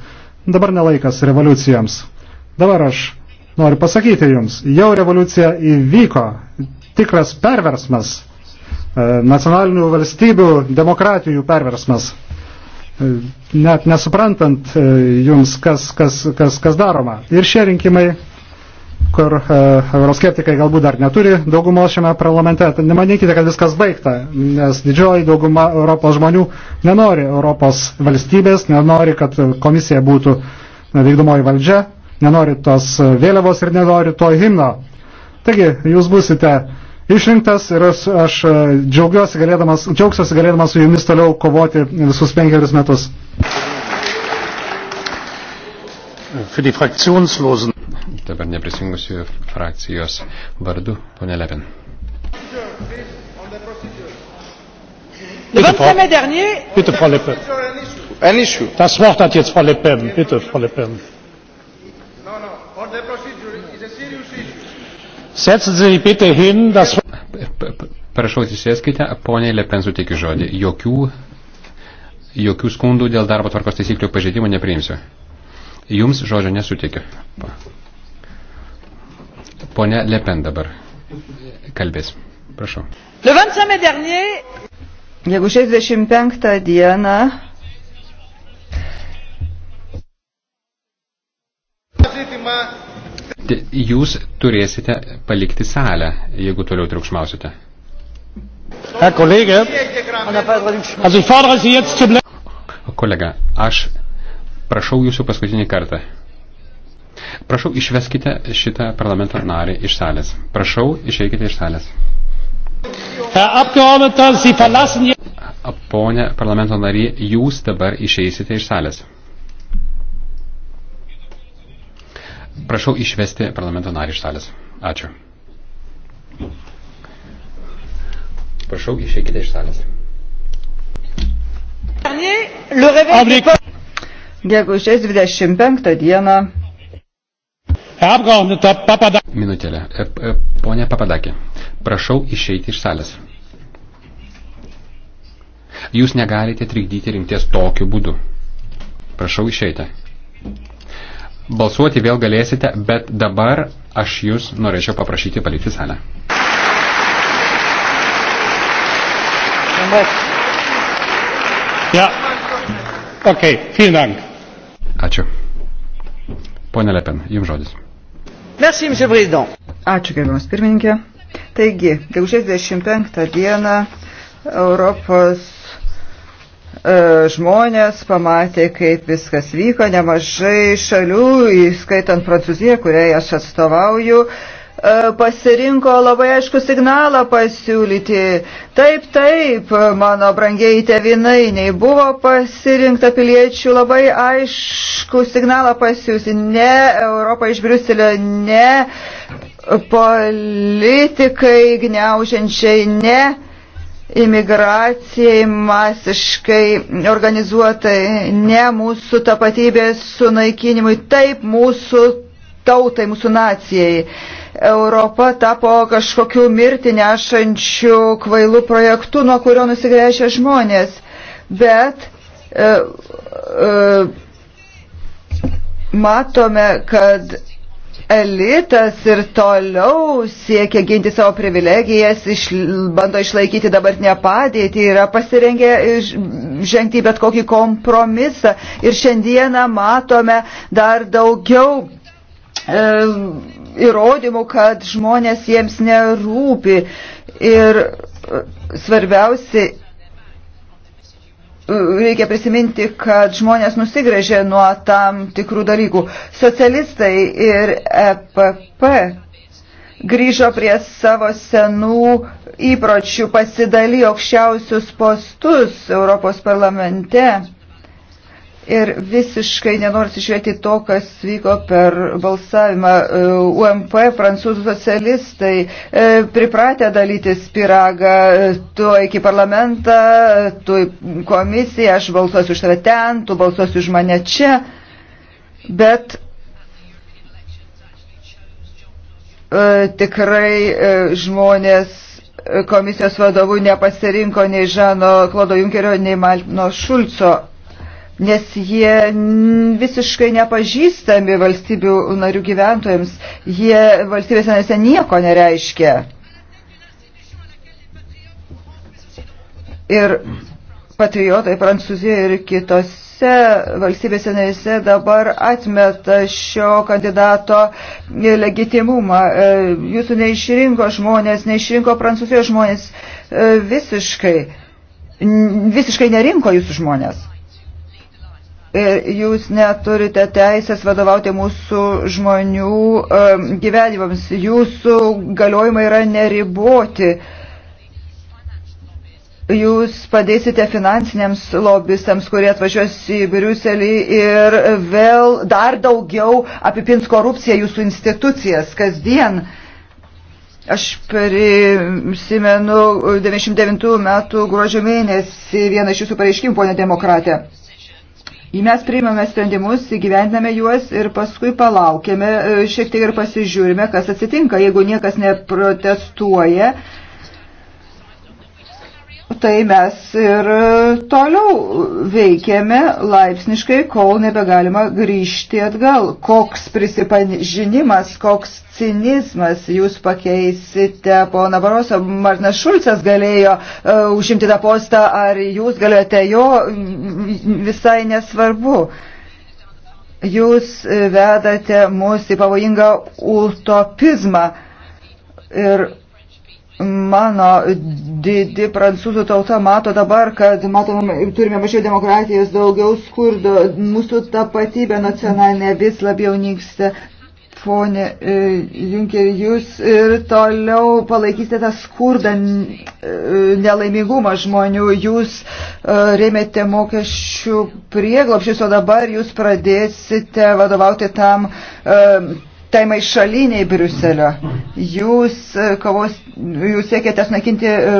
dabar nelaikas revoliucijoms. Dabar aš Noriu pasakyti jums, jau revoliucija įvyko, tikras perversmas, e, nacionalinių valstybių demokratijų perversmas, e, net nesuprantant e, jums, kas, kas, kas, kas daroma. Ir šie rinkimai, kur euroskeptikai galbūt dar neturi daugumos šiame parlamente, tai nemanykite, kad viskas baigta, nes didžioji dauguma Europos žmonių nenori Europos valstybės, nenori, kad komisija būtų vykdomoji valdžia, nenori tos e, vėliavos ir nenori to himno. Taigi, jūs busite išrinktas ir aš, aš e, džiaugiuosi galėdamas, džiaugsiuosi galėdamas su jumis toliau kovoti visus penkerius metus. Dabar neprisijungusių frakcijos vardu, ponė Lepin. Le 25 mai dernier, bitte, Frau Le Pen. Ein Issue. Das Wort hat jetzt Frau Le Pen. Bitte, Frau Le Pen. Setzen Sie bitte hin, das... Prašau, atsisėskite, ponė Lepen suteikiu žodį. Jokių, jokių skundų dėl darbo tvarkos taisyklių pažeidimų nepriimsiu. Jums žodžio nesuteikiu. Pone Lepen dabar kalbės. Prašau. Jeigu 65 dieną ζήτημα Jūs turėsite palikti salę, jeigu toliau triukšmausite. Kolega, aš prašau jūsų paskutinį kartą. Prašau, išveskite šitą parlamento narį iš salės. Prašau, išeikite iš salės. Pone parlamento nary, jūs dabar išeisite iš salės. Prašau išvesti parlamento narį iš salės. Ačiū. Prašau, išeikite iš salės. Gegužės 25 dieną. Minutėlė. E, e, Pone Papadakė, prašau išeiti iš salės. Jūs negalite trikdyti rimties tokiu būdu. Prašau išeiti. Balsuoti vėl galėsite, bet dabar aš jūs norėčiau paprašyti palikti salę. Ja. Okay, vielen Dank. Ačiū. Pone Lepen, jums žodis. Merci, monsieur président. Ačiū, gerbiamas pirmininkė. Taigi, gegužės 25 dieną Europos E, žmonės pamatė, kaip viskas vyko, nemažai šalių, įskaitant Prancūziją, kuriai aš atstovauju, e, pasirinko labai aišku signalą pasiūlyti. Taip, taip, mano brangiai tevinai, nei buvo pasirinkta piliečių labai aišku signalą pasiūsti. Ne Europą iš Briuselio, ne politikai gniaužiančiai, ne imigracijai masiškai organizuotai, ne mūsų tapatybės sunaikinimui, taip mūsų tautai, mūsų nacijai. Europa tapo kažkokiu mirtį nešančiu kvailų projektu, nuo kurio nusigręžia žmonės. Bet e, e, matome, kad elitas ir toliau siekia ginti savo privilegijas, iš, bando išlaikyti dabartinę padėtį, yra pasirengę žengti bet kokį kompromisą. Ir šiandieną matome dar daugiau e, įrodymų, kad žmonės jiems nerūpi. Ir e, svarbiausia reikia prisiminti, kad žmonės nusigrėžė nuo tam tikrų dalykų. Socialistai ir EPP grįžo prie savo senų įpročių, pasidalijo aukščiausius postus Europos parlamente. Ir visiškai nenoriu išvėti to, kas vyko per balsavimą. E, UMP, prancūzų socialistai, e, pripratę dalytis piragą, e, tu iki parlamentą, tu komisiją, aš balsuosiu už tave ten, tu balsuosiu už mane čia. Bet tikrai žmonės komisijos vadovų nepasirinko nei Žano Klodo Junkerio, nei Maltino Šulco nes jie visiškai nepažįstami valstybių narių gyventojams, jie valstybės narėse nieko nereiškia. Ir patriotai Prancūzijoje ir kitose valstybėse narėse dabar atmeta šio kandidato legitimumą. E, jūsų neišrinko žmonės, neišrinko Prancūzijos žmonės e, visiškai, visiškai nerinko jūsų žmonės. E, jūs neturite teisės vadovauti mūsų žmonių e, gyvenimams. Jūsų galiojimai yra neriboti. Jūs padėsite finansiniams lobistams, kurie atvažiuos į Briuselį ir vėl dar daugiau apipins korupciją jūsų institucijas kasdien. Aš prisimenu 99 metų gruodžio mėnesį vieną iš jūsų pareiškimų, ponė demokratė Mes priimame sprendimus, įgyvendiname juos ir paskui palaukėme, e, šiek tiek ir pasižiūrime, kas atsitinka, jeigu niekas neprotestuoja tai mes ir e, toliau veikėme laipsniškai, kol nebegalima grįžti atgal. Koks prisipažinimas, koks cinizmas jūs pakeisite poną Barosą, Martinas Šulcas galėjo uh, užimti tą postą, ar jūs galėjote jo, visai nesvarbu. Uh, jūs vedate mus į pavojingą utopizmą. Ir Mano didi prancūzų tauta mato dabar, kad matome, turime mažiau demokratijos, daugiau skurdo, mūsų tapatybė nacionalinė vis labiau nyksta. Pone e, Junkeri, jūs ir toliau palaikysite tą skurdą e, nelaimingumą žmonių, jūs e, rėmėte mokesčių prieglopšius, o dabar jūs pradėsite vadovauti tam tai maišaliniai Briuselio. Jūs, e, kovos, jūs siekėte sunaikinti e,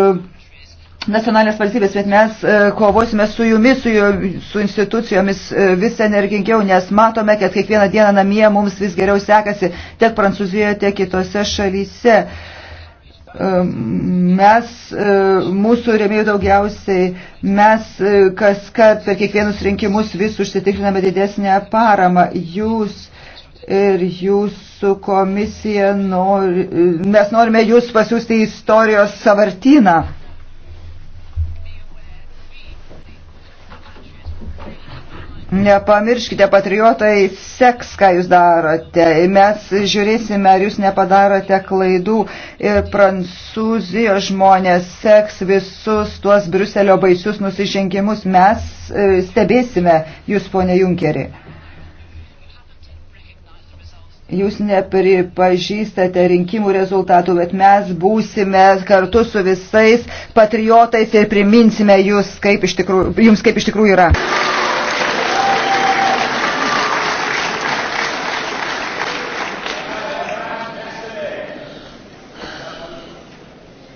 nacionalinės valstybės, bet mes e, kovosime su jumis, su, ju, su institucijomis vis energingiau, nes matome, kad kiekvieną dieną namie mums vis geriau sekasi tiek Prancūzijoje, tiek kitose šalyse. Mes, mūsų remėjų daugiausiai, mes kas kad per kiekvienus rinkimus vis užsitikriname didesnę paramą. Jūs ir jūsų komisija nori, mes norime jūs pasiūsti į istorijos savartyną. Nepamirškite, patriotai, seks, ką jūs darote. Mes žiūrėsime, ar jūs nepadarote klaidų. Ir prancūzijos žmonės seks visus tuos Bruselio baisius nusižengimus. Mes e, stebėsime jūs, ponė Junkeri. Jūs nepripažįstate rinkimų rezultatų, bet mes būsime kartu su visais patriotais ir priminsime jūs, kaip iš tikrųjų, jums, kaip iš tikrųjų yra.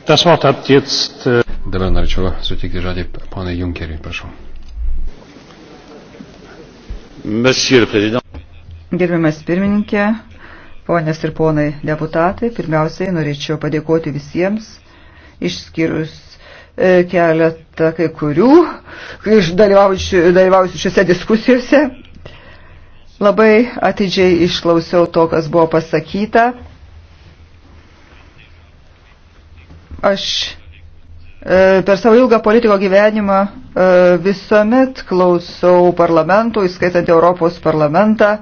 Das Wort hat jetzt. Äh, Dabar norėčiau sutikti žodį ponai Junkeriui, prašau. Monsieur le Président. Gerbiamas pirmininkė, Ponės ir ponai deputatai, pirmiausiai norėčiau padėkoti visiems, išskyrus e, keletą kai kurių, iš dalyvaujusių šiuose diskusijose. Labai atidžiai išklausiau to, kas buvo pasakyta. Aš e, per savo ilgą politiko gyvenimą e, visuomet klausau parlamentų, įskaitant Europos parlamentą,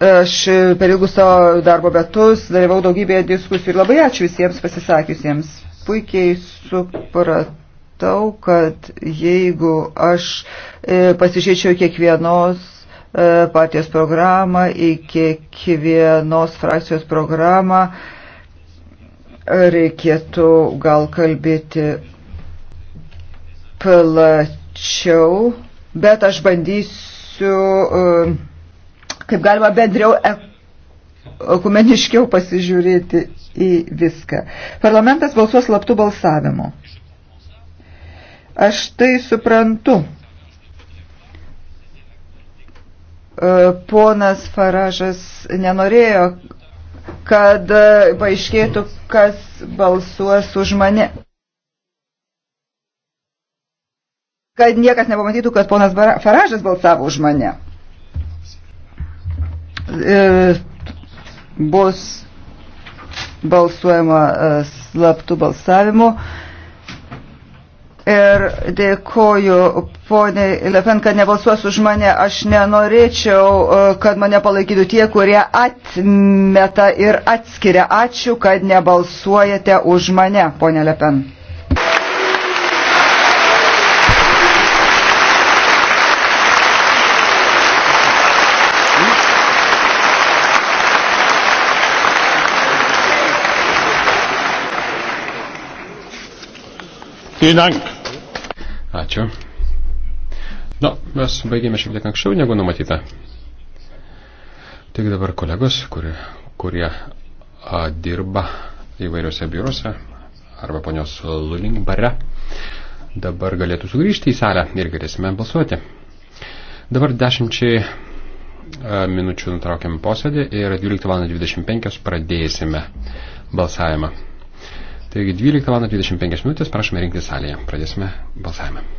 Aš per ilgus savo darbo metus dalyvau daugybėje diskusijų ir labai ačiū visiems pasisakiusiems. Puikiai supratau, kad jeigu aš e, pasižiūrėčiau kiekvienos e, partijos programą, į kiekvienos frakcijos programą, e, reikėtų gal kalbėti plačiau, bet aš bandysiu teisių, e, kaip galima bendriau okumeniškiau e, pasižiūrėti į viską. Parlamentas balsuos slaptų balsavimu. Aš tai suprantu. E, ponas Faražas nenorėjo, kad paaiškėtų, kas balsuos už mane. kad niekas nepamatytų, kad ponas Faražas balsavo už mane. E, bus balsuojama e, slaptų balsavimu. Ir dėkoju poniai Lepen, kad nebalsuos už mane. Aš nenorėčiau, e, kad mane palaikytų tie, kurie atmeta ir atskiria. Ačiū, kad nebalsuojate už mane, ponė Lepen. Ačiū. Na, mes baigėme šiek tiek anksčiau negu numatyta. Tik dabar kolegos, kurie, kurie a, dirba įvairiuose biuruose arba ponios Luling bare, dabar galėtų sugrįžti į salę ir galėsime balsuoti. Dabar dešimčiai minučių nutraukiam posėdį ir 12.25 pradėsime balsavimą. Taigi 12 val. 25 min. prašome rinkti salėje. Pradėsime balsavimą.